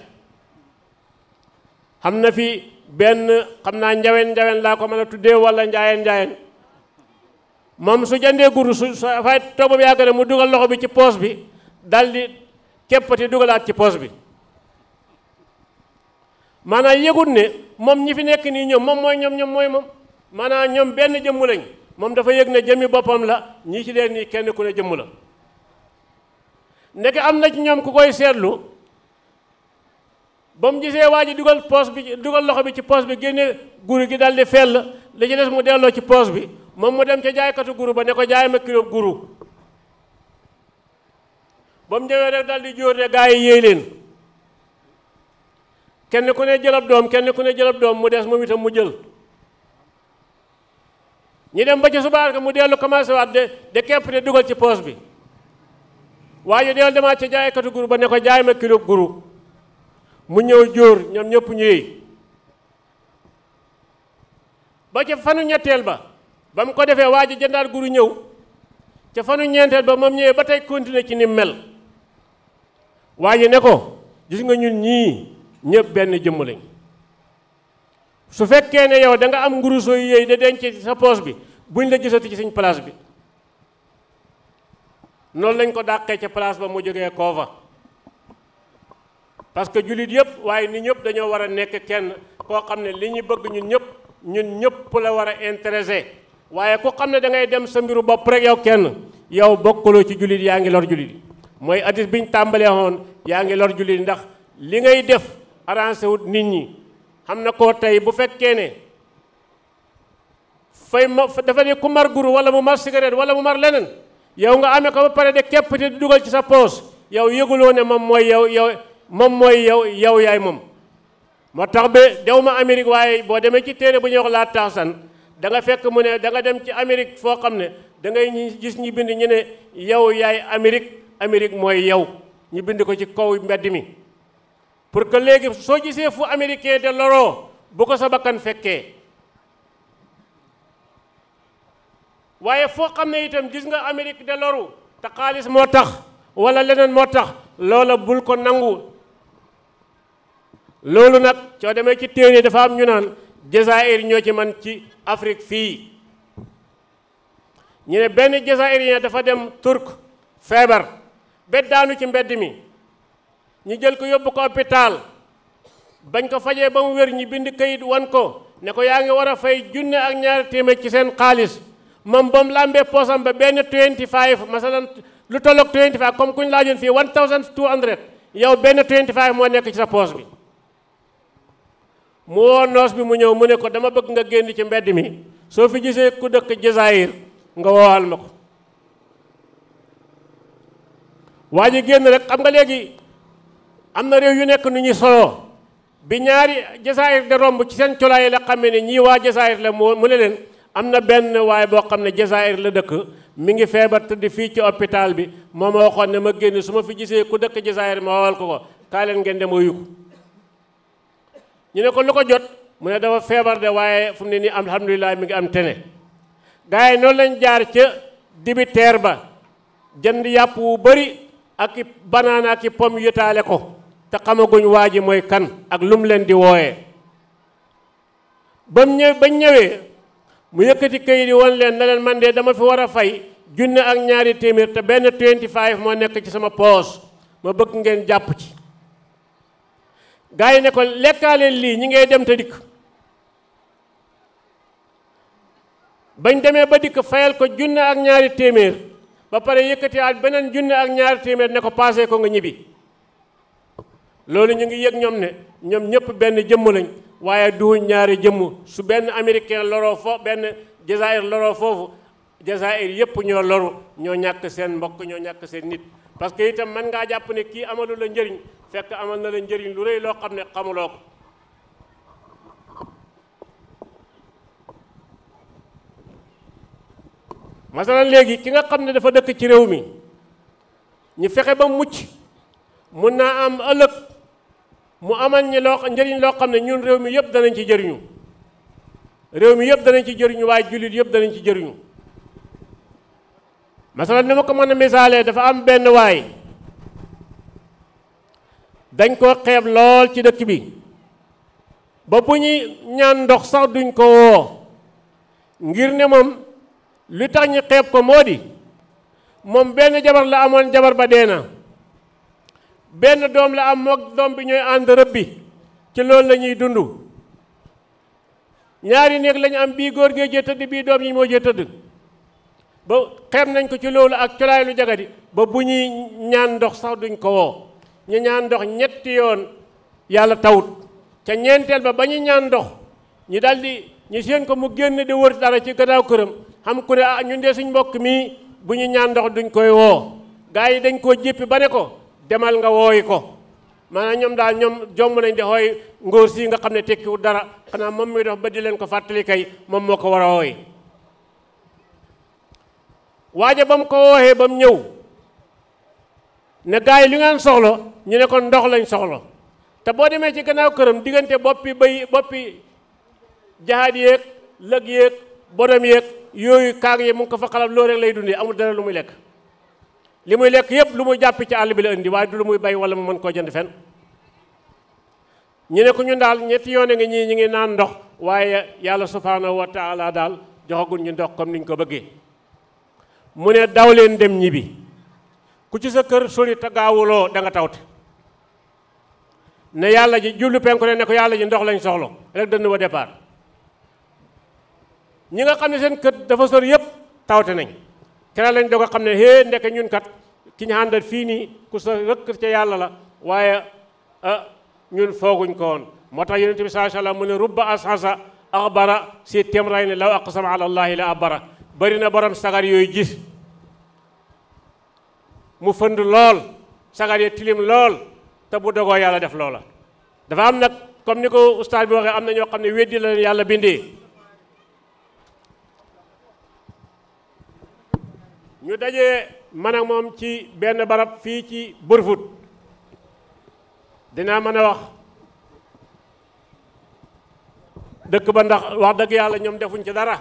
xam na fi benn xam naa njawen njawen laa ko mën a tuddee walla njaayeen njaayeen moom su jëndee guru su fay toog ba mu yàgg mu dugal loxo bi ci poos bi daldi képpati dugalaat ci poos bi maanaam yëgut ne moom ñi fi nekk nii ñoom moom mooy ñoom ñoom mooy moom maanaam ñoom benn jëmm lañ moom dafa yëg ne jëmmi boppam la ñii ci leen nii kenn ku ne jëmm la ndeke am na ci ñoom ku koy seetlu ba mu gisee waa ji dugal poos bi dugal loxo bi ci poos bi génne guru gi daldi fell li ci des mu delloo ci poos bi moom mu dem ca jaaykatu guru ba ne ko jaay ma kilo guru ba mu ñëwee rek daldi jóor ne gaa yi yéey leen kenn ku ne jëlab doom kenn ku ne jëlal doom mu des moom itam mu jël ñi dem ba ci subaar mu dellu commencé waat de de képp ne dugal ci poos bi waa waaye dellu demaat ci jaaykatu guru ba ne jaay ma kilo guru mu ñëw jóor ñoom ñëpp ñëy ba ca fanu ñetteel ba ba mu ko defee waa ji jëndaat guru ñëw ca fanu ñeenteel ba moom ñëwee ba tey continuer ci ni mel waa ji ne ko gis nga ñun ñii ñëpp benn jëmm lañ su fekkee ne yow da nga am nguruso yu yooyu da denc ci sa poos bi buñ la gisati ci suñ place bi noonu lañ ko dàqee ca place ba mu jógee Koova parce que jullit yëpp waaye ni ñëpp dañoo war a nekk kenn koo xam ne li ñu bëgg ñun ñëpp ñun ñëpp la war a intéressé waaye ku xam ne da ngay dem sa mbiru bopp rek yow kenn yow bokkuloo ci jullit yaa ngi lor jullit mooy addis biñ tàmbalee woon yaa ngi lor jullit ndax li ngay def. arrangé wut nit ñi xam na koo tey bu fekkee ne fay ma dafa ne ku mar guru wala mu mar cigarette wala mu mar leneen yow nga amee ko ba pare de képp di dugal ci sa poos yow yëguloo ne moom mooy yow yow moom mooy yow yow yaay moom moo tax ba dew ma Amérique waaye boo demee ci téere bu ñuy wax laa taxsan da nga fekk mu ne danga dem ci Amérique foo xam ne da ñu gis ñi bind ñu ne yow yaay Amérique Amérique mooy yow ñu bind ko ci kaw mbedd mi pour que léegi soo gisee fu américain de loroo bu ko sa bakkan fekkee waaye foo xam ne itam gis nga amérique de loru te xaalis moo tax walla leneen moo tax loola bul ko nangu loolu nag soo demee ci téere dafa am ñu naan jazaïr ñoo ci man ci afrique fii ñu ne benn jazaïrien dafa dem turk feebar bet daanu ci mbedd mi ñu jël ko yóbbu ko hôpital bañ ko fajee ba mu wér ñi bind kayit wan ko ne ko yaa ngi war a fay junne ak ñaari téeméer ci seen xaalis moom ba mu làmbee poosam ba benn 25 masalan lu tolloog 25 comme ku ñu laajoon fii 1200 yow benn 25 moo nekk ci sa poos bi mu woo noos bi mu ñëw mu ne ko dama bëgg nga génn ci mbedd mi soo fi gisee ku dëkk Jazaayir nga woowal ma ko waa ji génn rek xam nga léegi am na réew yu nekk nu ñuy soloo bi ñaari jasaayir de romb ci seen colaay la xamee ne ñii waa jasaayir la moo mu ne leen am na benn waaye boo xam ne jasaayir la dëkk mi ngi feebar tëdd fii ci hôpital bi moom ma waxoon ne ma génn su ma fi gisee ku dëkk jasaayir ma wawal ko ko kaa leen ngeen dem wuyu ko ñu ne ko lu ko jot mu ne dafa feebar de waaye fu mu ne nii alhamdulilah mi ngi am tene gars yi noonu lañ jaar ca dibi ba jënd yàpp wu bëri ak i banaana ak i ko te xamaguñ waa ji mooy kan ak lum leen di wooyee ba mu ñëw bañ ñëwee mu yëkkati këyit yi woon leen na leen man de dama fi war a fay junne ak ñaari téeméer te benn 25 moo nekk ci sama poos ma bëgg ngeen jàpp ci gars yi ne ko lekkaaleen lii ñi ngay dem te dikk bañ demee ba dikk fayal ko junne ak ñaari téeméer ba pare yëkkati aat beneen junne ak ñaari téeméer ne ko paase ko nga ñibbi loolu ñu ngi yëg ñoom ne ñoom ñëpp benn jëmm lañ waaye du ñaari jëmm su benn américain loroo fo benn jasaïr loro foofu jasaïr yëpp ñoo loru ñoo ñàkk seen mbokk ñoo ñàkk seen nit parce que itam mën ngaa jàpp ne kii amalu la njëriñ fekk amal na la njëriñ lu rëy loo xam ne xamuloo ko masalan léegi ki nga xam ne dafa dëkk ci réew mi ñu fexe ba mucc mun naa am ëllëg mu amal ñi loo njëriñ loo xam ne ñun réew mi yëpp danañ ci jëriñu réew mi yëpp danañ ci jëriñu waaye jullit yëpp danañ ci jëriñu masalan ni ma ko mën a misaalee dafa am benn waay dañ koo xeeb lool ci dëkk bi ba bu ñaan ndox sax duñ ko woo ngir ne moom lu tax ñu xeeb ko moo di moom benn jabar la amoon jabar ba dee na benn doom la am moog doom bi ñooy ànd rëb bi ci loolu la ñuy dund ñaari néeg lañu am bii góor gee jee bii doom yi moo jee tëdd ba xeeb nañ ko ci loolu ak colaay lu jagadi ba bu ñuy ñaan ndox sax duñ ko woo ñu ñaan ndox ñetti yoon yàlla tawut ca ñeenteel ba ba ñu ñaan ndox ñi daldi ñu seen ko mu génn di wër dara ci gannaaw këram xam ku ne ah ñun de suñ mbokk mii bu ñu ñaan ndox duñ koy woo gaa yi dañ koo jéppi bane ko demal nga wooyi ko maanaam ñoom daal ñoom jomm nañ di xooy ngóor sii nga xam ne tekkiwu dara xanaa moom mi dox ba di leen ko fàttali kay moom moo ko war a wooyi waaja ba mu ko wooxee ba mu ñëw ne gars yi li ngeen soxla ñu ko ndox lañ soxla te boo demee ci gannaaw këram diggante boppi bay boppi jahaat yéeg lëg yéeg bodom yéeg yooyu kaag yi mu ngi ko fa xalab loo rek lay dundee amul dara lu muy lekk li muy lekk yëpp lu muy jàpp ci àll bi la indi waaye du lu muy bay wala mu mën koo jënd fen ñu ne ku ñu daal ñetti yoon yoone nga ñii ñi ngi naan ndox waaye yàlla subhaanahu wa taala daal joxagul ñu ndox comme niñ ko bëggee mu ne daw leen dem ñibbi ku ci sa kër sori te gaawuloo da nga tawte ne yàlla ji jublu penku ne ne ko yàlla ji ndox lañ soxlo rek dënn wa départ ñi nga xam ne seen kër dafa sori yëpp tawte nañ kera lañ doog xam ne hee ndeke ñun kat ki ñu àndal fii nii ku sa rëkk ca yàlla la waaye ah ñun fooguñ ko woon moo tax yonent bi saa sallam mu ne rubba ashasa axbara si temray ne law aqsama ala allahi la abara bari na borom sagar yooyu gis mu fënd lool sagar ya tilim lool te bu dogoo yàlla def loola dafa am nag comme ni ko ustaas bi waxee am na ñoo xam ne weddi la yàlla bindee ñu dajee man ak moom ci benn barab fii ci Burfut dinaa mën a wax dëkk ba ndax wax dëgg yàlla ñoom defuñ ci dara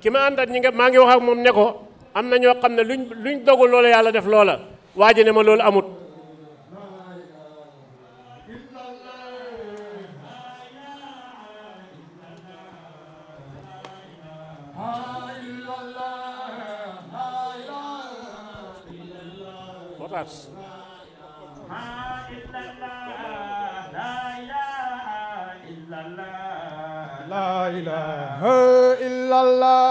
ki ma àndat ñi nga maa ngi wax ak moom ne ko am na ñoo xam ne luñ luñ dogul loola yàlla def loola waa ji ne ma loolu amut pataas la ilaha illallah la ilaha illallah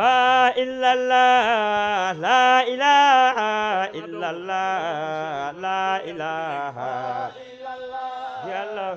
ها إلا الله لا إله إلا الله لا إله إلا الله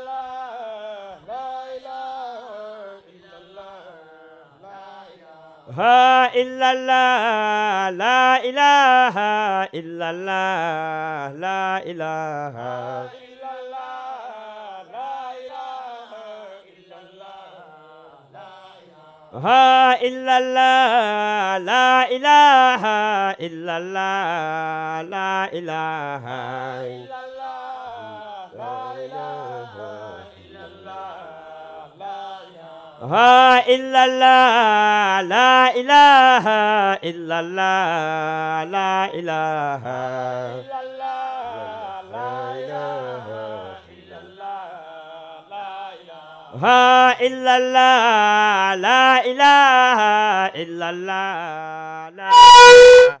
إلا الله لا إله إلا الله لا إله ها إلا الله لا إله إلا الله لا إله إلا الله ها إلا الله لا إله إلا الله لا إله إلا الله لا إله إلا الله ها إلا الله لا إله إلا الله لا إله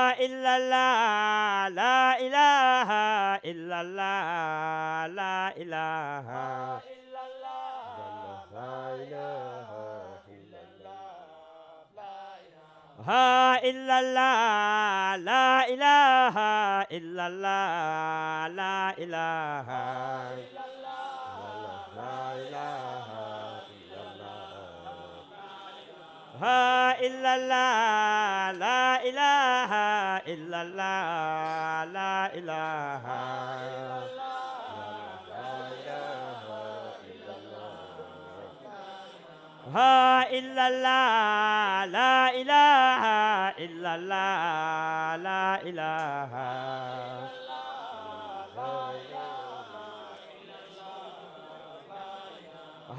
إلا الله لا إله إلا الله لا إله إلا الله لا إله إلا الله ها إلا الله لا إله إلا الله لا إله إلا الله لا إله إلا الله لا إله ها إلا الله لا إله إلا الله لا إله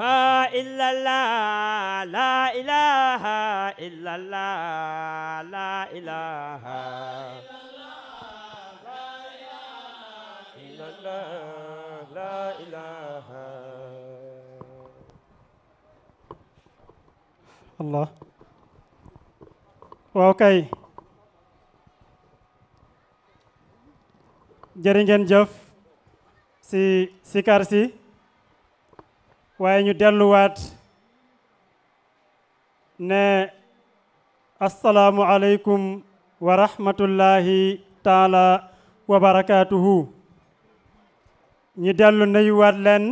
إلا الله لا إله إلا الله لا إله إلا الله لا إله الله waaw kay jërë ngeen jëf si si kar si waaye ñu delluwaat ne assalaamu aleykum wa rahmatullahi taala wa barakaatuhu ñu dellu nuyuwaat leen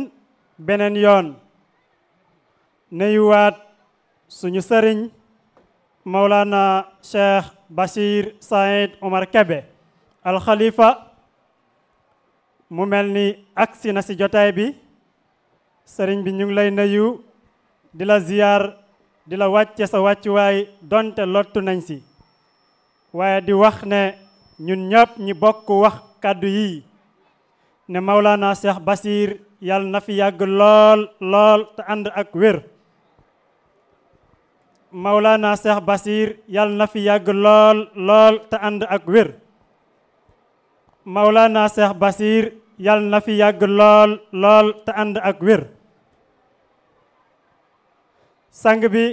beneen yoon nuyuwaat suñu sëriñ Mawlana Cheikh Bachir Saïd Omar Kebe al mu mel ni agsi na ci jotaay bi sëriñ bi ñu ngi lay nuyu di la ziyaar di la wàcce sa wàccuwaay doonte lottu nañ si waaye di wax ne ñun ñëpp ñi bokk wax kàddu yi ne Maulana Cheikh Basir yàlla na fi yàgg lool lool te ànd ak wér Maulana Cheikh Basir yàlla na fi yàgg lool lool te ànd ak wér Maulana Cheikh Basir yàlla na fi yàgg lool lool te ànd ak wér sang bi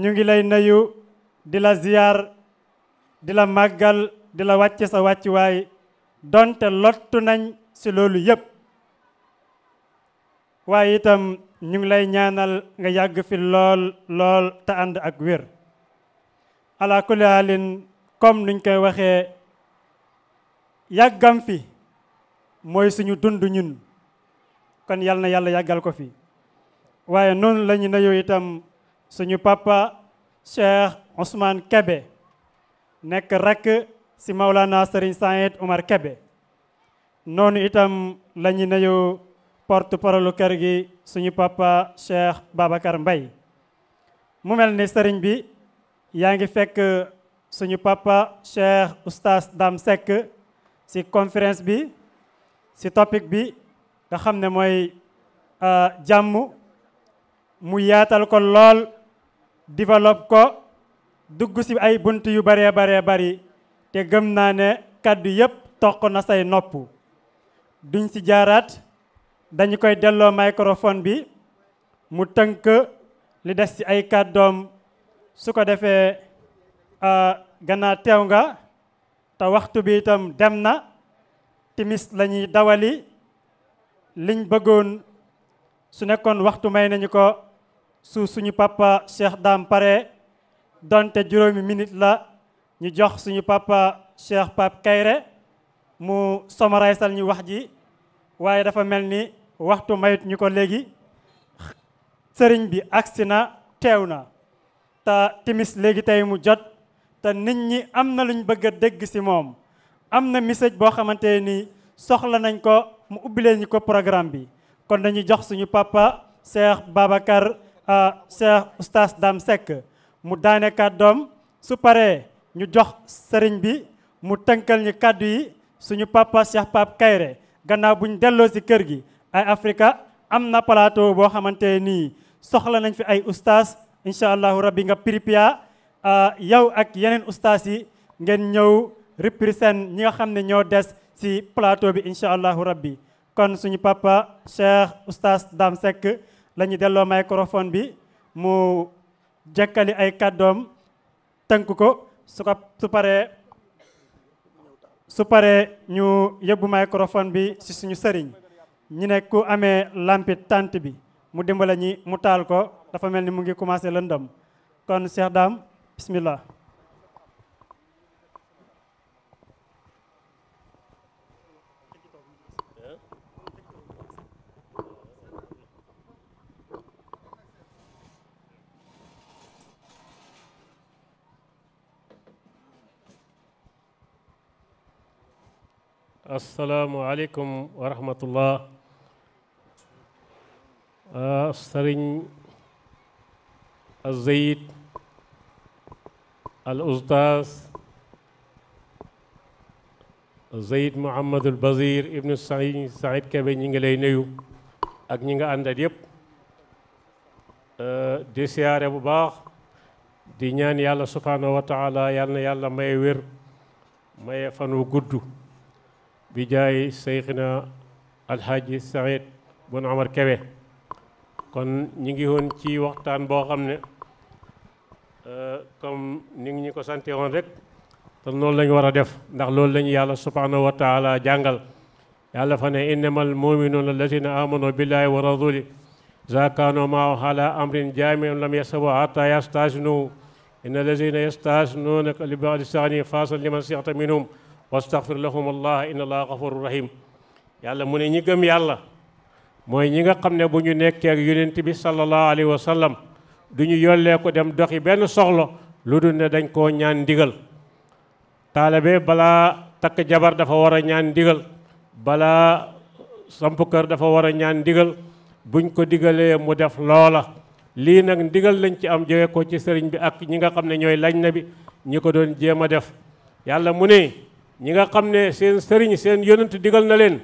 ñu ngi lay nuyu di la ziyaar di la màggal di la wàcc sa wàccuwaay donte lottu nañ ci loolu yépp waaye itam ñu ngi lay ñaanal nga yàgg fi lool lool te ànd ak wir ala kulli comme nuñ koy waxee yàggam fi mooy suñu dund ñun kon yal na yàlla yàggal ko fi waaye noonu la ñu nayoo suñu papa Cheikh Ousmane Kebe nekk rakk si Maulana Serigne Saïd Omar noonu itam la ñu nuyu porte gi suñu papa Cheikh Babacar mu mel ni sëriñ bi yaa ngi fekk suñu papa Cheikh Oustaz Dame Seck si conférence bi si topic bi nga xam ne mooy euh, jàmm mu yaatal ko lool développe ko dugg ci ay bunt yu baree baree bari te gëm naa ne kàddu yépp toq na say noppu duñ ci jaaraat dañu koy delloo microphone bi mu tënk li des ci ay kàddoom su ko defee gannaaw teew nga te waxtu bi itam dem na timis lañuy dawali liñ bëggoon su nekkoon waxtu may nañu ko su suñu pappa Cheikh Dame pare donte juróomi minute la ñu jox suñu pappa Cheikh Pape Kayre mu somaraysal ñu wax ji waaye dafa mel ni waxtu mayut ñu ko léegi sëriñ bi agsi na teew na te timis léegi tey mu jot te nit ñi am na luñ bëgg a dégg ci moom am na message boo xamantee ni soxla nañ ko mu ubbilee ñu ko programme bi kon dañuy jox suñu papa Cheikh Babacar Cheikh Oustaz Dame Seck mu daane kàddoom su paree ñu jox sëriñ bi mu tënkal ñu kàddu yi suñu papa Cheikh Pape Kayre gannaaw buñ delloo ci kër gi ay Africa am na plateau boo xamante nii soxla nañ fi ay oustaz incha allahu rabbi nga pripia yow ak yeneen oustaz yi ngeen ñëw seen ñi nga xam ne ñoo des ci plateau bi incha allahu rabbi kon suñu papa Cheikh Oustaz Dame Seck lañuy ñu delloo microphone bi mu jekkali ay kàddoom tënk ko su ko su paree su paree ñu yóbbu microphone bi ci suñu sëriñ ñi ne ku amee lampi tant bi mu dimbale ñi mu taal ko dafa mel ni mu ngi commencé lëndëm kon Cheikh Dame bismillah asalaamualeykum wa rahmatullah sëriñ azeyid al ustaas zeyid mohamadul basir ibnu said kebe ñi ngi lay nuyu ak ñi nga àndat yépp di siyaare bu baax di ñaan yàlla subhaanahu wa taala yal na yàlla may wér maye fan gudd bi jaay seyxina alxaaji Saïd bun Amar Kebe kon ñi ngi woon ci waxtaan boo xam ne euh, comme ni ngi ko sante woon rek te loolu lañu war a def ndax loolu lañu yàlla subhanahu wa taala jàngal yàlla fa ne innamal muminuuna allazina amanu billahi wa rasuli zaakaano maaw xala amrin jaamiun lam yasabu hatta yastasinu inna allazina yastasnuuna li baadi saani faasal liman sixta minhum wastaghfir lahum allah inna allaha ghafurur rahim yàlla mu ne ñi gëm yàlla mooy ñi nga xam ne bu ñu nekkee ak yonent bi sallallahu alayhi wa sallam du ñu yollee ko dem doxi benn soxlo lu dul ne dañ koo ñaan ndigal taalibe balaa takk jabar dafa war a ñaan ndigal balaa samp kër dafa war a ñaan ndigal buñ ko digalee mu def loola lii nag ndigal lañ ci am jóge ko ci sëriñ bi ak ñi nga xam ne ñooy lañ na bi ñi ko doon jéem a def yàlla mu ne ñi nga xam ne seen sëriñ seen yonent digal na leen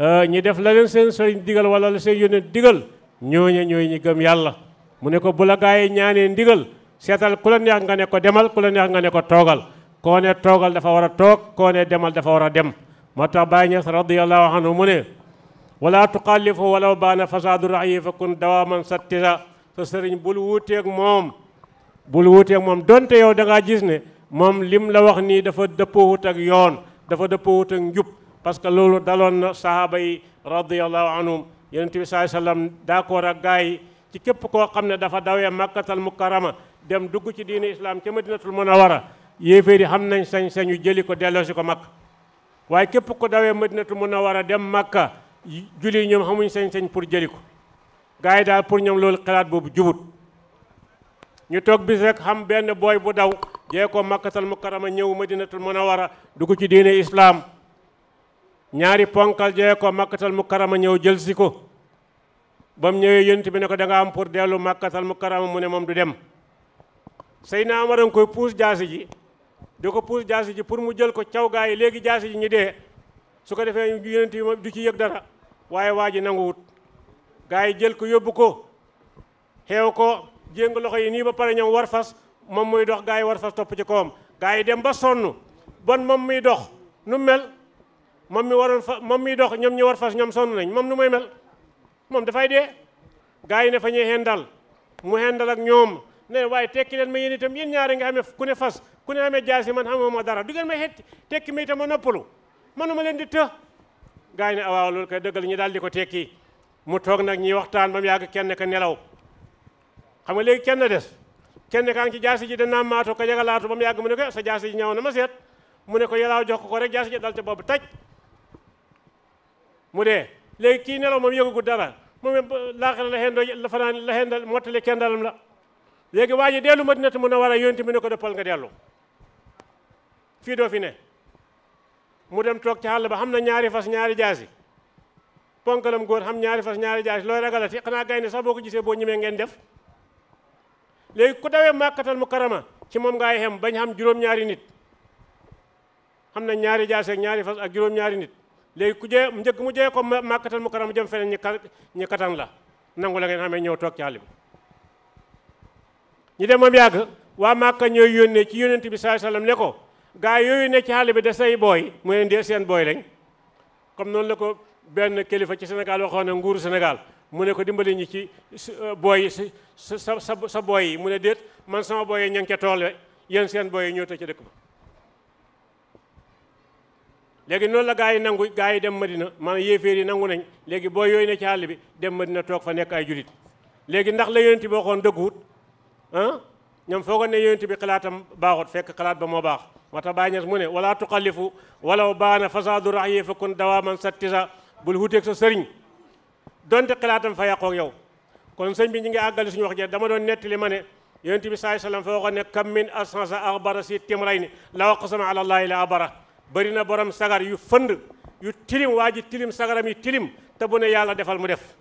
euh, ñi def la leen seen sëriñ digal wala la seen yonent digal ñooñe ñooy ñi yàlla mu ne ko bu la gaa ñaanee ndigal seetal ku la neex nga ko demal ku la neex nga ko toogal koo toogal dafa war a toog koo demal dafa war a dem moo tax Baay Ñas radiyallahu anhu mu ne wala tuxaalifu walaw baana fasaadu ra'yi fa kun dawaaman sattisa sa sëriñ bul wuuteeg moom bul wuuteeg moom donte yow da ngaa gis moom lim la wax nii dafa dëppoowut ak yoon dafa dëppoowut ak njub parce que loolu daloon na sahaaba yi radiallahu anhum yonent bi saai sallam d'accord ak gaa yi ci képp koo xam ne dafa dawee makkatal mukarama dem dugg ci diine islam ca madinatul munawara yéeféer yi xam nañ sañ-sañu jëli ko delloosi ko makk waaye képp ko dawee na war a dem makka julli ñoom xamuñ sañ-sañ pour jëli ko gaa yi daal pour ñoom loolu xalaat boobu jubut ñu toog bis xam benn booy bu daw jee ko makkatal mukarama ñëw madinatul du dugg ci diine islaam ñaari ponkal jee ko makkatal mukarama ñëw jël si ko bam mu ñëwee yonent bi ne ko danga am pour dellu makkatal mukarama mu ne moom du dem Seydina Omar koy puus jaasi ji di ko puus jaasi ji pour mu jël ko caw gaa yi léegi jaasi ji ñu dee su ko defee yonent bi du ci yëg dara waaye waa ji nanguwut gaa yi jël ko yóbbu ko xeew ko jéng loxo yi nii ba pare ñoom war fas moom muy dox gaa yi war fas topp ci kawam gaa yi dem ba sonn bon moom muy dox nu mel moom mi waroon fa moom miy dox ñoom ñi war fas ñoom sonn nañ moom nu may mel moom dafay de gaa yi ne fa ñuy xendal mu xendal ak ñoom ne waaye tekki leen ma yéen itam yéen ñaari nga amee ku ne fas ku ne amee jaasi man xamoo ma dara du ngeen ma xetti tekki ma itam ma noppalu manuma leen di të gaa yi ne awaaw ah, loolu kay dëggal ñu daal di ko tekki mu toog nag ñuy waxtaan ba mu yàgg kenn ka nelaw xam nga léegi kenn des kenn kaa ngi ci jaasi ji danaa maatoo ko yagalaatu ba mu yàgg mu ne ko sa jaasi ji ñëw na ma seet mu ne ko yalaaw jox ko ko rek jaasi ji dal ca boobu taj mu dee léegi kii nelaw moom yëgugu dara moom laaxira la xendoo la fanaan la xendal mottali kenn dalam la léegi waa ji dellu Madinatu Munawwara yonti mu ne ko dëppal nga dellu fii doo fi ne mu dem toog ci àll ba xam na ñaari fas ñaari jaasi ponkalam góor xam ñaari fas ñaari jaasi looy ragalati xanaa gaynde sax boo ko gisee boo ñemee ngeen def léegi ku dawee màkkatal mu karama ci moom ngay xem bañ xam juróom-ñaari nit xam na ñaari jaas ñaari fas ak juróom-ñaari nit léegi ku jee njëkk mu jee ko màkkatal mu karama jëm feneen ñi katan la nangu la ngeen xamee ñëw toog ci àll bi ñu dem moom yàgg waa màkka ñooy yónnee ci yónnent bi sallallahu alayhi ne ko gaa yooyu ne ci àll bi da say booy mu leen dee seen booy lañ comme noonu la ko benn kilifa ci Sénégal waxoon ne nguuru Sénégal mu ne ko dimbali ñi ci euh, booy sa sa sa booy yi mu ne déet man sama booy yi ña ngi ca toole yéen seen booy yi ñëw te ca dëkk ba léegi noonu la gaa yi nangu gaa yi dem Madina maanaam yéeféer yi nangu nañ léegi boo yooyu ne ci àll bi dem Madina toog fa nekk ay julit léegi ndax la yonent bi waxoon dëgguwut ah ñoom foogoon ne yonent bi xalaatam baaxut fekk xalaat ba moo baax moo tax Baay Ñas mu ne wala tuxalifu walaw baana fasaadu rax yi fakkun dawaaman sattisa bul wuteeg sa sëriñ donte xalaatam fa yàqoog yow kon sëñ bi ñu ngi àggali suñu wax je dama doon nettali ma ne yonent bi saai sallam fa waxoon ne kam min assansa arbara si timray ni la aqsama ala allahi la abara bari na borom sagar yu fënd yu tilim waa ji tilim sagaram yu tilim te bu ne yàlla defal mu def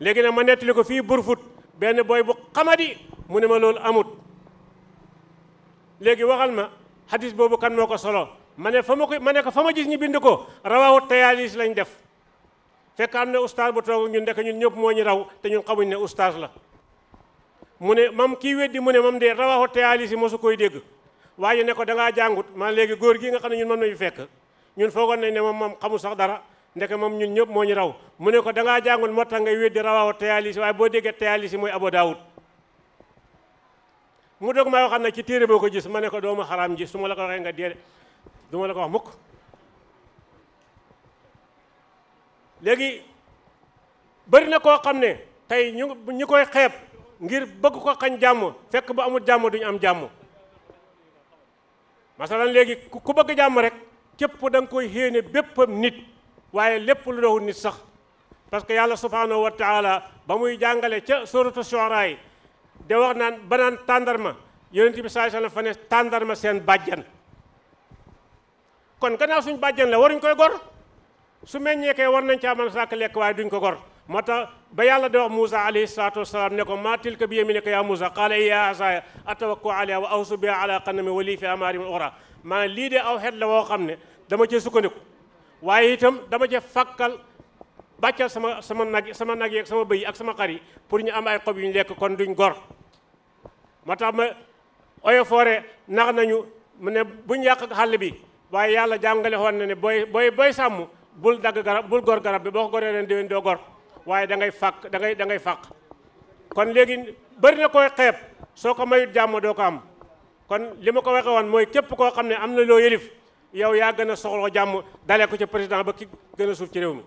léegi nag ma nettali ko fii burfut benn booy bu xamadi mu ne ma loolu amut léegi waxal ma hadis boobu kan moo ko solo ma ne fa ma ko ma ne ko fa ma gis ñu bind ko rawahu tayalis lañ def fekk am na ustaas bu toog ñun ndek ñun ñëpp moo ñu raw te ñun xamuñ ne ustaas la mu ne mam kii weddi mu ne mam de rawaxu teyaali si mosu koy dégg waaye ne ko dangaa jàngut man léegi góor gi nga xam ne ñun moom nañu fekk ñun foogoon nañ ne moom moom xamul sax dara ndeke moom ñun ñëpp moo ñu raw mu ne ko dangaa jàngut moo tax ngay weddi rawaxu teyaali si boo déggee teyaali si mooy Abu Daawud mu dog may xam ne ci téere boo ko gis ma ne ko doomu xaraam ji su ma la ko waxee nga dee du ma la ko wax mukk léegi bëri na koo xam ne tey ñu ñu koy xeeb ngir bëgg ko xañ jàmm fekk bu amul jàmm duñu am jàmm masalan léegi ku bëgg jàmm rek képp da nga koy xéene bépp nit waaye lépp lu doxul nit sax parce que yàlla subhanahu wa taala ba muy jàngale ca suratu Shuara yi de wax naan ba naan tàndarma yonent bi sallallahu alayhi wa sallam fa ne tàndarma seen bàjjan kon gannaaw suñ bàjjan la waruñ koy gor su meññeekee war nañ caa mën a sàkk lekk waaye duñ ko gor moo tax ba yàlla di wax Moussa alayhi salaatu wasalaam ne ko maa tilka bi yaminika yaa Moussa qaala yaa asaaya atawakku alayha wa awsu biha ala qanami wa lii fi amaari min uxra maanaam lii de aw xeet la woo xam ne dama cee sukkandiku waaye itam dama cee fàkkal bàccal sama sama nag sama nag yeeg sama bëy ak sama xar yi pour ñu am ay xob yu ñu lekk kon duñ gor moo tax ma oyo foore nax nañu mu ne buñ yàq xàll bi waaye yàlla jàngale xoon na ne booy booy booy sàmm bul dagg garab bul gor garab bi boo ko goree leen déwén doo gor waaye da ngay fàq da da ngay fàq kon léegi bëri na koy xeeb soo ko mayut jàmm doo ko am kon li ma ko waxee woon mooy képp koo xam ne am na loo yëlif yow yaa gën a soxla jàmm dalee ko ci président ba ki gën a suuf ci réew mi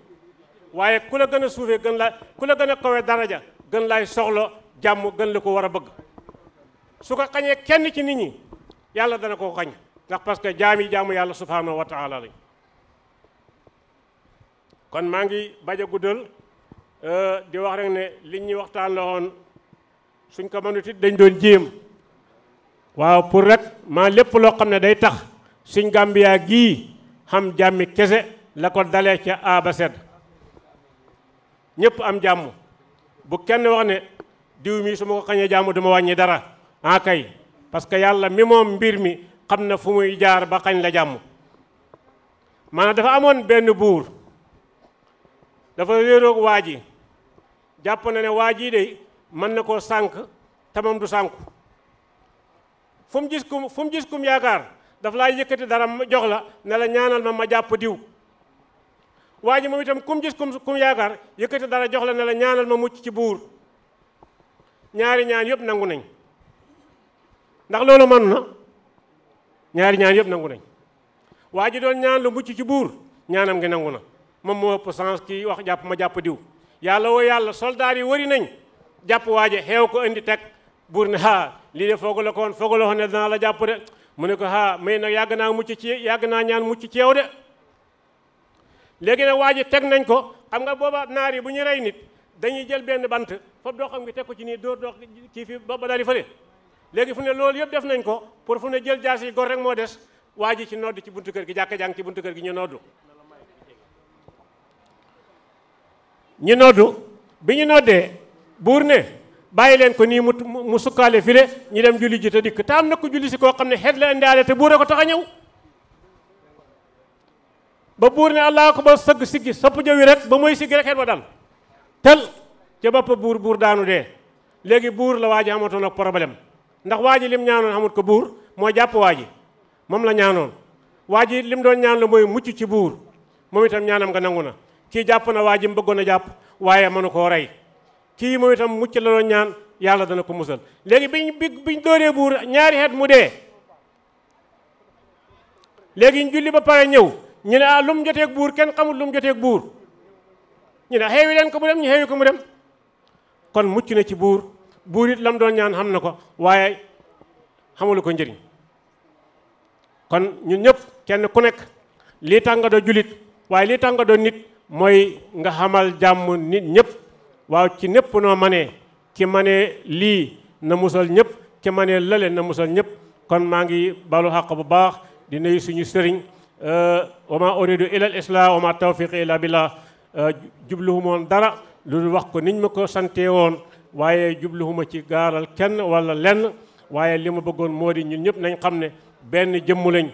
waaye ku la gën a suufee gën la ku la gën a kawee daraja gën laay soxla jàmm gën la ko war a bëgg su ko xañee kenn ci nit ñi yàlla dana koo xañ ndax parce que jaam yi jaamu yàlla subhanahu wa taala lañ kon maa ngi bañ a guddal euh, di wax rek ne liñ ñuy waxtaan la woon suñ ko mënut dañ doon jéem waaw pour rek maa lépp loo xam ne day tax suñ Gambia gii xam jàmmi kese la ko dalee ca A ba Z ñëpp am jàmm bu kenn wax ne diw mi suma ma ko xañee jàmm duma wàññi dara ah kay parce que yàlla mi moom mbir mi xam na fu muy jaar ba xañ la jàmm maanaam dafa amoon benn buur dafa wéeroog waa ji jàpp na ne waa jii de mën na koo sànk tamam du sànku fu mu gis kum fu mu gis kum yaakaar daf laa yëkkati dara jox la ne ñaanal ma ma jàpp diw ji moom itam kum gis kum kum yaakaar yëkkati dara jox la ne la ñaanal ma mucc ci buur ñaari ñaan yëpp nangu nañ ndax loolu mën na ñaari ñaan yëpp nangu nañ waa ji doon ñaan lu mucc ci buur ñaanam ngi nangu na moom moo ëpp chance kii wax jàpp ma jàpp diw yàlla woo yàlla soldaar yi wari nañ jàpp waaje xeew ko indi teg buur na haa lii de foogu la ko woon foogu la ne danaa la jàpp de mu ne ko haa may na yàgg naa mucc ci yàgg naa ñaan mucc ci yow de léegi nag waaje teg nañ ko xam nga booba naar yi bu ñu rey nit dañuy jël benn bant foofu doo xam ngi teg ko ci nii dóor doo kii fi ba dali fële léegi fu ne loolu yëpp def nañ ko pour fu ne jël jaas yi rek moo des waa ji ci ci buntu kër gi jàkka jàng ci buntu kër gi ñu noddu ñu noddu bi ñu noddee buur ne bàyyi leen ko nii mu mu sukkaale file ñu dem julli ji te dikk te am na ko julli koo xam ne xeet la indaale te buur a ko tax a ba buur ne allah ko ba sëgg siggi sopp jëwi rek ba mooy siggi rek xeet ba dal tel ca bopp buur buur daanu dee léegi buur la waa ji ak problème ndax waa ji lim ñaanoon amut ko buur moo jàpp waa ji moom la ñaanoon waa ji lim doon ñaan la mooy mucc ci buur moom itam ñaanam nga nangu na kii jàpp na waa ji mu a jàpp waaye mënu koo rey kii moom itam mucc la ñaan yàlla dana ko musal léegi biñ bi biñ dóoree buur ñaari xeet mu dee léegi ñu julli ba pare ñëw ñu ne ah lu mu joteeg buur kenn xamul lu mu joteeg buur ñu ne ah, xeewi leen ko mu dem ñu xeewi ko mu dem kon mucc na ci buur buurit lam doon ñaan xam na ko waaye xamulu ko njëriñ kon ñun ñëpp kenn ku nekk lii tànga doo jullit waaye lii tànga doo nit mooy nga xamal jàmm nit ñëpp waaw ci ñëpp noo manee ki manee lii na musal ñëpp ki manee lale na musal ñëpp kon maa ngi balu xaq bu baax di nuyu suñu sëriñ euh, wa ma uridu ila al islam wa ma euh, dara lu dul wax ko niñ ma ko sante woon waaye jubluhuma ci gaaral kenn wala lenn waaye li ma bëggoon moo di ñun ñëpp nañ xam ne benn jëmm lañ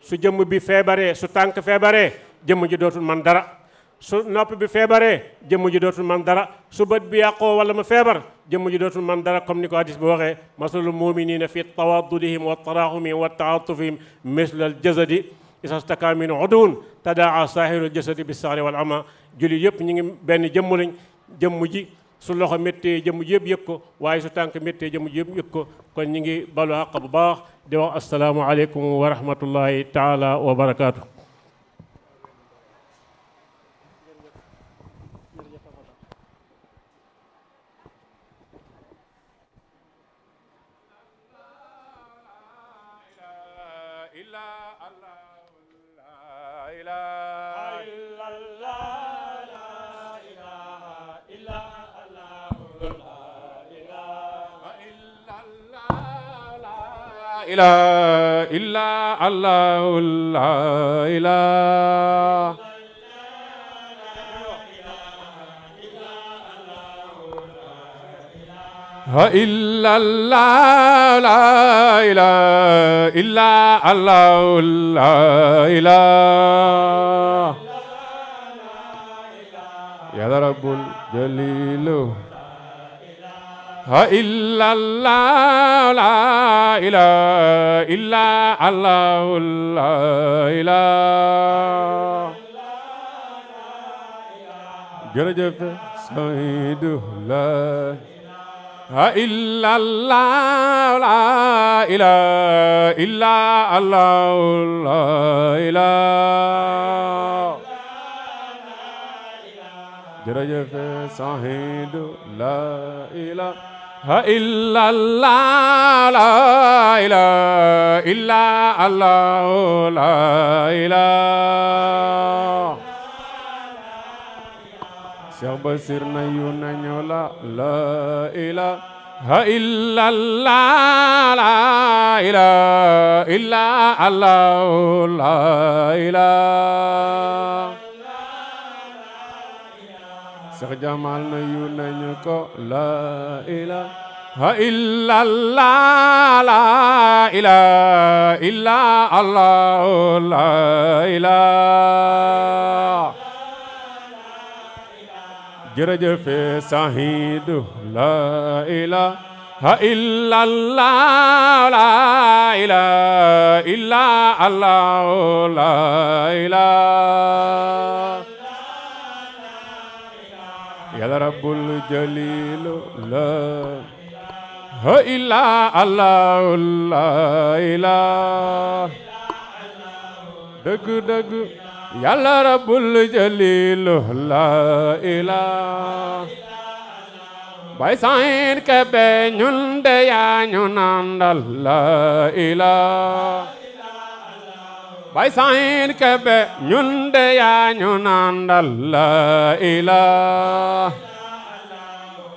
su jëmm bi feebaree su tànk feebaree jëmm ji dootul man dara su nopp bi feebaree jëmm ji dootul man dara su bët bi yàqoo wala ma feebar jëmm ji dootul man dara comme ni ko hadis bi waxee masalul muminina fi tawaddudihim wa tarahumihim wa taatufihim misla al jasadi isa staka min udun tadaa saahiru jasadi bi saari wal ama julli yëpp ñu ngi benn jëmm lañ jëmm ji su loxo méttee jëmm ji yëpp yëg ko waaye su tànk méttee jëmm ji yëpp yëg ko kon ñu ngi balu àq bu baax di wax asalaamu aleykum wa rahmatullahi taala wa barakaatu إله إلا الله لا إله إلا الله لا إله إلا الله لا إله يا رب الجليل إلا الله لا إله إلا الله لا إله jërëjëf saydu la إلا الله لا إله إلا الله لا إله jërëjëf sahidu la ilaha illa la ilaha illa allah la la la ilaha illa la ilaha illa allah la ilaha Seex Jamal na yu nañu ko la ilaha illallah la ilaha illallah la ilaha jërëjëf sahidu la ilaha illallah la ilaha illallah يا رب الجليل لا إلا الله لا إله دق دق يا رب الجليل لا إله باي ساين كبه نون ديا نون لا إله bay sayin kebe ñun de yaa ñu nandal la ilaa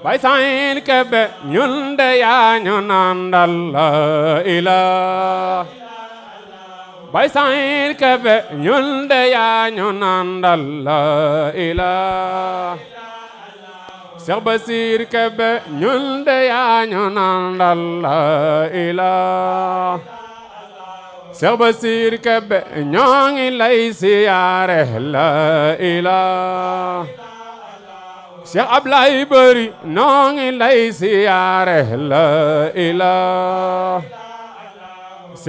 bay sayin kebe ñun de yaa ñu nandal la ilaa bay sayin kebe ñun de yaa ñu nandal la ilaa Seex Basiir kebe ñun de yaa ñu nandal la ilaa Seex Basiir Kebe ñoo ngi lay siyaare la ilaha Seex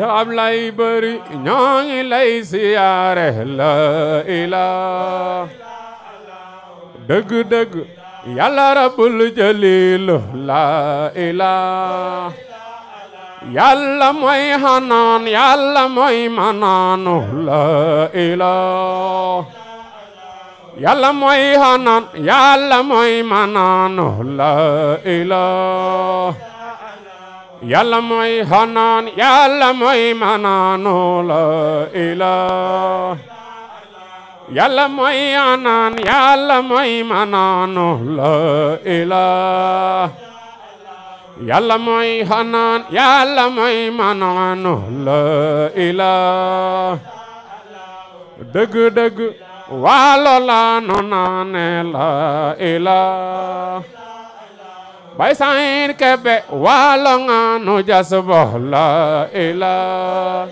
Ablaay dëgg dëgg Yàlla Rabbul Jaliil la yàlla mooy xanaan yàlla la mooy xanaan yàlla la mooy xanaan yàlla mooy yàlla mooy xanaan yàlla mooy manaanu la ilaa dëgg dëgg waa loola nu naane la ilaa bay sayin kebe waa longa nu jasbo la ilaa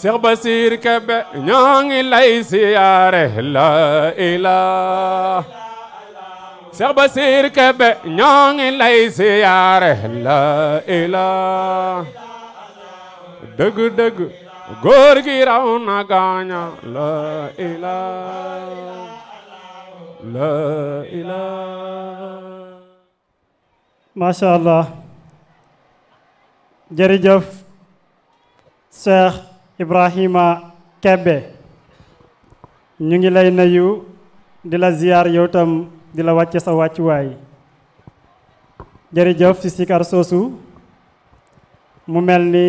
Seex Basiir kebe ñoo ngi lay siyaare la ilaa Seex Basiir Kebe ñoo ngi lay siyaare la ilaa dëgg dëgg góor gi raw na gaaña la ilaa la ilaa jërëjëf Seex Ibrahima Kebe ñu ngi lay nuyu di la ziyaar yow di la wàcce sa wàccuwaay jërëjëf si sikar soosu mu mel ni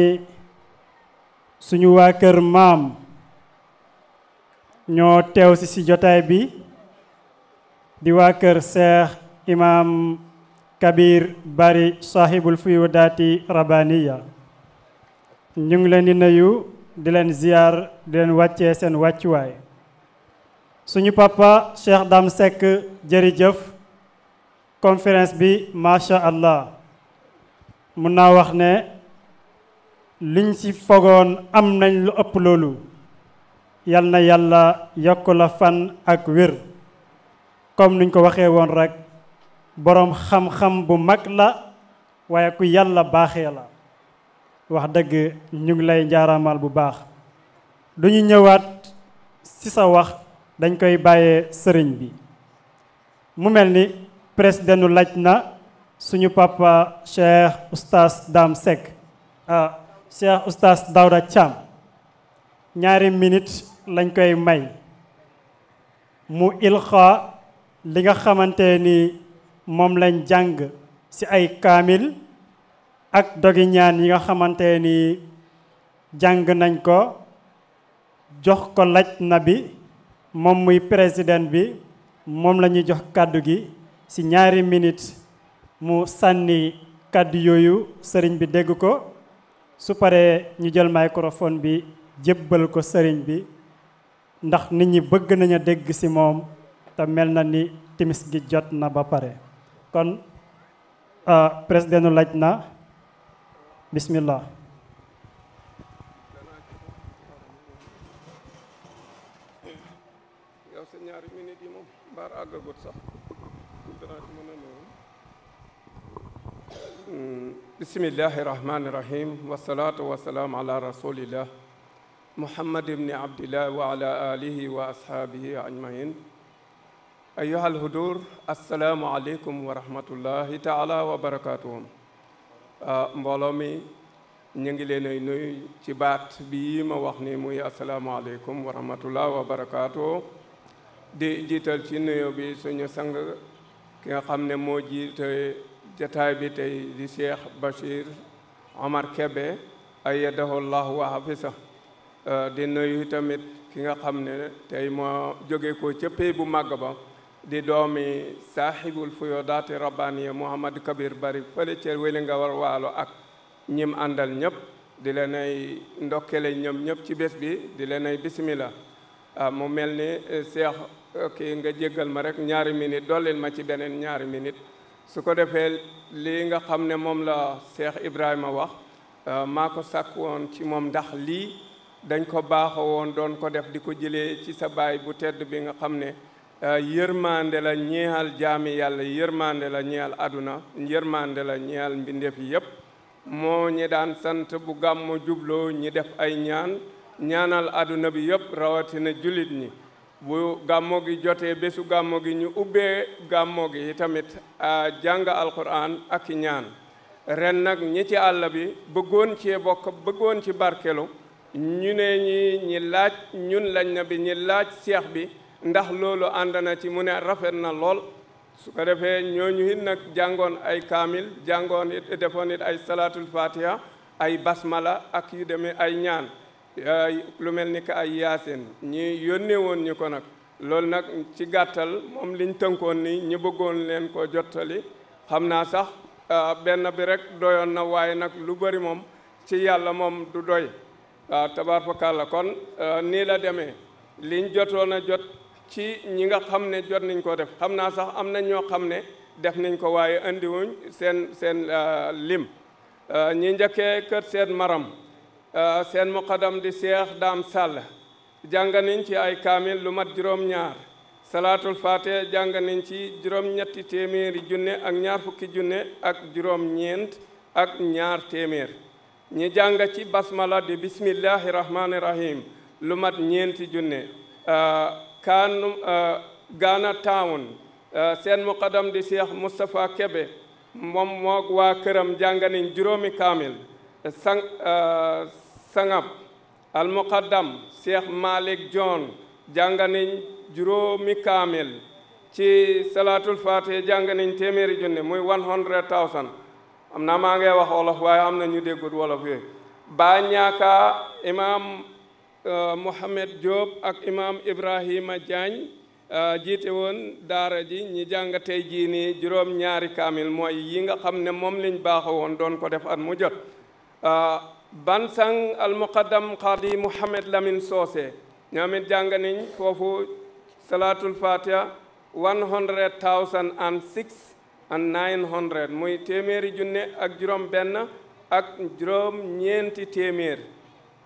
suñu waa kër maam ñoo teew si ci jotaay bi di waa kër seex imaam kabir bari sahibul fuyu daati rabaniya ñu ngi leen di nuyu di leen ziyaar di leen wàccee seen wàccuwaay suñu papa Cheikh Dame Seck jërëjëf conférence bi macha allah mun naa wax ne liñ ci fogoon am nañ lu ëpp loolu yal na yàlla yokk la fan ak wér comme niñ ko waxee woon rekk boroom xam-xam bu mag la waaye ku yàlla baaxee la wax dëgg ñu ngi lay njaaraamal bu baax du ñu ñëwaat ci sa wax dañ koy bàyyee sëriñ bi mu mel ni président nu laaj na suñu papa cheikh oustaz Dame Seck ah cheikh oustaz Daouda ñaari minit lañ koy may mu ilxa li nga xamante ni moom lañ jàng ci ay kaamil ak dogi ñaan yi nga xamante ni jàng nañ ko jox ko laaj na bi moom muy président bi moom la ñuy jox kàddu gi ci ñaari minutes mu sànni kàddu yooyu sëriñ bi dégg ko su paree ñu jël microphone bi jébbal ko sëriñ bi ndax nit ñi bëgg nañu dégg ci moom te mel na ni timis gi jot na ba pare kon ah, présidentu laaj na bismillah ñaari minute yi moom mbaar hmm. wa ala alihi wa alhudur assalaamu aleykum wa rahmatullahi taala wa barakatuhum ah, mi ñu ngi leen ay nuyu ci baat bii ma wax muy assalaamu aleykum wa rahmatullah di jiital ci nuyo bi suñu sang ki nga xam ne moo jiite jataay bi tey di Cheikh Bachir Omar Kebe ayyadahu llah wa hafisa euh, di nuyu tamit ki nga xam ne tey moo jóge ko ca bu màgg ba di doomi saaxibul fuyoodaati rabbaniya Mouhamad Kabir Bari fële ca weli nga war waalo ak ñim àndal ñëpp di leen ay ndokkele ñoom ñëpp ci bés bi di leen ay bismillah Ah, mu mel ni seex eh, kii nga jéggal ma rek ñaari minute dollil ma ci beneen ñaari minit su ko defee lii nga xam ne moom la seex Ibrahima wax ah, maa ko sàkk woon ci moom ndax lii dañ ko baaxa woon doon ko def di ko jëlee ci sa baay bu tedd bi nga xam ne ah, yërmande la ñeexal jaami yàlla yërmande la ñeexal aduna yërmande la ñeexal mbindeef yi yëpp moo ñi daan sant bu gàmmu jubloo ñi def ay ñaan ñaanal àdduna bi yëpp rawatina julit ñi bu gàmmo gi jotee bésu gàmmo gi ñu ubbee gàmmo gi tamit jàng alquran ak i ñaan ren nag ñi ci àll bi bëggoon cee bokk bëggoon ci barkelu ñu ne ñi ñi laaj ñun lañ na bi ñi laaj seex bi ndax loolu ànd na ci mu ne rafet na lool su ko defee ñooñu it nag jàngoon ay kaamil jàngoon it defoon ay salaatul fatiha ay basmala ak yu demee ay ñaan lu mel ni que ay yaasin ñi yónnee woon ñu ko nag loolu nag ci gàttal moom liñ tënkoon ni ñi bëggoon leen ko jottali xam naa sax ah, benn bi rek doyoon na waaye nag lu bari moom ci yàlla moom du doy waaw ah, tabaarkalla kon ah, nii la demee liñ jotoon a jot ci ñi nga xam ne jot nañ ko def xam naa sax am nañ ñoo xam ne def nañ ko waaye indiwuñ seen seen lim ñi njëkkee kër seen maram Ah, seen muqadam di Cheikh Dame sàll jànga nañ ci ay kaamil lu mat juróom-ñaar salaatul faate jàng nañ ci juróom-ñetti téeméeri junne ak ñaar fukki junne ak juróom-ñeent ak ñaar téeméer ñi jàng ci basmala di bismillahi rahmaani rahim lu mat ñeenti junne gaana ah, ah, Ghana seen muqadam di Cheikh Moustapha Kebe moom moog waa këram jàng nañ juróomi kaamil sang euh, sangab almuqaddam cheikh malik jon jàng nañ juróomi kaamil ci salaatul faatiha jàng téeméeri junne muy one am naa maa ngi wax wolof waaye am na ñu déggut wolof yooyu baa ñaaka imaam euh, Mohamed Diop ak imaam Ibrahima Diagne euh, jiite woon daara ji ñi jàng tey jii nii juróom ñaari kaamil mooy yi nga xam ne moom lañ baaxoo woon doon ko def at mu jot Ah, Bansang almuqaddam qadi Mouhamed Lamine lamin soose it jàng nañ foofu salatul fatiha one hundred thousand six and muy téeméeri junne ak juróom benn ak juróom ñeenti téeméer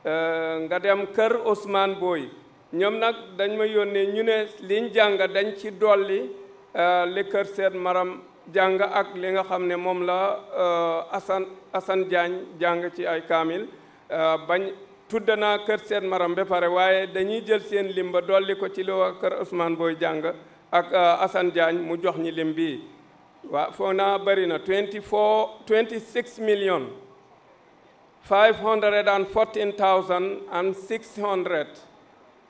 ah, nga dem kër Ousmane Boy ñoom nag dañ ma yónnee ñu ne liñ jàng dañ ci dolli ah, li kër maram jàng ak li nga xam ne moom la euh, Assane Assane Diagne jàng ci ay kaamil euh, bañ tudd naa kër seen maram be pare waaye dañuy jël seen limba dolli ko ci li waa kër Ousmane booy jàng ak euh, Assane Diagne mu jox ñi lim bii waaw foog naa bëri na 24 26 millions 514 thousand and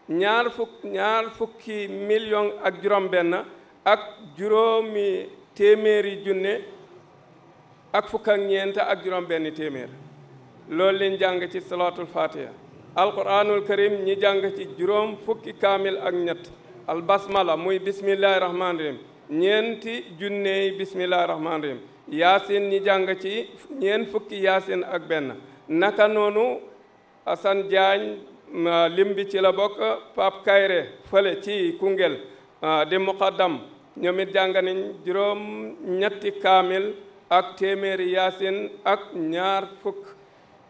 ñaar fukk ñaar fukki million ak juróom benn ak juróomi téeméeri junne ak fukk ak ak juróom benn téeméer loolu lañ jàng ci salaatul fatiha alquranul karim ñi jàng ci juróom fukki kaamil ak ñett albasmala muy bismillahi rahmaani rahim ñeenti junneyi bismillahi rahmaani rahim yaasin ñi jàng ci ñeent fukki yaasin ak benn naka noonu Assane Diagne lim bi ci la bokk Pape Kayre fële ci Koungheul ah, di muqaddam ñoom it jàng nañ juróom ñetti kaamil ak téeméeri yaasin ak ñaar fukk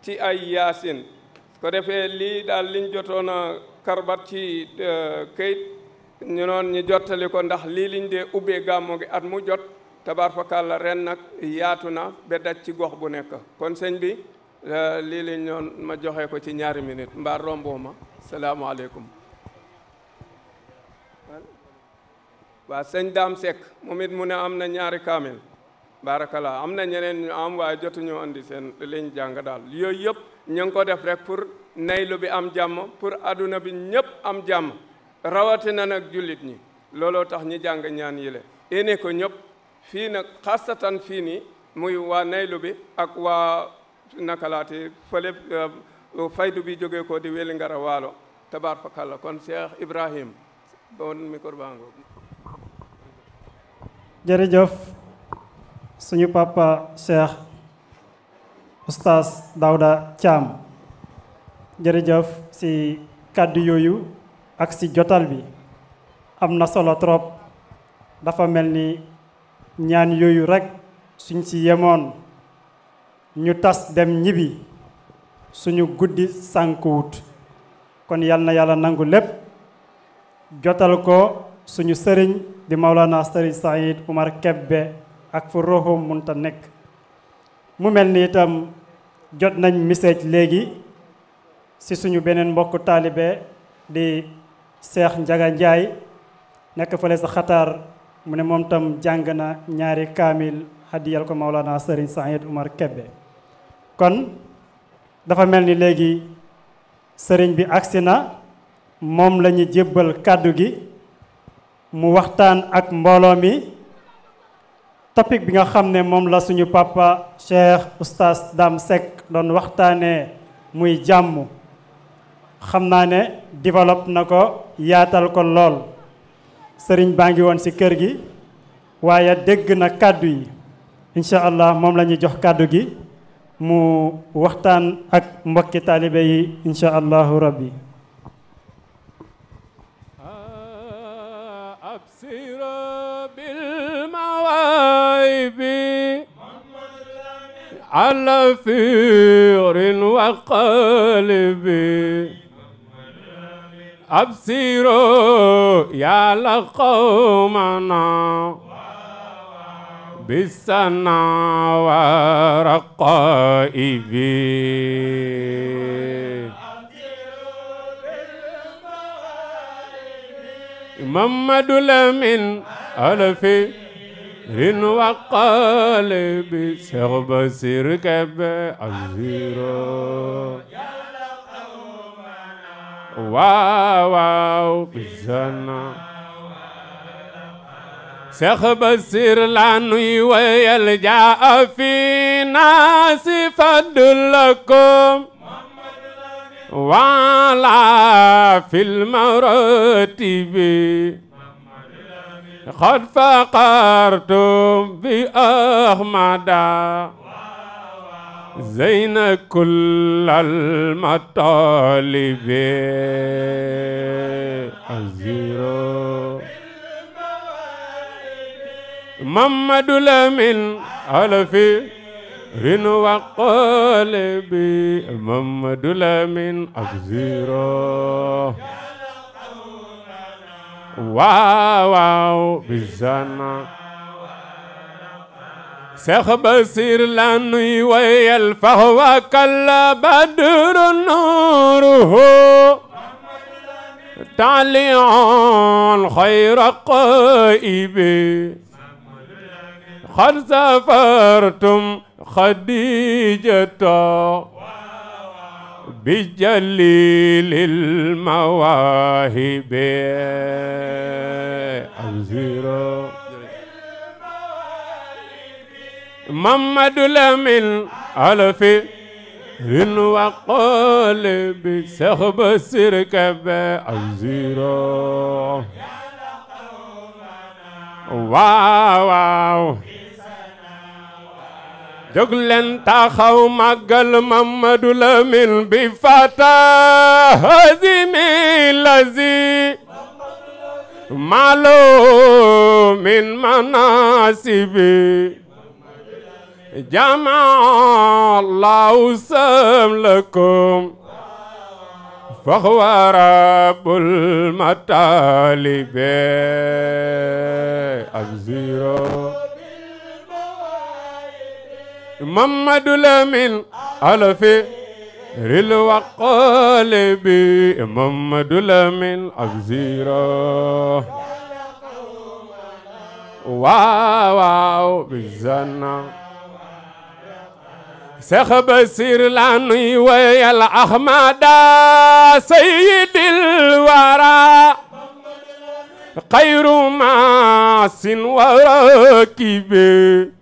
ci ay yaasin ko defee lii daal liñ jotoona karbat ci e, këyit ñu noon ñu jottali ko ndax lii liñ dee ubbee gàmmo gi at mu jot tabaarkalla ren nag yaatu na ba daj ci gox bu nekk kon sëñ bi e, lii liñ noon ma joxe ko ci ñaari minute mbaa romboo ma salaamaaleykum waa sëñ daam Seck moom it mu ne am na ñaari kaamil barakallah am na ñeneen ñu am waaye jotuñu andi seen liñ jàng daal yooyu yëpp ñu ngi ko def rek pour naylu bi am jàmm pour aduna bi ñëpp am jàmm rawatina nag jullit ñi looloo tax ñi jàng ñaan yile ene ko ñëpp fii nag xasatan fii nii muy waa naylu bi ak waa nakalaati fële euh, faydu bi jógee ko di Wélingara Waalo tabaar fakalla kon Cheikh Ibrahim bon micro bango jërëjëf suñu pàppa cheikh oustaz dawda Thiam jërëjëf si kàddu yooyu ak si jotal bi am na solo trop dafa mel ni ñaan yooyu rekk suñ si yemoon ñu tas dem ñibbi suñu guddi sànkuwut kon yal na yàlla nangu lépp jotal ko suñu sëriñ di Maulana Sëriñ Saïd Umar Kebbe ak fu roxoom munta nekk mu mel ni itam jot nañ message léegi ci suñu beneen mbokku taalibe di Cheikh Njaga Njaay nekk fële sa xataar mu ne moom tam jàng na ñaari kaamil hadiyal ko Maulana Sëriñ Saïd Umar Kebbe kon dafa mel ni léegi sëriñ bi agsi na moom la ñu jébbal kàddu gi mu waxtaan ak mbooloo mi topic bi nga xam ne moom la suñu papa Cheikh Oustaz Dame Seck doon waxtaanee muy jàmm xam naa ne développe na ko yaatal ko lool sëriñ baa ngi woon ci kër gi waaye dégg na kàddu yi incha allah moom lañuy jox kàddu gi mu waxtaan ak mbokki taalibe yi incha allahu rabbi الغيب على فير وقلب أبصروا يا لقومنا بالسنا ورقائب محمد لمن ألفي rin waqaale bi Cheikh Basir Kebe aziro waaw waaw bisana Cheikh Basir la nuy wayal jaa fiina si fadlakum wala fil قد فقرتم بأحمد زين كل المطالب الزيرو محمد لمن ألف رن وقالب محمد لمن أبزيرو waaw waaw bijana seex basiir la nuy wayal fax wa kalla badru nuuruhu taalion xayra qaibi xad safartum xadijata بجليل المواهب أنزيرا محمد لمن ألف رن وقالب سخب سركب أنزيرا واو واو jóg leen taxaw màggal Mamadou Lamine bi fata hazimi lazi malo min manasibi jamaa allahu sam lakum faxwa rabbul matalibe ab ziro محمد لمن على فير الوقالب محمد لمن أبزيرا واو واو بالزنا سخ بسير لاني ويا الأحمد سيد الورى خير ماس وراكبه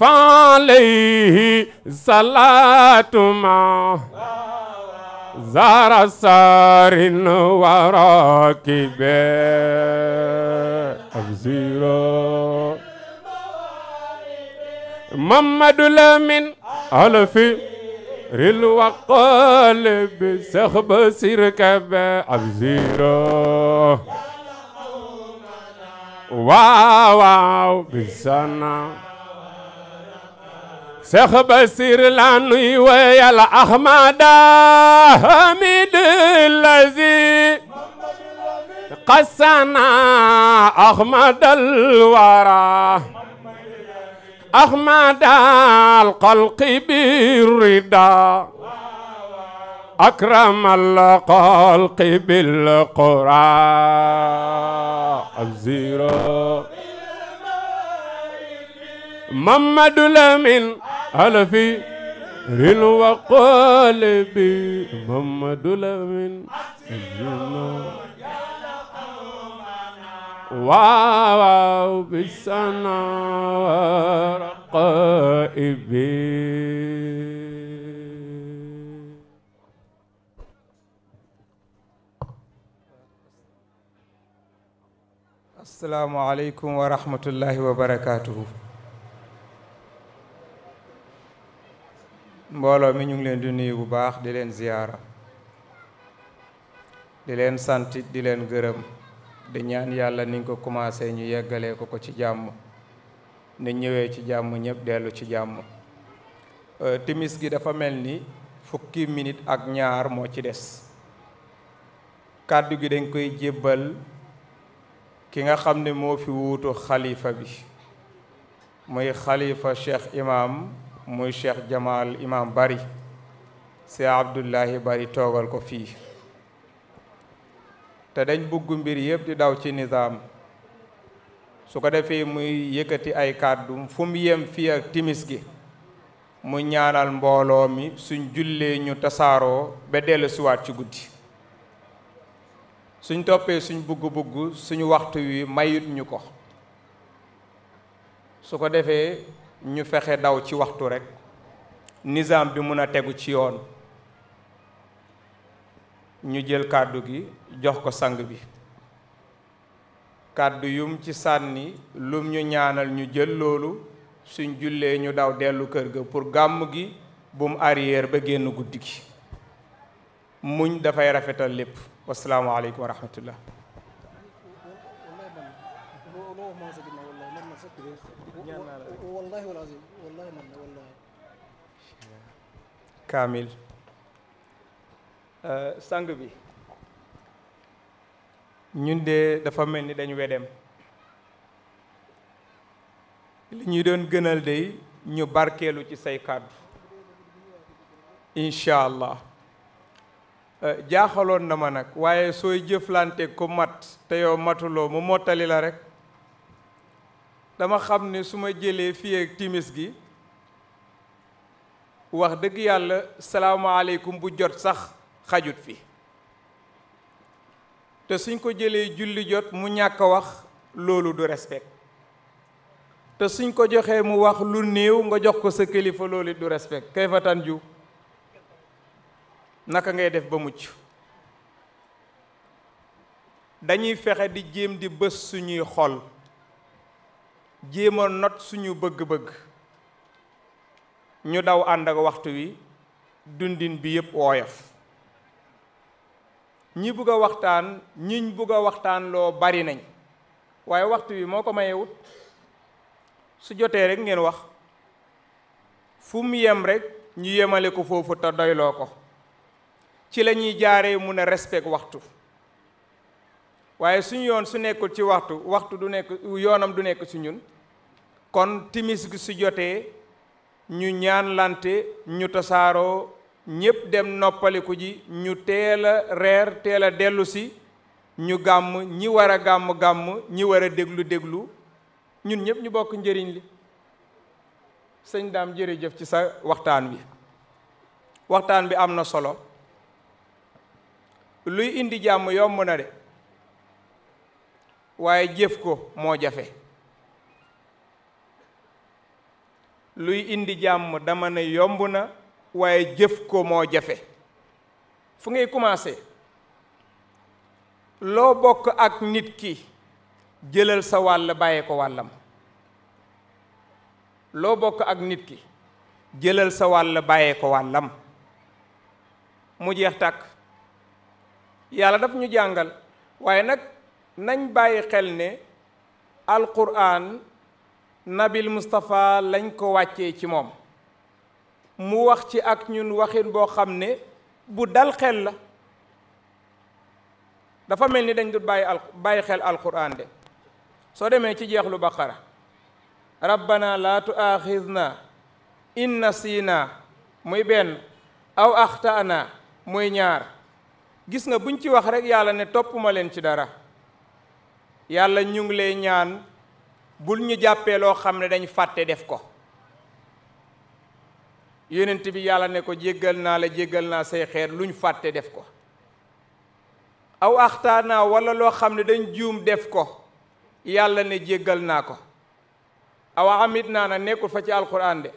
فعليه صلاة ما زار سار وراكب أبزيرا محمد لمن ألف رل وقالب سخب سركب أبزيرا واو واو بالسنة Seex Basiir la nuy wayal Ahmada Hamid lazi qasana Ahmad alwara Ahmad alxalqi birrida أكرم الخلق بالقرآن الزيرو محمد لمن على في ريل وقالب محمد لمن واو بالسنا رقائبي assalaamu aleykum wa rahmatullahi wa barakaatuhu booloo mi ñu ngi leen di nuyu bu baax di leen ziyaara di leen santit di leen gërëm di ñaan yàlla niñ ko commencé ñu yeggalee ko ko ci jàmm ni ñëwee ci jàmm ñëpp dellu ci jàmm euh, timis gi dafa mel ni fukki minit ak ñaar moo ci des kàddu gi dañ koy jébbal ki nga xam ne moo fi wuutu xalifa bi muy xalifa cheikh imam muy cheikh Jamal imam Bari Cheikh Abdullahi Bari toogal ko fii te dañ bugg mbir yépp di daw ci nizaam su ko defee muy yëkkati ay kàddu fu mu yem fii ak timis gi mu ñaanal mbooloo mi suñ jullee ñu tasaaroo ba dellu siwaat ci guddi suñ toppee suñ bugg-bugg suñu waxtu wi mayut ñu ko su ko defee ñu fexe daw ci waxtu rek nizaam bi mun a tegu ci yoon ñu jël kàddu gi jox ko sang bi kàddu yum ci sànni lum ñu ñaanal ñu jël loolu suñ jullee ñu daw dellu kër ga pour gàmm gi bu mu ba génn guddi gi muñ dafay rafetal lépp wassalaamu aleykum wa kaamil euh, sang bi ñun de dafa mel ni dañu wedem li ñu doon gënal dey ñu barkeelu ci say kàddu incha allah euh, jaaxaloon na ma nag waaye sooy jëflante ku mat te yow matuloo mu mottali la rek dama xam ne su ma jëlee fii ak timis gi wax dëgg yàlla salaamaaleykum bu jot sax xajut fi te suñ ko jëlee julli jot mu ñàkk wax loolu du respect te suñ ko joxee mu wax lu néew nga jox ko sa kilifa loolu du respect kay fa tan naka ngay def ba mucc dañuy fexe di jéem di bës suñuy xol jéem a not suñu bëgg-bëgg ñu daw ànd ak waxtu wi dundin bi yëpp wooyof ñi bugg a waxtaan ñiñ bugg a waxtaan loo bari nañ waaye waxtu wi moo ko mayewut su jotee rek ngeen wax fu yem rek ñu yemale ko foofu te doyloo ko ci lañuy ñuy jaaree mun a respect waxtu waaye suñ yoon su nekkul ci waxtu waxtu du nekk yoonam du nekk su ñun kon timis gi su jotee ñu ñaan lante ñu tasaaroo ñépp dem noppaliku ji ñu teel a reer teel a dellu ñu gàmm ñi war gàmm-gàmm ñi war a déglu déglu ñun ñépp ñu bokk njëriñ li sëñ daam jërëjëf ci sa waxtaan bi waxtaan bi am na solo luy indi jàmm yomb na de waaye jëf ko moo jafe luy indi jàmm dama ne yomb na waaye jëf ko moo jafe fu ngay commencé loo bokk ak nit ki jëlal sa wàll bàyyi ko wàllam loo bokk ak nit ki jëlal sa wàll bàyyee ko wàllam mu jeex tàkk yàlla daf ñu jàngal waaye nag nañ bàyyi xel ne alquran nabil Moustapha lañ ko wàccee ci moom mu wax ci ak ñun waxin boo xam ne bu dal xel la dafa mel ni dañ dul bàyyi al bàyyi xel alquran de soo demee ci jeex lu baqara rabbana laa tuaaxidna in siinaa muy benn aw axtaanaa muy ñaar gis nga buñ ci wax rekk yàlla ne topp ma leen ci dara yàlla ñu ngi lay ñaan bul ñu jàppee loo xam ne dañ fàtte def ko yonent bi yàlla ne ko jéggal naa la jéggal naa say lu ñu fàtte def ko aw axtaanaa walla loo xam ne dañ juum def ko yàlla ne jéggal naa ko aw amit naa na nekkul fa ci alxuraan de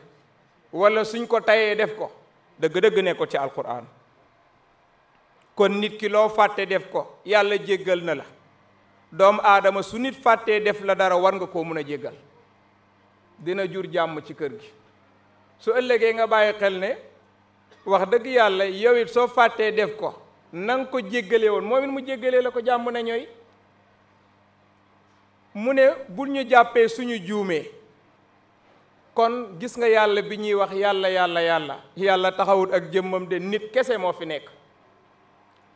wala suñ ko tayee def ko dëgg-dëgg nekkul ci alquran kon nit ki loo fàtte def ko yàlla jéggal na la doomu aadama su nit fàttee def la dara war nga koo mën a jéggal dina jur jàmm ci kër gi su ëllëgee nga bàyyi xel ne wax dëgg yàlla yow soo fàttee def ko nang ko jéggalee woon moom it mu jéggalee la ko jàmm na ñooy mu ne bul ñu jàppee suñu juumee kon gis nga yàlla bi ñuy wax yàlla yàlla yàlla yàlla taxawut ak jëmmam de nit kese moo fi nekk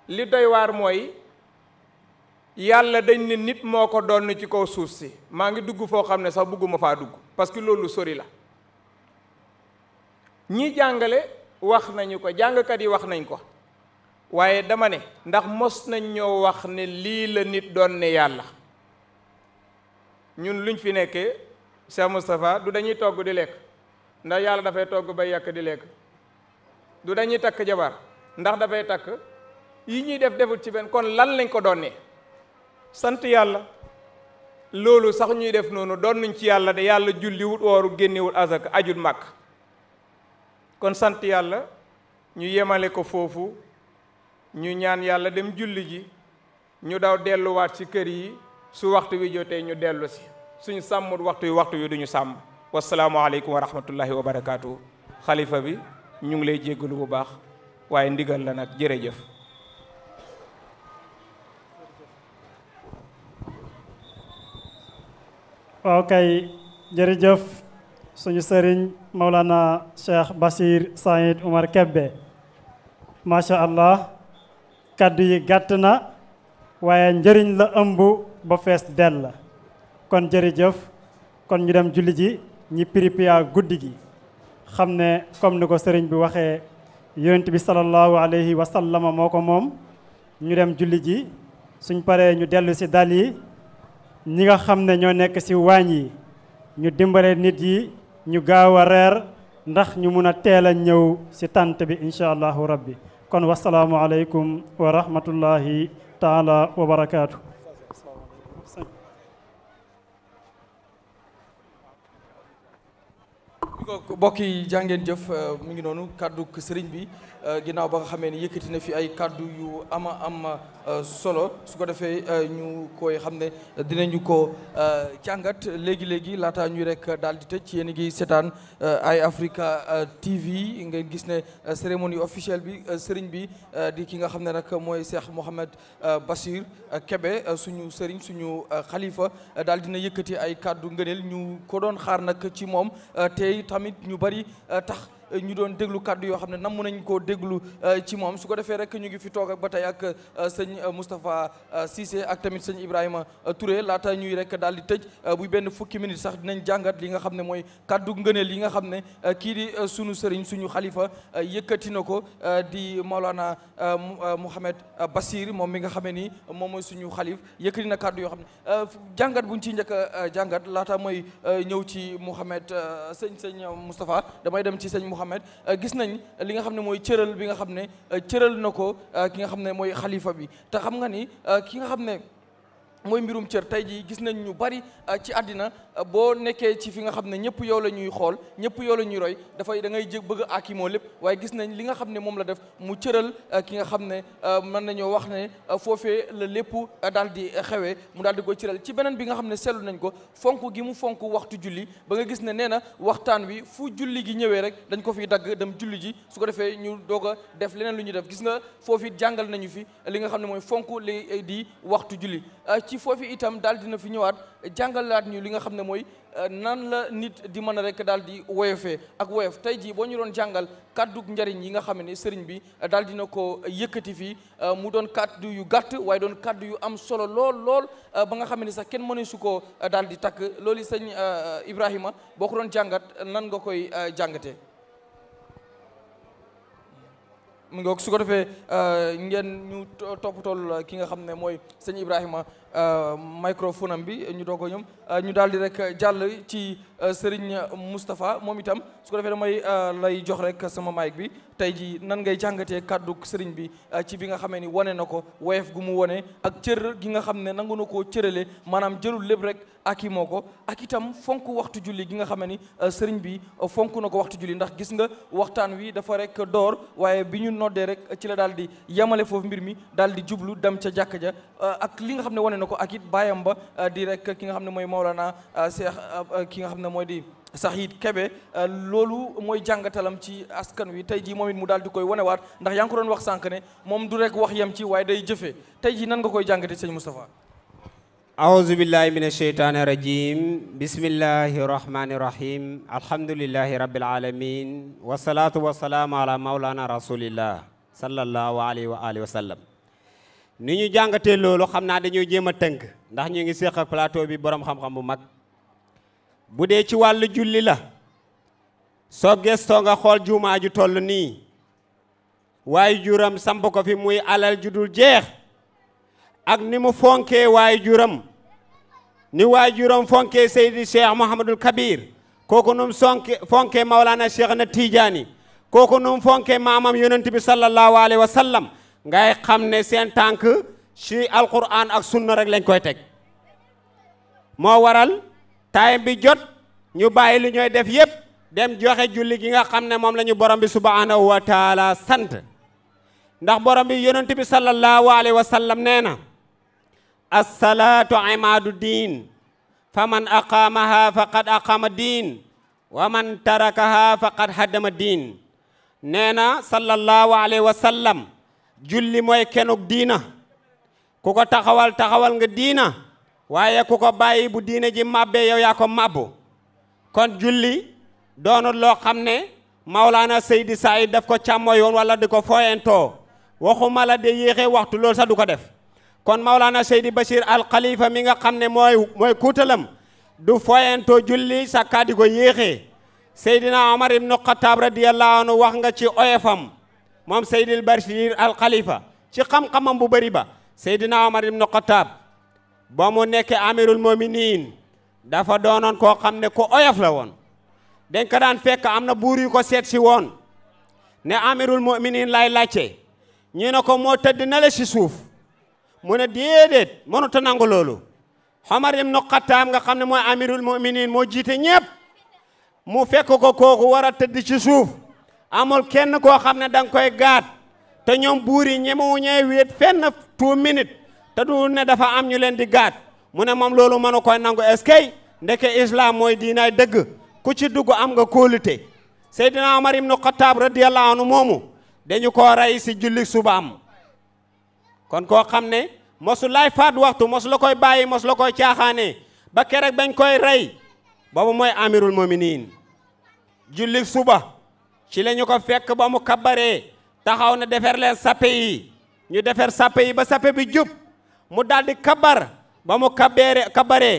li doy waar mooy yàlla dañ ne nit moo ko doon ci kaw suuf si maa ngi dugg foo xam ne sax bugguma faa dugg parce que loolu sori la ñi jàngale wax nañu ko jàngkat yi wax nañ ko waaye dama ne ndax mos nañ ñoo wax ne lii la nit doon ne yàlla ñun luñ fi nekke Cheikh Moustapha du dañuy togg di lekk ndax yàlla dafay togg ba yàkk di lekk du dañuy takk jabar ndax dafay takk yi ñuy def deful ci benn kon lan lañ ko doon ne sant yàlla loolu sax ñuy def noonu doon nañ ci yàlla de yàlla julliwut wooru génnewut azaka ajut màkk kon sant yàlla ñu yemale ko foofu ñu ñaan yàlla dem julli ji ñu daw delluwaat ci kër yi su waxtu wi jotee ñu dellu si suñu sàmmut waxtu wi waxtu wi duñu sàmm wasalaamualeykum wa rahmatullahi wa barakaatu xalifa bi ñu ngi lay jéggalu bu baax waaye ndigal la nag jërëjëf waaw kay jërëjëf suñu sëriñ Maulana Cheikh Bachir Saïd Oumar Kebbe macha allah kaddu yi gàtt na waaye njëriñ la ëmb ba fees dell kon jërëjëf kon ñu dem julli ji ñi piripiya guddi gi xam ne comme ni ko sëriñ bi waxee yonent bi sallallahu alayhi wa moo ko moom ñu dem julli ji suñ paree ñu dellu si dal yi ñi nga xam ne ñoo nekk ci waañ yi ñu dimbale nit yi ñu gaaw a reer ndax ñu mën a teel a ñëw ci tànt bi incha allahu rabbi kon wasalaamu aleykum wa rahmatullahi taala wa barakaatu. mbokk yi mu ngi noonu kàddu sëriñ bi. Euh, ginnaaw ba nga xamee ni yëkkati na fi ay kaddu yu ama am euh, solo su ko defee euh, ñu koy xam ne dinañu ko jàngat léegi léegi laata ñuy rek daal di tëj yéen a ngi seetaan ay Africa TV ngeen gis ne cérémonie officielle bi sëriñ bi di ki nga xam ne nag mooy Cheikh Mohamed Bassir Kebe suñu sëriñ suñu xalifa daal na yëkkati ay kàddu ngëneel ñu ko doon xaar nag ci moom tey tamit ñu bari tax. ñu doon déglu kàddu yoo xam ne nam namm nañ koo déglu euh, ci moom su ko defee rek ñu ngi fi toog ak ba tey ak euh, sëñ euh, Moustapha Cissé ak tamit sëñ Ibrahima Touré laata ñuy rek daal di tëj bu benn fukki minute sax dinañ jàngat li nga xam ne mooy kàddu ngëneel li nga xam ne kii di sunu sëriñ suñu xalifa yëkkati na ko di Maolana Mouhamed Bassir moom mi nga xamee ni moom mooy suñu xalif yëkkati na kàddu yoo xam ne jàngat buñ ci njëkk a jàngat laata mooy ñëw ci Mouhamed sëñ sëñ Moustapha damay sëñ Mohamed euh, gis nañ euh, li nga xam ne mooy cëral bi nga xam ne euh, cëral na ko ki nga xam ne mooy xalifa bi te xam nga ni ki nga xam ne mooy mbirum cër tey jii gis nañ ñu bari euh, ci àddina euh, boo nekkee ci fi nga xam ne ñëpp yow la ñuy xool ñëpp yow la ñuy roy dafay da ngay jég bëgg a lépp waaye gis nañ li nga xam ne moom la def mu cëral euh, ki nga xam ne mën nañoo wax ne foofee la lépp daal di xewee mu daal di ko cëral ci beneen bi nga xam ne seetlu nañ ko fonk gi mu fonk waxtu julli ba nga gis ne nee na waxtaan wi fu julli gi ñëwee rek dañ ko fiy dagg dem julli ji su ko defee ñu doog a def leneen lu ñuy def gis nga foofu jàngal nañu fi li nga xam ne mooy fonk li di waxtu julli ci foofu itam daal dina fi ñëwaat jàngalaat ñu li nga xam ne mooy euh, nan la nit di mën a rek daal di woyofee ak woyof tey jii boo ñu doon jàngal kàddu njariñ yi nga xam ne sëriñ bi euh, daal dina ko yëkkati fii euh, mu doon kàddu yu gàtt waaye doon kàddu yu am solo lool lool ba nga xam ne sax kenn mënu su ko daal di takk loolu sëñ Ibrahima boo ko doon jàngat nan nga koy jàngatee. mu ngi su ko defee euh, ngeen ñu toppatool ki nga xam ne mooy sëñ Ibrahima euh, microphone am bi ñu doog ko euh, ñu daal di rek jàll ci. Euh, Serigne Moustapha moom itam su ko defee damay euh, lay jox rek sama mic bi tey ji nan ngay jàngatee kàddu Serigne bi euh, ci bi nga xamee ni wane na ko woyof gu mu wane ak cër gi nga xam ne nangu na koo cërale maanaam jëlul lépp rek ak i moo ko ak itam fonk waxtu julli gi nga xamee ni Serigne bi fonk na ko waxtu julli ndax gis nga waxtaan wi dafa rek door waaye bi ñu noddee rek ci la daal di yamale foofu mbir mi daal di jublu dem ca jàkka ja ak li nga xam ne wane na ko ak it baayam ba di rek ki nga xam ne mooy Maolana Cheikh ki nga xam ne moo di Sakhid Kebe euh, loolu mooy jàngatalam ci askan wi tey ji moom it mu daal di koy waat ndax yaa ngi doon wax sànq ne moom du rek wax yam ci waaye day jëfee tey jii nan nga koy jàngate sëñ Moustapha aouzu billahi min asheytaani rajim bismillahi rahmani rahim alhamdulillahi rabbil alamin wasalaatu wasalaamu ala maulana rasulillah wa alihi wa sallam ni ñu jàngatee loolu xam naa a tënk bi borom xam-xam bu mag bu dee ci wàllu julli la soo gestoo nga xool jumaa ju toll nii waaye juram samp ko fi muy alal ju dul jeex ak ni mu fonkee waaye juram ni waaye juram fonkee Seydi Cheikh Mouhamadul Kabir kooku num sonke fonkee Maulana Cheikh na Tijaani kooku num fonkee maamam yonent bi sallallahu alayhi ngay xam ne seen tànk ci alquran ak sunna rek lañ koy teg moo waral time bi jot ñu bàyyi lu def yépp dem joxe julli gi nga xam ne moom la ñu borom subhanahu wa taala sant ndax borom bi yonent bi wa sallam nee na assalaatu imaadu diin fa man aqaamaha faqad aqaama diin wa man tarakaha faqad haddama diin nee na sallallahu alayhi wa sallam julli mooy kenug diina ku ko taxawal taxawal nga diina waaye ku ko bàyyi bu diine ji màbbee yow màbbu kon julli doonul loo xam ne Maulana Seydi saayi daf ko càmmo yoon wala di ko fooyentoo waxuma la de yéexee waxtu loolu sax du ko def kon Maulana Seydi Bachir al Khalifa mi nga xam ne mooy mooy kuutalam du fooyentoo julli sa kàddu ko yéexee Seydina Omar ibnu Xataab radiyallahu anhu wax nga ci oyofam moom Seydil Bachir al Khalifa ci xam-xamam bu bëri ba Seydina Omar ibnu Xataab ba mu nekkee amirul mominin dafa doonoon koo xam ne ku oyof la woon dañ ko daan fekk am na buur yu ko seet si woon ne amirul mominin lay laajte ñu ne ko moo tëdd na le si suuf mu ne déedéet mënut a nangu loolu Omar ibn Khattab nga xam ne mooy amirul mominin moo jiite ñëpp mu fekk ko kooku war a tëdd ci suuf amul kenn koo xam ne danga nga koy gaat te ñoom buur yi ñemewuñee wéet fenn two minutes te du ne dafa am ñu leen di gaat mu ne moom loolu mënu koy nangu est-ce que ndeke islam mooy diinaay dëgg ku ci dugg am nga kóolute Seydina Omar ibnu Xataab radiyallahu anhu moomu dañu ko rey si julli suba am kon koo xam ne mosu lay faat waxtu mosu la koy bàyyi mosu la koy caaxaanee ba keroog bañ koy rey boobu mooy amirul muminin julli suba ci la ko fekk ba mu kabaree taxaw na defer leen sappe yi ñu defer sappe yi ba sappe bi jub mu daldi kabar ba mu kabeere kabaree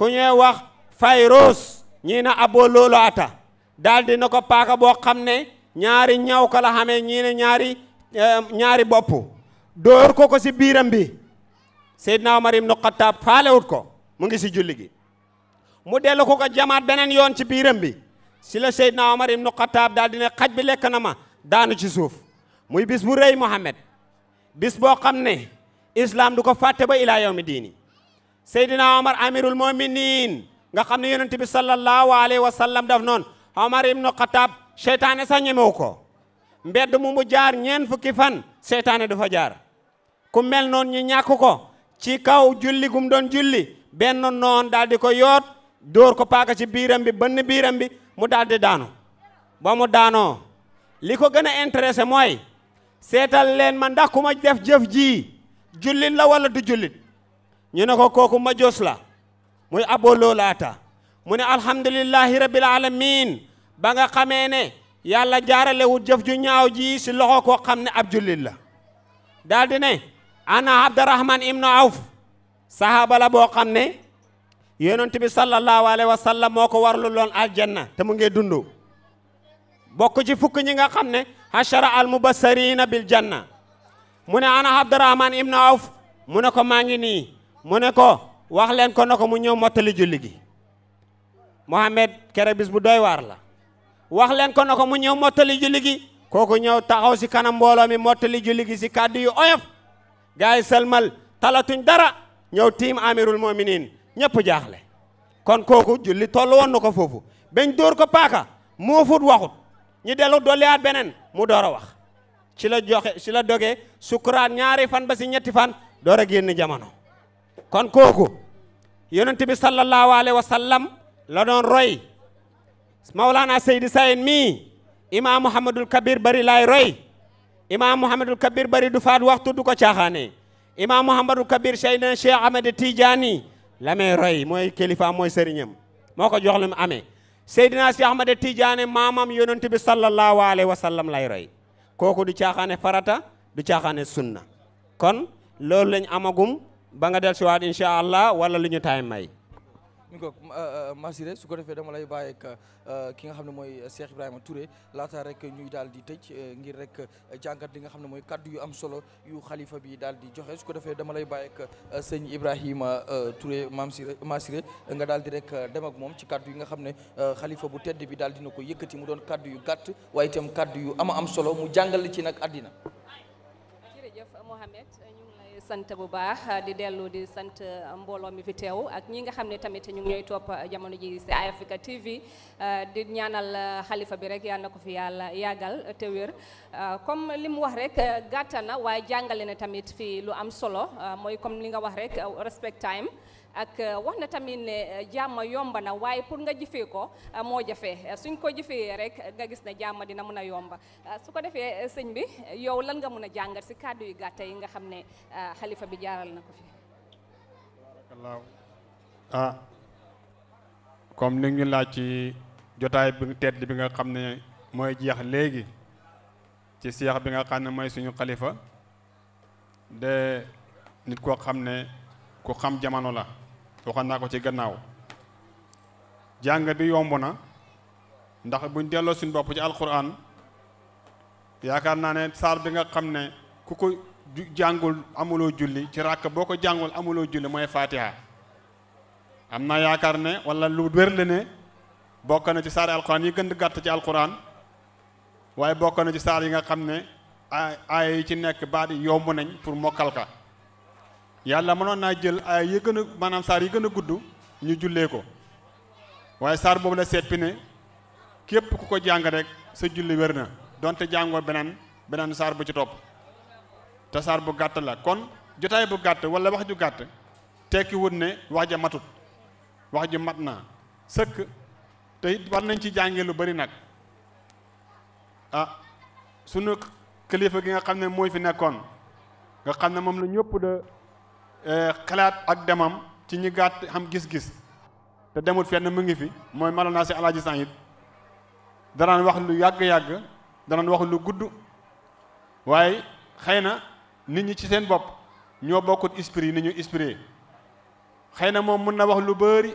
ku ñuy wax fayros ñii na aboo loolu ata daldi na ko paaka boo xam ne ñaari ñaw ko la xamee ñii ñaari eh, ñaari bopp dóor ko ko ci biiram bi Seydina Omar ibnu Xattaab faalewut ko mu ngi ci julli gi mu dellu ko ko jamaat beneen yoon ci biiram bi si la Seydina Omar ibnu Xattaab daal di ne xaj bi lekk na ma daanu ci suuf muy bis bu rëy Muhammad bis boo xam ne islam du ko fàtte ba ilaa yawmi diini seydina omar amirul muminin nga xam ne yonent bi sallallahu alayhi wa sallam daf noon omar ibnu xataab seytaane sax ñemewu ko mbedd mu mu jaar ñeen fukki fan seytaane du fa jaar ku mel noonu ñu ñàkk ko ci kaw julli gum doon julli benn noon daal di ko yoot dóor ko paaka ci biiram bi bënn biiram mu daal di daanu ba mu daanoo li ko gën a intéressé mooy seetal leen ma ndax ku ma def jëf ji jullit la wala du jullit ñu ne ko kooku majoos la muy aboloo laata mu ne alhamdulillahi rabbil alamin ba nga xamee ne yàlla jaaralewul jëf ju ñaaw ji si loxo koo xam ne ab jullit la daldi ne ana abdurahman ibnu awf sahaaba la boo xam ne yonent bi sallallahu alayhi wa sallam moo ko warlu loon aljanna te mu ngi dund bokk ci fukk ñi nga xam ne hashara al mubassarina bil janna mu ne ana Abdurahman ibnu Awf mu ne ko maa ngi nii mu ne ko wax leen ko na ko mu ñëw mottali julli gi Mohamed kere bis bu doy waar la wax leen ko na ko mu ñëw mottali julli gi kooku ñëw taxaw si kanam mbooloo mi mottali julli gi si kàddu yu oyof gars yi sëlmal talatuñ dara ñëw tiim amirul muminin ñëpp jaaxle kon kooku julli toll woon ko foofu bañ dóor ko paaka muufut waxut ñu dellu dolliwaat beneen mu door a wax ci la joxe ci la doge sukkuraan ñaari fan ba si ñetti fan door a génn jamono kon kooku yonent bi sallallahu alayhi wa sallam la doon roy Mawlana Seydi Sayin mii imaam Muhammadul Kabir bari laay roy imaam Muhammadul Kabir bari du faat waxtu du ko caaxaane imaam Muhammadul Kabir Seyna Cheikh Ahmed Tidiane la may roy mooy kilifaam mooy sëriñam moo ko jox lu mu amee Seydina Cheikh Ahmed Tidiane maamam yonent bi sallallahu alayhi wa lay roy. kooku du caaxaane farata du sun na kon loolu lañ amagum ba nga del siwaat incha allah wala lu ñu taay may mi ngi ko Massiré euh, euh, su ko defee dama lay bàyyi ak euh, ki nga xam ne mooy Cheikh Ibrahima Touré laata rek ñuy daal di tëj ngir rek jàngat li nga xam ne mooy kaddu yu am solo yu xalifa bi daal di joxe su ko defee dama lay bàyyi ak sëñ Ibrahima Touré maam Siré Massiré nga daal di rek dem moom ci kaddu yi nga xam ne xalifa bu tedd bi daal dina ko yëkkati mu doon kaddu yu gàtt waaye itam kaddu yu ama am solo mu jàngale ci nag àddina. sant bu baax uh, di dellu di sant uh, mbooloo mi fi teew ak ñi nga xam ne tamit ñu ngi ñooy topp uh, jamono ji ci Eye Africa TV di ñaanal xalifa bi rek yal na ko fi yàlla yàggal te wér comme li mu wax rek gàtta na waaye jàngale ne tamit fii lu am solo mooy comme li nga wax rek respect time ak euh, wax na tamit ne euh, jàmm yomb na waaye pour nga jëfee ko euh, moo jafe suñ ko jëfee rek nga gis ne jàmm dina mën a yomba su ko defee sëñ bi yow lan nga mën a jàngat si kàddu yu gàtt yi nga xam ne xalifa bi jaaral na fi. ah comme ni ñu laaj ci jotaay bi bi nga xam ne mooy jeex léegi ci seex bi nga xam ne mooy suñu xalifa de nit koo xam ne ku xam jamono la. waxoon naa ko ci gannaaw jàng bi yomb na ndax buñ delloo suñu bopp ci alquran yaakaar naa ne saar bi nga xam ne ku ko jàngul amuloo julli ci ràkk boo ko jàngul amuloo julli mooy fatiha am naa yaakaar ne walla lu wér la ne bokk na ci saari alquran yi gën gàtt ci alquran waaye bokk na ci saar yi nga xam ne aaya yi ci nekk baat yi yomb nañ pour mokkal ka yàlla manoon naa jël ay yi gën a maanaam saar yi gën a gudd ñu jullee ko waaye saar boobu la seppi ne képp ku ko jàng rek sa julli wér na donte jàngoo beneen beneen saar bu ci topp te saar bu gàtt la kon jotaay bu gàtt wala wax ju gàtt tekki wut ne wax ja matut wax ju mat naa sëkk te it war nañ ci jàngee lu bari nag ah sunu kilifa gi nga xam ne mooy fi nekkoon nga xam ne moom la ñëpp da Eh, xalaat ak demam ci ñi gàtt xam gis-gis te demut fenn mu ngi fi mooy Mawlana Si Alaaji Saayid danaan wax lu yàgg-yàgg danaan wax lu gudd waaye xëy na nit ñi ci seen bopp ñoo bokkut esprit ni ñu esprit xëy na moom mën na wax lu bari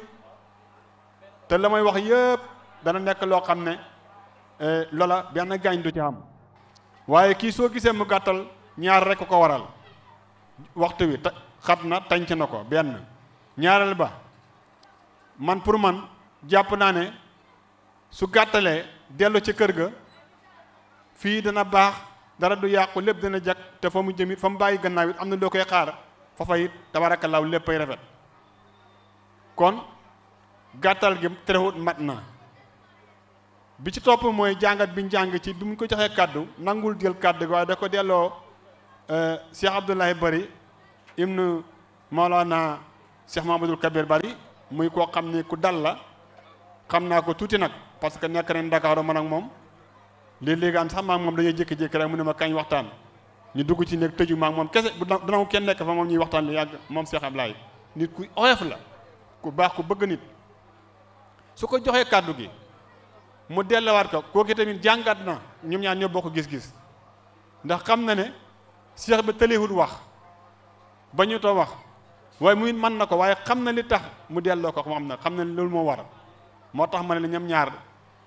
te la may wax yépp dana nekk loo xam ne eh, lola benn gaañ ci am waaye kii soo gisee mu gàttal ñaar rekk ko waral waxtu wi xat na tànc na ko benn ñaareel ba man pour man jàpp naa ne su gàttalee dellu ci kër ga fii dana baax dara du yàqu lépp dana jag te fa mu jëmit fa mu bàyyi gannaaw it am na doo koy xaar fafa it tabarakallaaw léppay rafet kon gàttal gi terewut mat na bi ci topp mooy jàngat bi njàng ci bi mu ko joxee kàddu nangul jël kàddu gi waaye da ko delloo euh, Cheikh Abdoulaye Bari ibnu Mawlana Cheikh Mamadou Kabir Bari muy koo xam ne ku dal la xam naa ko tuuti nag parce que nekk nañ Dakar man ak moom léeg-léeg an sax maa moom dañuy jékki-jékki rek mu ne ma kañ waxtaan ñu dugg ci nekk tëju maa moom kese bu danaku kenn nekk fa moom ñuy waxtaan li yàgg moom Cheikh Ablaye nit ku oyof la ku baax ku bëgg nit su ko joxee kàddu gi mu dellewaat ko kooku tamit jàngat na ñoom ñaar ñoo ko gis-gis ndax xam na ne Cheikh bi tëleewul wax ba ñu too wax waaye muy mën na ko waaye xam na li tax mu delloo ko am na xam na loolu moo waral moo tax ma ne la ñoom ñaar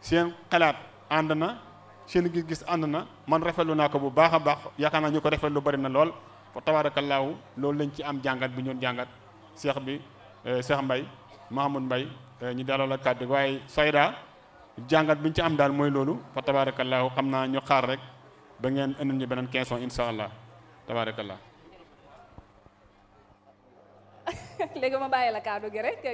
seen xalaat ànd na seen gis-gis ànd na man rafetlu naa ko bu baax a baax yaakaar naa ñu ko lu bari na lool fa tabaarakallaahu loolu lañ ci am jàngat bi ñu jàngat seex bi seex eh, mbay mahamud mbay eh, ñu delloo la kàddu waaye sayda jàngat bi ñu ci am daal mooy loolu fa tabaarakallaahu xam naa ñu xaar rek ba ngeen indil ñu beneen question insha allah tabaarakallaahu léegi ma bàyyi la kàddu gi rek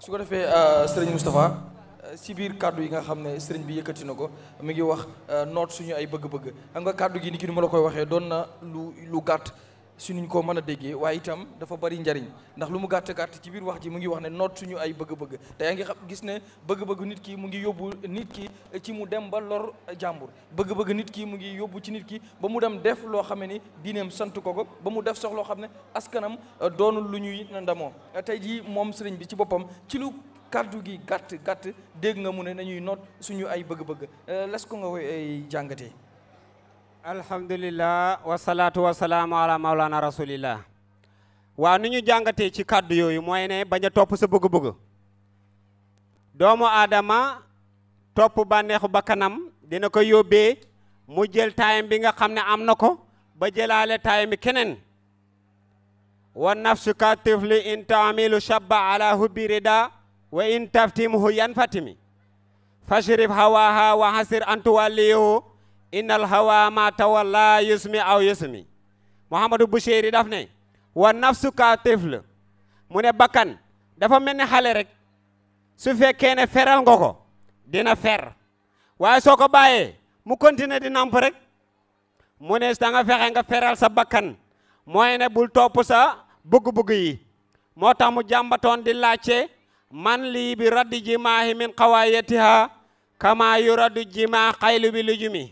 su ko defee euh, sëriñ Moustapha euh, si biir kàddu yi nga xam ne sëriñ bi yëkkati na ko mu ngi wax euh, noot suñu ay bëgg-bëgg xam nga kàddu gi ni ki nu ma la koy waxee doon na lu lu gàtt su suñuñ ko mën a déggee waaye itam dafa bari njariñ ndax lu mu gàtt gàtt ci biir wax ji mu ngi wax ne noot suñu ay bëgg-bëgg te yaa ngi xam gis ne bëgg-bëgg nit ki mu ngi yóbbu nit ki ci mu dem ba lor jàmbur bëgg-bëgg nit ki mu ngi yóbbu ci nit ki ba mu dem def loo xam ne ni diineem sant ko ko ba mu def sox loo xam ne askanam euh, doonul lu ñuy ndamoo tey jii moom sëriñ bi ci boppam ci lu kàddu gi gàtt gàtt dégg nga mu ne nañuy noot suñu ay bëgg-bëgg euh, les ko nga koy jàngatee alhamdulillah wasalaatu wasalaamu ala maulana rasulillah waa nu jàngatee ci kàddu yooyu mooy ne bañ a topp sa bëgg-bëgg doomu aadama topp bànneexu bakkanam dina ko yóbbee mu jël taayam bi nga xam ne am na ko ba jëlaale taayam bi keneen wa nafsuka tifli in taamilu shabba ala hubbi rida wa in taftimhu yanfatimi fashrif hawaha wa hasir antuwallihu innal hawa ma tawalla yusmi aw yusmi Mouhamadou Boucheri daf ne wa nafsu ka tifl mu ne bakkan dafa mel ni xale rek su fekkee ne feral nga dina fer waaye soo ko bàyyee mu continuer di namp rek mu ne da nga nga feral sa bakkan mooy ne bul topp sa bëgg-bëgg yi moo tax mu jàmbatoon di laajte man lii bi jimaahi min xawaayatiha kama yuraddu jimaa xaylu bi lujumi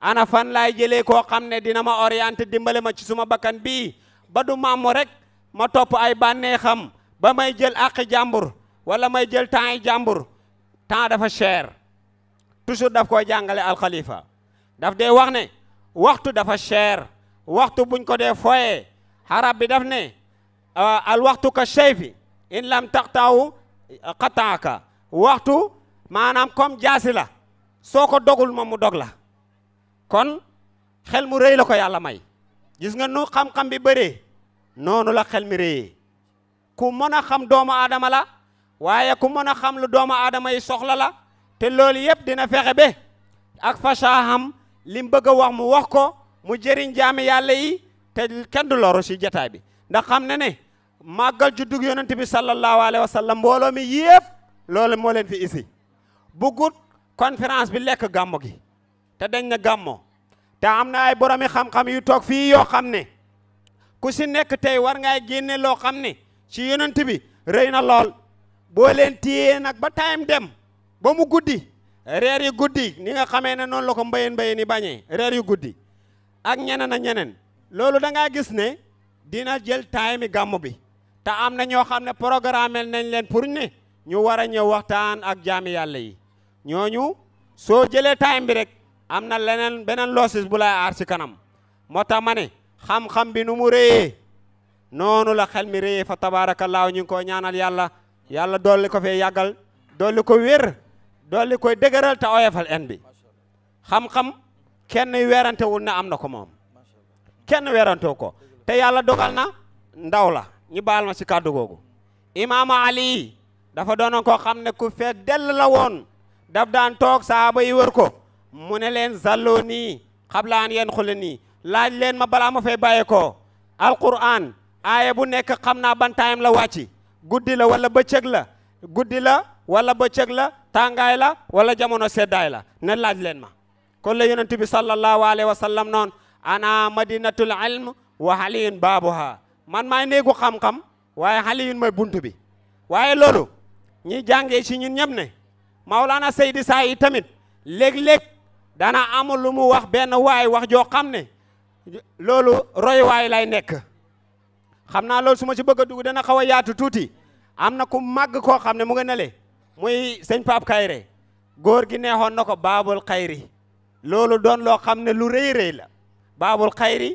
ana fan laay jëlee koo xam ne dina ma orienté dimbale ma ci suma bakkan bii ba du ma amu rek ma topp ay bànneexam ba may jël àqi jàmbur wala may jël temps yi jàmbur temps dafa cher toujours daf koy jàngale alkalifa daf dee wax ne waxtu dafa cher waxtu buñ ko dee foye xarab bi daf ne ah, al waxtu ka shayfi in lam taqtaawu qataaka waxtu maanaam comme jaasi la soo ko dogul ma mu dog la kon xel mu rëy la ko yàlla may gis nga nu xam-xam bi bëree noonu la xel mi ku mën a xam doomu aadama la waaye ku mën a xam lu doomu aadama yi soxla la te loolu yëpp dina fexe ba ak fasaaham li mu bëgg a wax mu wax ko mu jëriñ jaami yàlla yi te kenn du si jataay bi ndax xam ne ne màggal juddug yonent bi sallallahu alayhi wa sallam mbooloo mi yëpp loolu moo leen fi isi bugut conférence bi lekk gàmmu gi te dañ na gàmmo te am na ay boromi xam-xam yu toog fii yoo xam ne ku si nekk tey war ngay génne loo xam ne ci yonent bi rëy na lool boo leen téyee nag ba time dem ba mu guddi reer yu guddi ni nga xamee ne noonu la ko mbayeen mbayeen yi bañee reer yu guddi ak ñeneen a ñeneen loolu da gis ne dina jël time yi gàmmu bi te am na ñoo xam ne programme nañ leen pour ne ñu war a ñëw waxtaan ak jaami yàlla yi ñoo ñooñu soo jëlee time bi rek am na leneen beneen loosis bu lay aar ci kanam moo tax ma ne xam-xam bi nu mu réyee noonu la xel mi réyee fa tabaarakallaahu ñu ngi ko ñaanal yàlla yàlla dolli ko fee yàggal dolli ko wér dolli koy dëgëral te oyofal en bi xam-xam kenn werantewul ne am na ko moom kenn werantewu ko te yàlla dogal na ndaw la ñu baal ma ci kàddu googu imaama ali dafa doonoon koo xam ne ku fee dell la woon daf daan toog saaba yi wër ko mu ne leen zalloo nii xabla an yeen xule nii laaj leen ma balaa ma fay bàyyeekoo alquran aaya bu nekk xam naa ban taayam la wàcci guddi la wala bëccëg la guddi la wala bëccëg la tàngaay la wala jamono seddaay la ne laaj leen ma kon la yonent bi sallallahu alayhi wa sallam noon ana madinatul ilm wa haliyun baabuha man maay néegu xam-xam waaye haliyun mooy buntu bi waaye loolu ñi jàngee ci ñun ñëpp ne maolana seydi saa tamit léeg-léeg dana am lu mu wax benn waay wax joo xam ne loolu royuwaay lay nekk xam naa loolu su ma ci bëgg a dugg dana xaw a yaatu tuuti am na ku màgg koo xam ne mu nga nele muy sëñ Pape Kayre góor gi neexoon na ko baabul xayri loolu doon loo xam ne lu rëy rëy la baabul xayri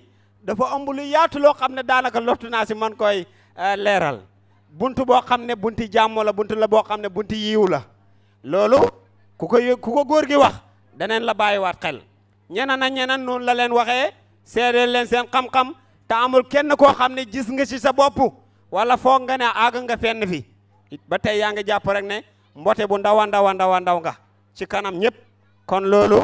dafa ëmb lu yaatu loo xam ne daanaka lottu naa si man koy eh, leeral buntu boo xam ne bunti jàmm la buntu la boo xam ne bunti yiw la loolu ku ko ku ko góor gi wax daneen la bàyyiwaat xel ñeneen ak ñeneen noonu la leen waxee seedeel leen seen xam-xam te amul kenn koo xam ne gis nga si sa bopp wala foog nga ne àgg nga fenn fi ba tey yaa ngi jàpp rek ne mbote bu ndaw a ndaw a nga ci kanam ñëpp kon loolu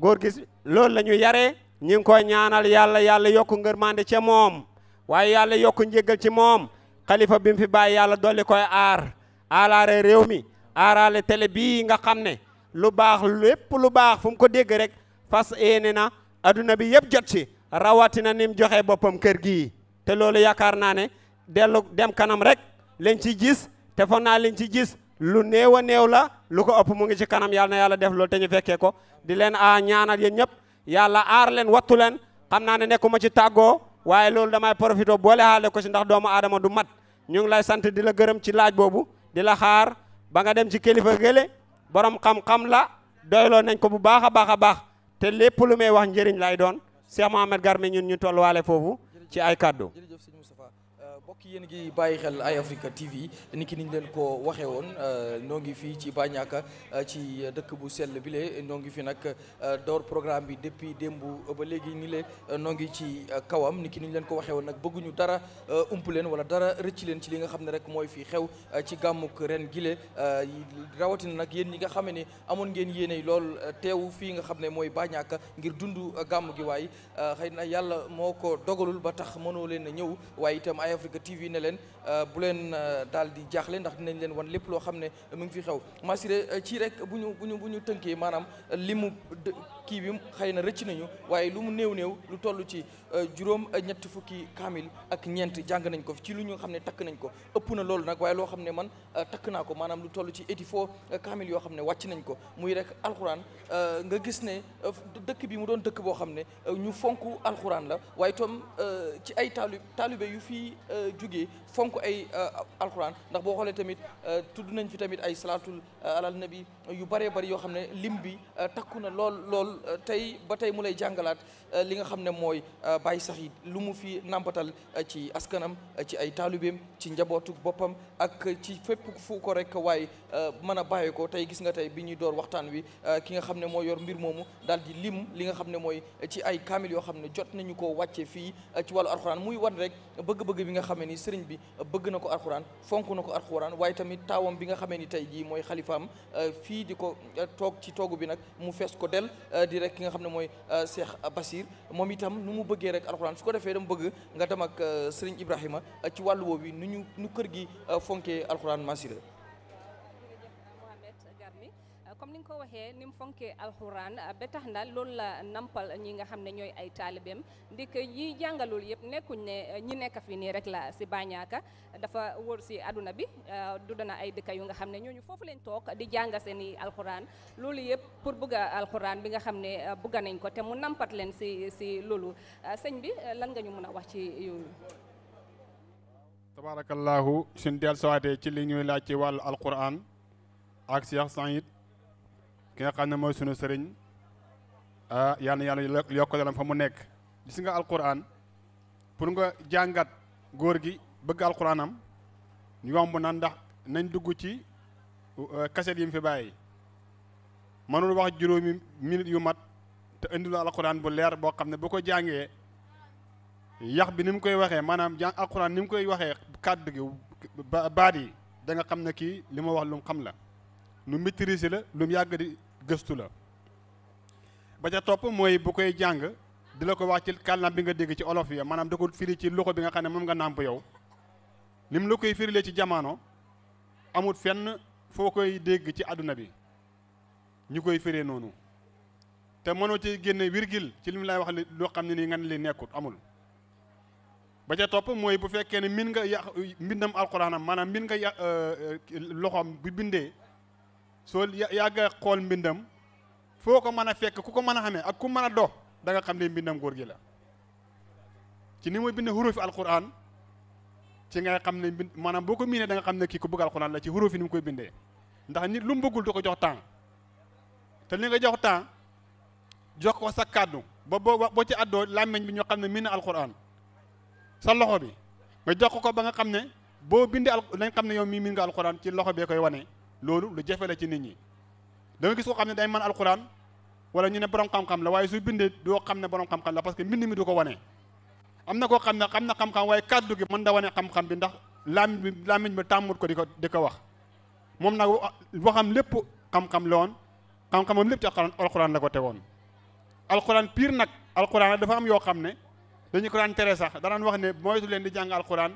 góor gi loolu la yare yaree koy ñaanal yàlla yàlla yokku ngërmande ca moom waaye yàlla yokku njéggal ci moom xalifa bi mu fi bàyyi yàlla dolli koy aar aalaare réew mi aaraale tele bii nga xam ne lu baax lépp lu baax fum ko dégg rek fas yéene na adduna bi yëpp jot si rawatina ni joxe boppam kër gi te loolu yaakaar naa ne dellu dem kanam rek lañ ci gis te foog naa lañ ci gis lu néew a néew la lu ko ëpp mu ngi si kanam yàlla na yàlla def loolu te ñu fekkee ko di leen a ñaanal yéen ñëpp yàlla aar leen wattu leen xam naa ne nekkuma ci tàggoo waaye loolu damay profité boole xaale ko si ndax doomu aadama du mat ñu ngi lay sant di la gërëm ci laaj boobu di la xaar ba nga dem ci borom xam-xam la doyloo nañ ko bu baax a baax a baax te lépp lu may wax njëriñ lay doon Cheikh Mohamed Garmi ñun ñu tolluwaale foofu ci ay kàddu mbokk yéen gi bàyyi xel Eye Africa TV ni ki niñ leen ko waxee woon euh, noo ngi fii ci Banyanka euh, ci dëkk bu sell bi noo ngi fi nag euh, door programme bi depuis démb ba léegi ni lee noo ngi ci kawam ni ki niñ leen ko waxee woon nag bëgguñu dara ump leen wala dara rëcc leen ci li nga xam ne rek mooy fii xew ci gàmmuk ren gile rawatina nag yéen ñi nga xam ni amoon ngeen yéene lool teew fii nga xam ne mooy Banyanka ngir dundu gàmm gi waaye xëy na yàlla moo ko dogalul tax mënoo leen a ñëw TV ne leen euh, bu leen euh, daal di jaaxle ndax dinañ leen wan lépp loo xam ne mu ngi fi xew Massiré euh, ci rek bu ñu bu ñu bu ñu tënkee maanaam limu kii bi xëy na rëcc nañu waaye lu mu néew néew lu toll ci euh, juróom euh, ñetti fukki kaamil ak ñeent jàng nañ ko ci lu ñu xam ne takk nañ ko ëpp na loolu nag waaye loo xam ne man euh, takk naa ko maanaam lu tollu ci eighty four kaamil yoo xam ne wàcc nañ ko muy rek alxuraan nga gis ne dëkk bi mu doon dëkk boo xam ne ñu fonk alxuraan la waaye itam ci ay taalu taalibe yu fi jugee fonk ay alxuraan ndax boo xoolee tamit tudd nañ fi tamit ay salaatul alal nabi yu bëree bëri yoo xam ne lim bi takku na lool lool Euh, tey ba tey mu lay jàngalaat euh, li nga xam ne mooy euh, Baye Saxiid lu mu fi nàmpatal ci askanam ci ay taalibeem ci njabootu boppam ak ci fépp fu ko rek waaye mën a bàyyi ko tey gis nga tey bi ñuy door waxtaan wi ki nga xam ne moo yor mbir moomu daal di lim li nga xam ne mooy ci ay kaamil yoo xam ne jot nañu ko wàcce fii ci wàllu arxuraan muy wan rek bëgg-bëgg bi nga xamee ni sëriñ bi bëgg na ko arxuraan fonk na ko arxuraan waaye tamit taawam bi nga xamee ni tey jii mooy xalifaam fii di ko toog ci toogu bi nag mu fees ko del Euh, di rek ki nga xam ne mooy euh, Cheikh Basir moom itam nu mu bëggee rek alxuraan su ko defee dama bëgg nga dem ak euh, Serigne Ibrahima ci wàllu woowu nu ñu nu kër gi fonkee alxuraan masira waxee ni mu fonkee alxuraan ba tax na loolu la nampal ñi nga xam ne ñooy ay taalibeem ndik yi jàngalul yëpp nekkuñ ne ñi nekk fi nii rek la si Banyanka dafa wër si àdduna bi euh, du na ay dëkk yu nga xam ne ñooñu foofu lañ toog di jàng seeni alxuraan loolu yëpp pour bëgg a alxuraan bi nga xam ne euh, bëgg nañ ko te mu nampat leen si si loolu euh, sëñ bi lan nga ñu mën a wax ci yooyu. tabaarakallaahu suñ dellusiwaatee ci li ñuy laaj ci alxuraan ki nga xam ne mooy sunu sëriñ ah yal na yàlla yokk dalam fa mu nekk gis nga alquran pour nga jàngat góor gi bëgg alquranam yomb na ndax nañ dugg ci kaset euh, yi mu fi bàyyi mënul wax juróomi minute yu mat te indil alquran bu leer boo xam ne bu ko jàngee yax bi ni mu koy waxee maanaam jàng alquran ni mu koy waxee kàddu gi baat yi da nga xam ne kii li ma wax lu mu xam la lu maîtriser la lu mu yàgg di gëstu la ba ca topp mooy bu koy jàng di la ko wax ci kàllaam bi nga dégg ci olof ya maanaam da ko firi ci loxo bi nga xam ne moom nga nàmp yow ni mu la koy firile ci jamono amut fenn foo koy dégg ci àdduna bi ñu koy firee noonu te mënoo ci génne virgule ci li mu lay wax li loo xam ne nii nga ne li nekkut amul ba ca topp mooy bu fekkee ne min nga yàq mbindam alxuraanam maanaam min nga yàq euh, euh, loxoom bu bindee soo yàgga xool mbindam foo ko mën a fekk ku ko mën a xamee ak ku mën a dox da xam ne mbindam góor gi la ci ni muy bind xurufi alquran ci ngay xam ne mbind maanaam boo ko miinee danga xam ne kii ko bëgg alquran la ci xurufi ni mu koy bindee ndax nit lu mu bëggul du ko jox temps te li nga jox temps jox ko sa kàddu ba boo boo ci àddoo làmmiñ bi ñu xam ne miin na alquran sa loxo bi nga jox ko ba nga xam ne boo bindee al nañ xam ne yow mii miin nga ci loxo bee koy wane. loolu lu jafe la ci nit ñi da nga gis ko xam ne day man alquran wala ñu ne borom xam-xam la waaye su bindee doo xam ne borom xam-xam la parce que mbind mi du ko wane. am na koo xam ne xam na xam-xam waaye kàddu gi mën da wane xam-xam bi ndax laam bi laamiñ bi tàmmut ko di ko di ko wax moom nag waxam lépp xam-xam loon woon xam-xamam lépp ci alquran la ko tegoon. alquran piir nag alquran dafa am yoo xam ne dañu ko daan tere sax danaan wax ne moytu leen di jàng alquran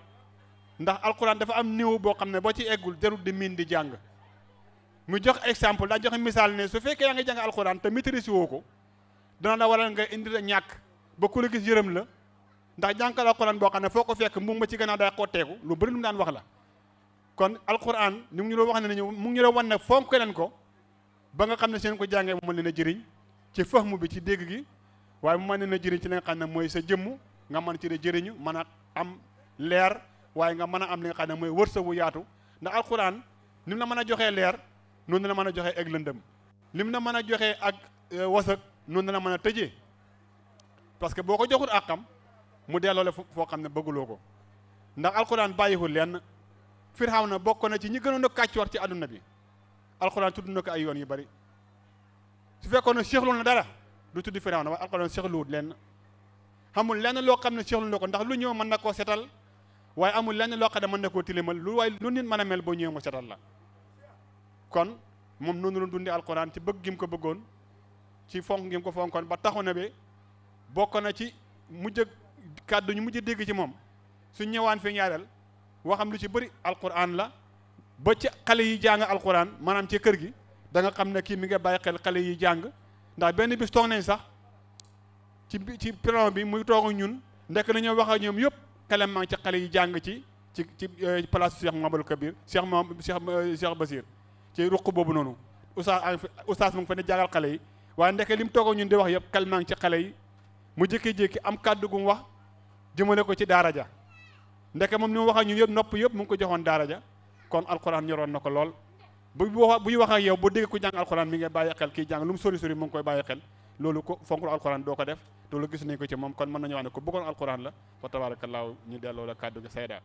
ndax alquran dafa am niveau boo xam ne boo ci eggul jarul di miin di jàng. mu jox exemple daa joxe misaal ne su fekkee yaa ngi jàng alxuraan te maîtrise woo ko dana la waral nga indi la ñàkk ba ku la gis yërëm la ndax jànkal alxuraan boo xam ne foo ko fekk mu ma ci gannaaw daa xotteeku lu bëri lu mu daan wax la kon alxuraan ñu ngi ñu doon wax ne ñu mu ngi ñu doon wan ne fonk leen ko ba nga xam ne seen ko jàngee mu mën leen a jëriñ ci fahmu bi ci dégg gi waaye mu mën leen na jëriñ ci li nga xam ne mooy sa jëmm nga mën ci jëriñu mën a am leer waaye nga mën a am li xam ne mooy wërsëg wu yaatu ndax ni mu mën a joxee leer noonu la mën a joxe ak lëndëm lim na mën a joxe ak euh, wasak noonu la mën a tëje parce que boo ko ak àqam mu delloo la foo xam ne bëgguloo ko ndax alxuraan bàyyiwul lenn Firawna bokk na ci ñi gënoon a kàccoor ci àdduna bi alxuraan tudd na yoon yu bari su fekkoon ne seexlu na dara du tudd Firawna waaye alxuraan seexluwut lenn xamul lenn loo xam ne seexlu na ko ndax lu ñëw mën na koo setal waaye amul lenn loo xam ne mën na koo tilimal lu waaye lu nit mën a mel boo ñëwee mu setal la. kon moom noonu la dundee alquran ci bëgg gim ko bëggoon ci fonk gim ko fonkoon ba taxu na be bokk na ci mu mujj kàddu ñu mujj dégg ci moom su ñëwaan fi ñaareel waxam lu ci bëri alquran la ba ci xale yi jàng alquran maanaam ci kër gi da nga xam ne kii mi nga bàyyi xel xale yi jàng ndax benn bis toog nañ sax ci ci plan bi muy toog ñun ndekk na ñoo wax ak ñoom yëpp xelam maa ci xale yi jàng ci ci ci euh, place Cheikh Mouhamadou Kabir Cheikh Cheikh euh, Cheikh Basir ci ruq boobu noonu oustaz oustaz mu ngi fa ne jàngal xale yi waaye ndeke li mu toog ñun di wax yëpp kalmaa ngi ci xale yi mu jékki am kàddu gu mu wax jëmale ko ci daara ja ndeke moom ni mu wax ak ñun yëpp nopp yëpp mu ngi ko joxoon daara ja kon alquran ñoroon na ko lool bu buy wax ak yow bu dégg ku jàng alquran mi ngay bàyyi xel kii jàng lu mu sori sori mu ngi koy bàyyi xel loolu ko fonkul alquran doo ko def loolu gis nañ ko ci moom kon mën nañu wax ne ko bëggoon alquran la fa tabarakallahu ñu delloo la kàddu gi sayda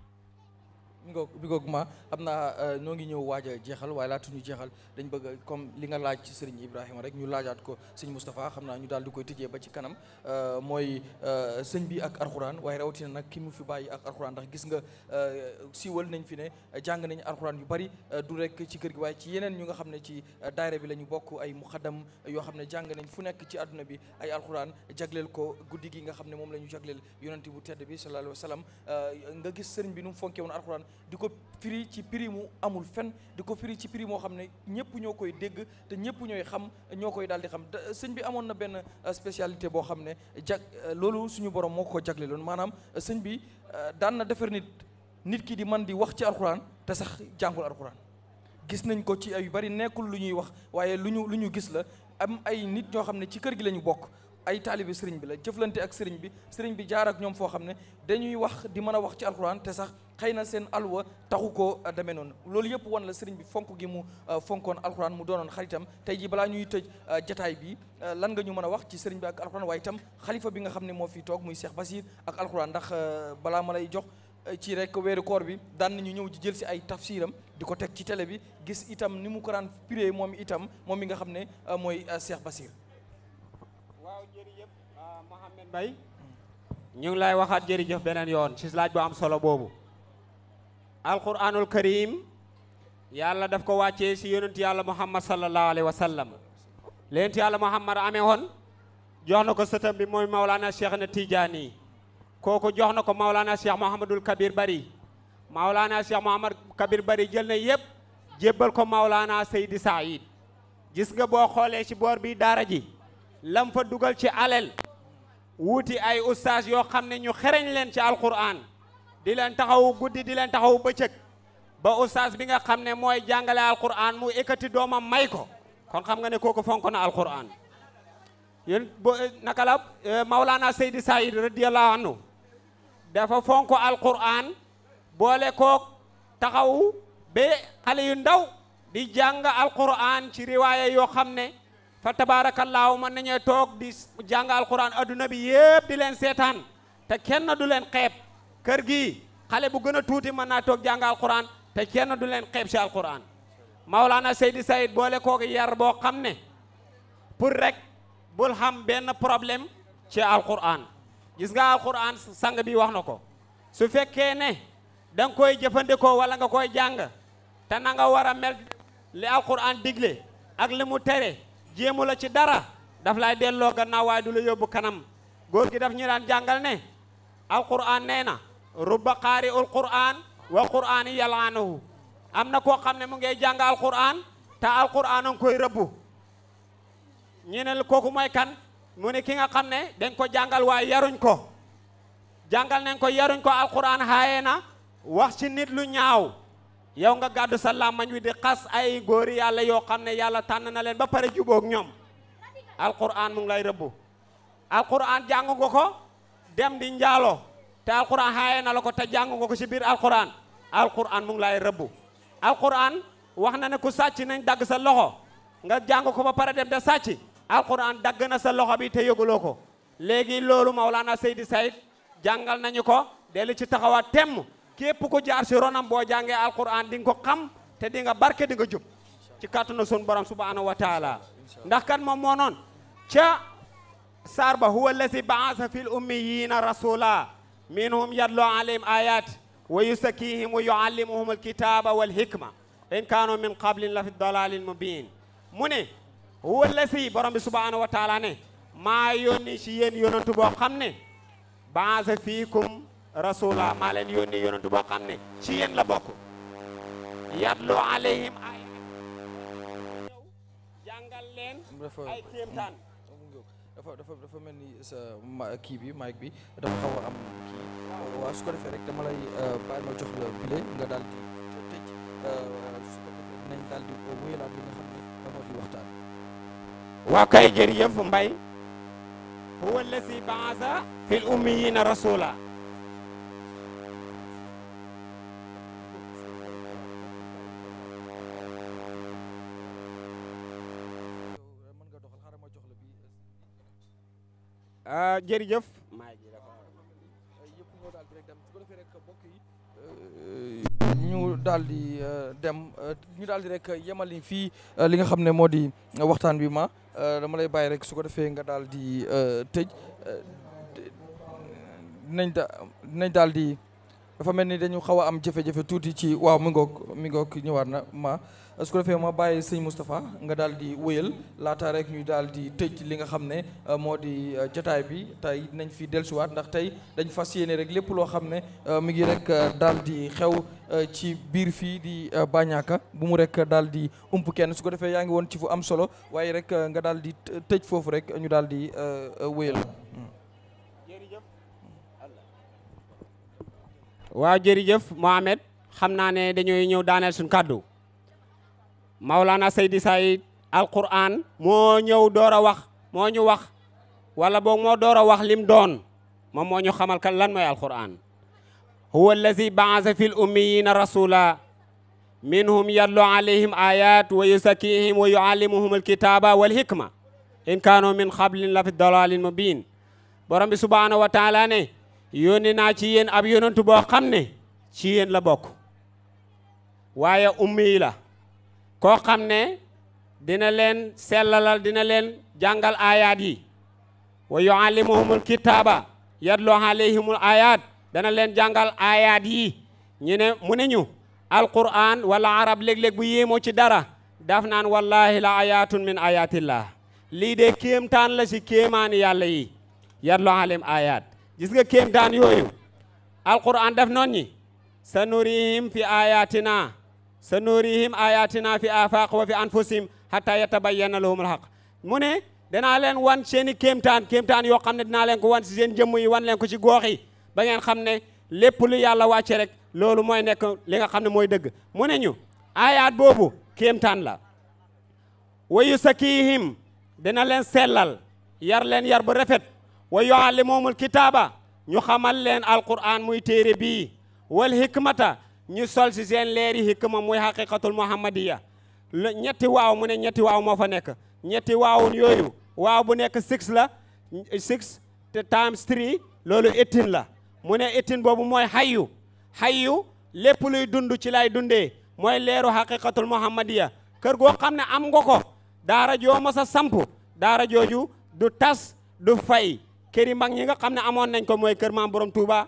ngoog bi ngoog ma xam naa ñoo euh, ngi ñëw waaj a jeexal waaye laata ñu jeexal dañ bëgg comme li nga laaj ci sëriñ Ibrahima rek ñu laajaat ko sëñ Moustapha xam naa ñu daal di koy tëjee ba ci kanam euh, mooy euh, sëñ bi ak arxuraan waaye rawatina nag ki mu fi bàyyi ak arxuraan ndax gis nga siiwal nañ fi ne jàng nañ arxuraan yu bari du rek ci kër gi waaye ci yeneen ñu nga xam ne ci daayira bi la ñu bokk ay muxadam yoo xam ne jàng nañ fu nekk ci àdduna bi ay arxuraan jagleel ko guddi gi nga ne moom la ñu jagleel yonente bu tedd bi sallallahu alayhi wa nga gis sëriñ bi nu mu fonke woon arxuraan di ko firi ci prix mu amul fen di ko firi ci prix moo xam ne ñëpp ñoo koy dégg te ñëpp ñooy xam ñoo koy daal di xam sëñ bi amoon na benn euh, spécialité boo xam ne jag euh, loolu suñu borom moo ko jagle jagleeloon maanaam euh, sëñ bi daan na defar nit nit ki di man di wax ci alxuraan te sax jàngul alxuraan gis nañ ko ci ay yu bari nekkul lu ñuy wax waaye lu ñu lu ñu gis la am ay nit ñoo xam ne ci kër gi la ñu bokk ay taalibi sëriñ bi la jëflante ak sëriñ bi sëriñ bi jaar ak ñoom foo xam ne dañuy wax di mën a wax ci alxuraan te sax xëy na seen alwa taxu ko uh, demee noonu loolu yëpp wan la sëriñ bi fonk gi mu uh, fonkoon alxuraan mu doonoon xaritam tey ji balaa ñuy tëj uh, jataay bi lan nga ñu mën a wax ci sëriñ bi ak alxuraan waaye itam xalifa bi nga xam ne moo fi toog muy Cheikh Basir ak alxuraan ndax balaa ma lay jox ci rek weeru koor bi daan nañu ñëw ji jël si ay tafsiram di ko teg ci télé bi gis itam ni mu ko daan piree moom itam moom mi nga xam ne mooy Cheikh Basir bay ñu ngi lay waxaat jërëjëf beneen yoon ci laaj bu am solo boobu alquranul karim yàlla daf ko wàccee si yonent yàlla muhammad sallallahu alayhi wa sallam leent yàlla muhammad amee woon jox na ko sëtam bi mooy maolana cheikh na tijaani yi kooku jox na ko maolana cheikh mouhamadul kabir bari maolana cheikh mouhamad kabir bari jël na yépp jébbal ko maolana seydi saïd gis nga boo xoolee ci boor bi daara ji lam fa dugal ci alel wuuti ay ustaas yoo xam ne ñu xereñ leen ci alquran di leen taxaw guddi di leen taxaw cëg ba ustaas bi nga xam ne mooy jàngale alquran mu ekkati doomam may ko kon xam nga ne kooku fonk na alquran yéen bo eh, naka la eh, Maulana Seydi Saïd radiyallahu anhu dafa fonk alquran boole kook taxaw ba xale yu ndaw di jàng alquran ci riwaaya yoo xam ne fa tabaarakallaahu mën nañoo toog di jàng alquran adduna bi yëpp di leen seetaan te kenn du leen xeeb kër gi xale bu gën a tuuti mën naa toog jàng alquran te kenn du leen xeeb si alquran Maulana Seydi Saïd boole kooku yar boo xam ne pour rek bul xam benn problème ci alquran gis nga alquran sang bi wax na ko su fekkee ne da koy jëfandikoo wala nga koy jàng te na nga war a mel li alquran digle ak li mu tere. jéemu la ci dara daf lay delloo gannaaw waaye du la yóbbu kanam góor gi daf ñu daan jàngal ne alquran nee na rubba qaari ul quran wa quran yi yalaanahu am na koo xam ne mu ngay jàng alquran te alquran a ngi koy rëbbu ñu ne kooku mooy kan mu ne ki nga xam ne dañ ko jàngal waaye yaruñ ko jàngal nañ ko yaruñ ko alquran xaayee na wax ci nit lu ñaaw yow nga gàddu sa làmmañ wi di xas ay góor yàlla yoo xam ne yàlla tànn na leen ba pare jubóog ñoom alquran mu ngi lay rëbbu alquran jàng nga ko dem di njaaloo te alquran xaaye na la ko te jàng nga ko ci biir alquran alquran mu ngi lay rëbbu alquran wax na ne ku sàcc nañ dagg sa loxo nga jàng ko ba pare dem de sàcc alquran dagg na sa loxo bi te yëguloo ko léegi loolu Maulana Seydi Saïd jàngal nañu ko de dellu ci taxawaat temm képp ku jaar si ronam boo jàngee alquran di nga ko te di nga barke di nga jub ci kàttanu sun borom subhanahu wa taala ndax kan moom moo ca saar ba huwa allazi baasa fil ummiyina rasula minhum yatlu alayhim ayat wa yusakihim wa yuallimuhum alkitaba wal hikma in kaanu min qablin la fi dalalin mubin mu ne huwa allazi borom bi subhanahu wa taala ne maa yónni si yéen yonantu boo xam ne baasa fiikum rasula maa leen yónni yonentu boo xam ci yéen la bokk yatlu alayhim ay ay kéemtaan dafa dafa dafa mel ni dafa xaw a kii waaw su ko rek dama lay euh, baal ma jox la nga daal di tëj euh, su ko defee nañ daal di nga xam ne damoo di waxtaan waa kay jërëjëf Mbaye huwa allazi baasa fil ummiyina rasula ah jërëjëf. ñu daal di euh, dem euh, ñu daal rek yemal ni fii euh, li nga xam ne moo di waxtaan wi ma dama lay bàyyi rek su ko defee nga daal di tëj dinañ da dinañ daal di. dafa mel ni dañu xaw a am jafe-jafe tuuti ci waaw mi ngoog mi ngoog ñëwaat na ma su ko defee ma bàyyi sëñ Moustapha nga daal di wéyal laata rek ñu daal di tëj li nga xam ne euh, moo di euh, jataay bi tey nañ fi dellusiwaat ndax tey dañ fas yéene rek lépp loo xam ne euh, mi ngi rek daal di xew ci biir fii di Banyanka bu mu rekk daal di ump kenn su ko defee yaa ngi woon ci fu am solo waaye rek nga daal di tëj foofu rek ñu daal di wéyal. Hmm. waaw jërëjëf Mohamed xam naa ne dañooy ñëw daaneel suñu kàddu Maulana Seydi Saïd alquran moo ñëw doora a wax moo ñu wax wala boog moo door wax lim doon moom moo ñu xamal kan lan mooy alquran huwa allazi baasa fi l ummiyina minhum yatlu alayhim ayat wa yusakkihim wa yuallimuhum alkitaba wal hikma in kaanu min qablin la fi dalalin mubin borom bi subhanahu wa ne yónni naa ci yéen ab yonantu boo xam ne ci yéen la bokk waaye ummi la koo xam ne dina leen sellalal dina leen jàngal ayaat yi wa yuallimuhumul kitaaba yatlu alayhimul ayaat dana leen jàngal ayaat yi ñu ne mu ne ñu alquran wala arab léeg-léeg bu yéemoo ci dara daf naan wallahi la ayatun min ayatillah lii de kéemtaan la si kéemaani yàlla yi yatlu alayhim gis nga kéemtaan yooyu alquran def noon ñi sa nurihim fi ayatina sa nurihim ayatina fi afaq wa fi anfusihim hatta yatabayyana lahum alhaq mu ne danaa leen wan seeni kéemtaan kéemtaan yoo xam ne dinaa leen ko wan si seen jëmm yi wan leen ko ci goox yi ba ngeen xam ne lépp lu yàlla wàcce rek loolu mooy nekk li nga xam ne mooy dëgg mu ne ñu ayaat boobu kéemtaan la wayu sakihim dina leen sellal yar leen yar bu rafet wa yuallimuhumul kitaaba ñu xamal leen alquran muy téere bii wal hikmata ñu sol si seen leeri hikma muy haqiqatul muhammadiya ñetti waaw mu ne ñetti waaw moo fa nekk ñetti waawun yooyu waaw bu nekk six la six times three loolu eighteen la mu ne eighteen boobu mooy hayyu hayyu lépp luy dund ci lay dundee mooy leeru haqiqatul muhammadiya kër goo xam ne am nga ko daara joo mos a samp daara jooju du tas du fay kër yi mag ñi nga xam ne amoon nañ ko mooy kër maam borom Touba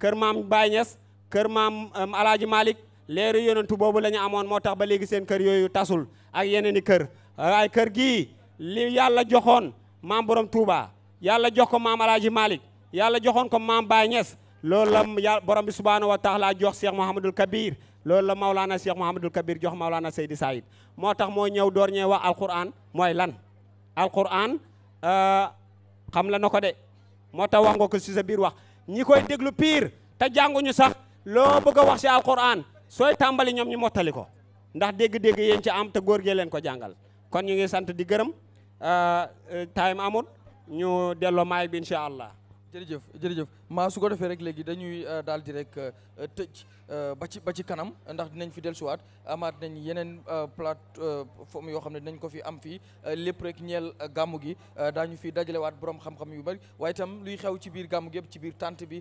kër maam Baye Niass kër maam um, Alaaji Malick leeru yonentu boobu lañu amoon moo tax ba léegi seen kër yooyu tasul ak yeneen i kër waaye kër gii li yàlla joxoon maam borom Touba yàlla jox ko maam Alaaji Malick yàlla joxoon ko maam Baye Niass loolu la borom bi subhaanahu wa laa jox Cheikh Mouhamadul Kabir loolu la Maulana Cheikh Mouhamadul Kabir jox Maulana Seydi Saïd moo tax moo ñëw door ñee wax alquran mooy lan euh, xam la na ko de moo tax wax nga ko si sa biir wax ñi koy déglu piir te jànguñu sax loo bëgg a wax si alquran sooy tàmbali ñoom ñu mottali ko ndax dégg-dégg yéen ci am te góor gee leen ko jàngal kon ñu ngi sant di gërëm euh, euh, time amul ñu delloo maay bi incha allah. jërëjëf jërëjëf maa su ko defee rek léegi dañuy euh, daal di rek tëj. Euh, ba ci ba ci kanam ndax dinañ fi dellusiwaat amaat nañ yeneen euh, plateforme euh, yoo xam ne dinañ ko fi am fii lépp rek ñeel gàmmu gi daañu fi dajalewaat borom xam-xam yu bëri waaye itam luy xew ci biir gàmmu gi yëpp ci biir tante bi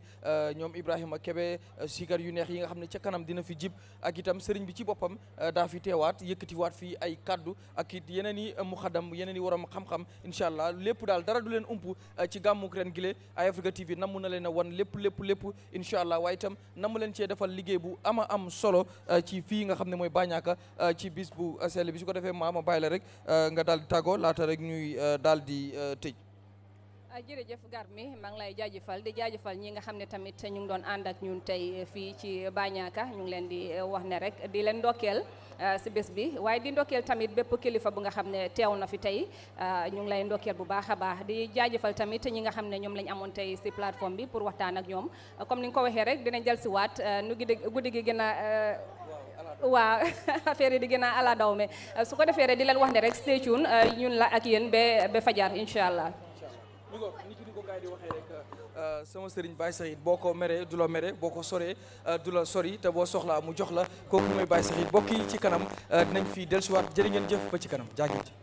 ñoom Ibrahima Kebe sigar yu neex yi nga xam ne ci kanam dina fi jib ak itam sëriñ bi ci boppam daa fi teewaat yëkkatiwaat fii ay kaddu ak it yeneen i muxadam yeneen i waram xam-xam incha allah lépp daal dara du leen ump ci gàmmuk ren gile Eye Africa TV namm na leen a wan lépp lépp lépp incha allah waaye itam namm leen cee defal liggéey bu ama am solo euh, ci fii nga xam ne mooy Banyanka euh, ci bis bu euh, sell bi su ko defee ma ma bàyyi la rek nga daal di tàggoo laata rek ñuy daal di tëj Ah, jërëjëf Garmi maa ngi lay jaajëfal di jaajëfal ñi nga xam ne tamit ñu ngi doon ànd ak ñun tey eh, fii ci baañaaka ñu ngi leen di eh, wax ne rek di leen ndokkeel ah, si bés bi waaye di ndokkeel tamit bépp kilifa bu nga xam ne teew na fi tey ah, ñu ngi lay bu baax a baax di jaajëfal tamit ñi nga xam ne ñoom lañ amoon tey si plateforme bi pour waxtaan ak ñoom comme ni nga ko waxee rek dinañ jël si waat nu guddi guddi gi gën a waaw affaire di gën a ala me su ko defee rek di leen wax ne rek stay tuned ñun la ak yéen ba ba fajar incha allah ñu ko ni ki ni ko gars di waxee rek euh, sama sëriñ Baye Saxit boo ko meree du la mere boo ko soree euh, du la sori te boo soxlaa mu jox la kooku mooy Baye Saxit bokk yi ci kanam euh, dinañ fi dellusiwaat jërë ngeen jëf ba ci kanam jaageen ci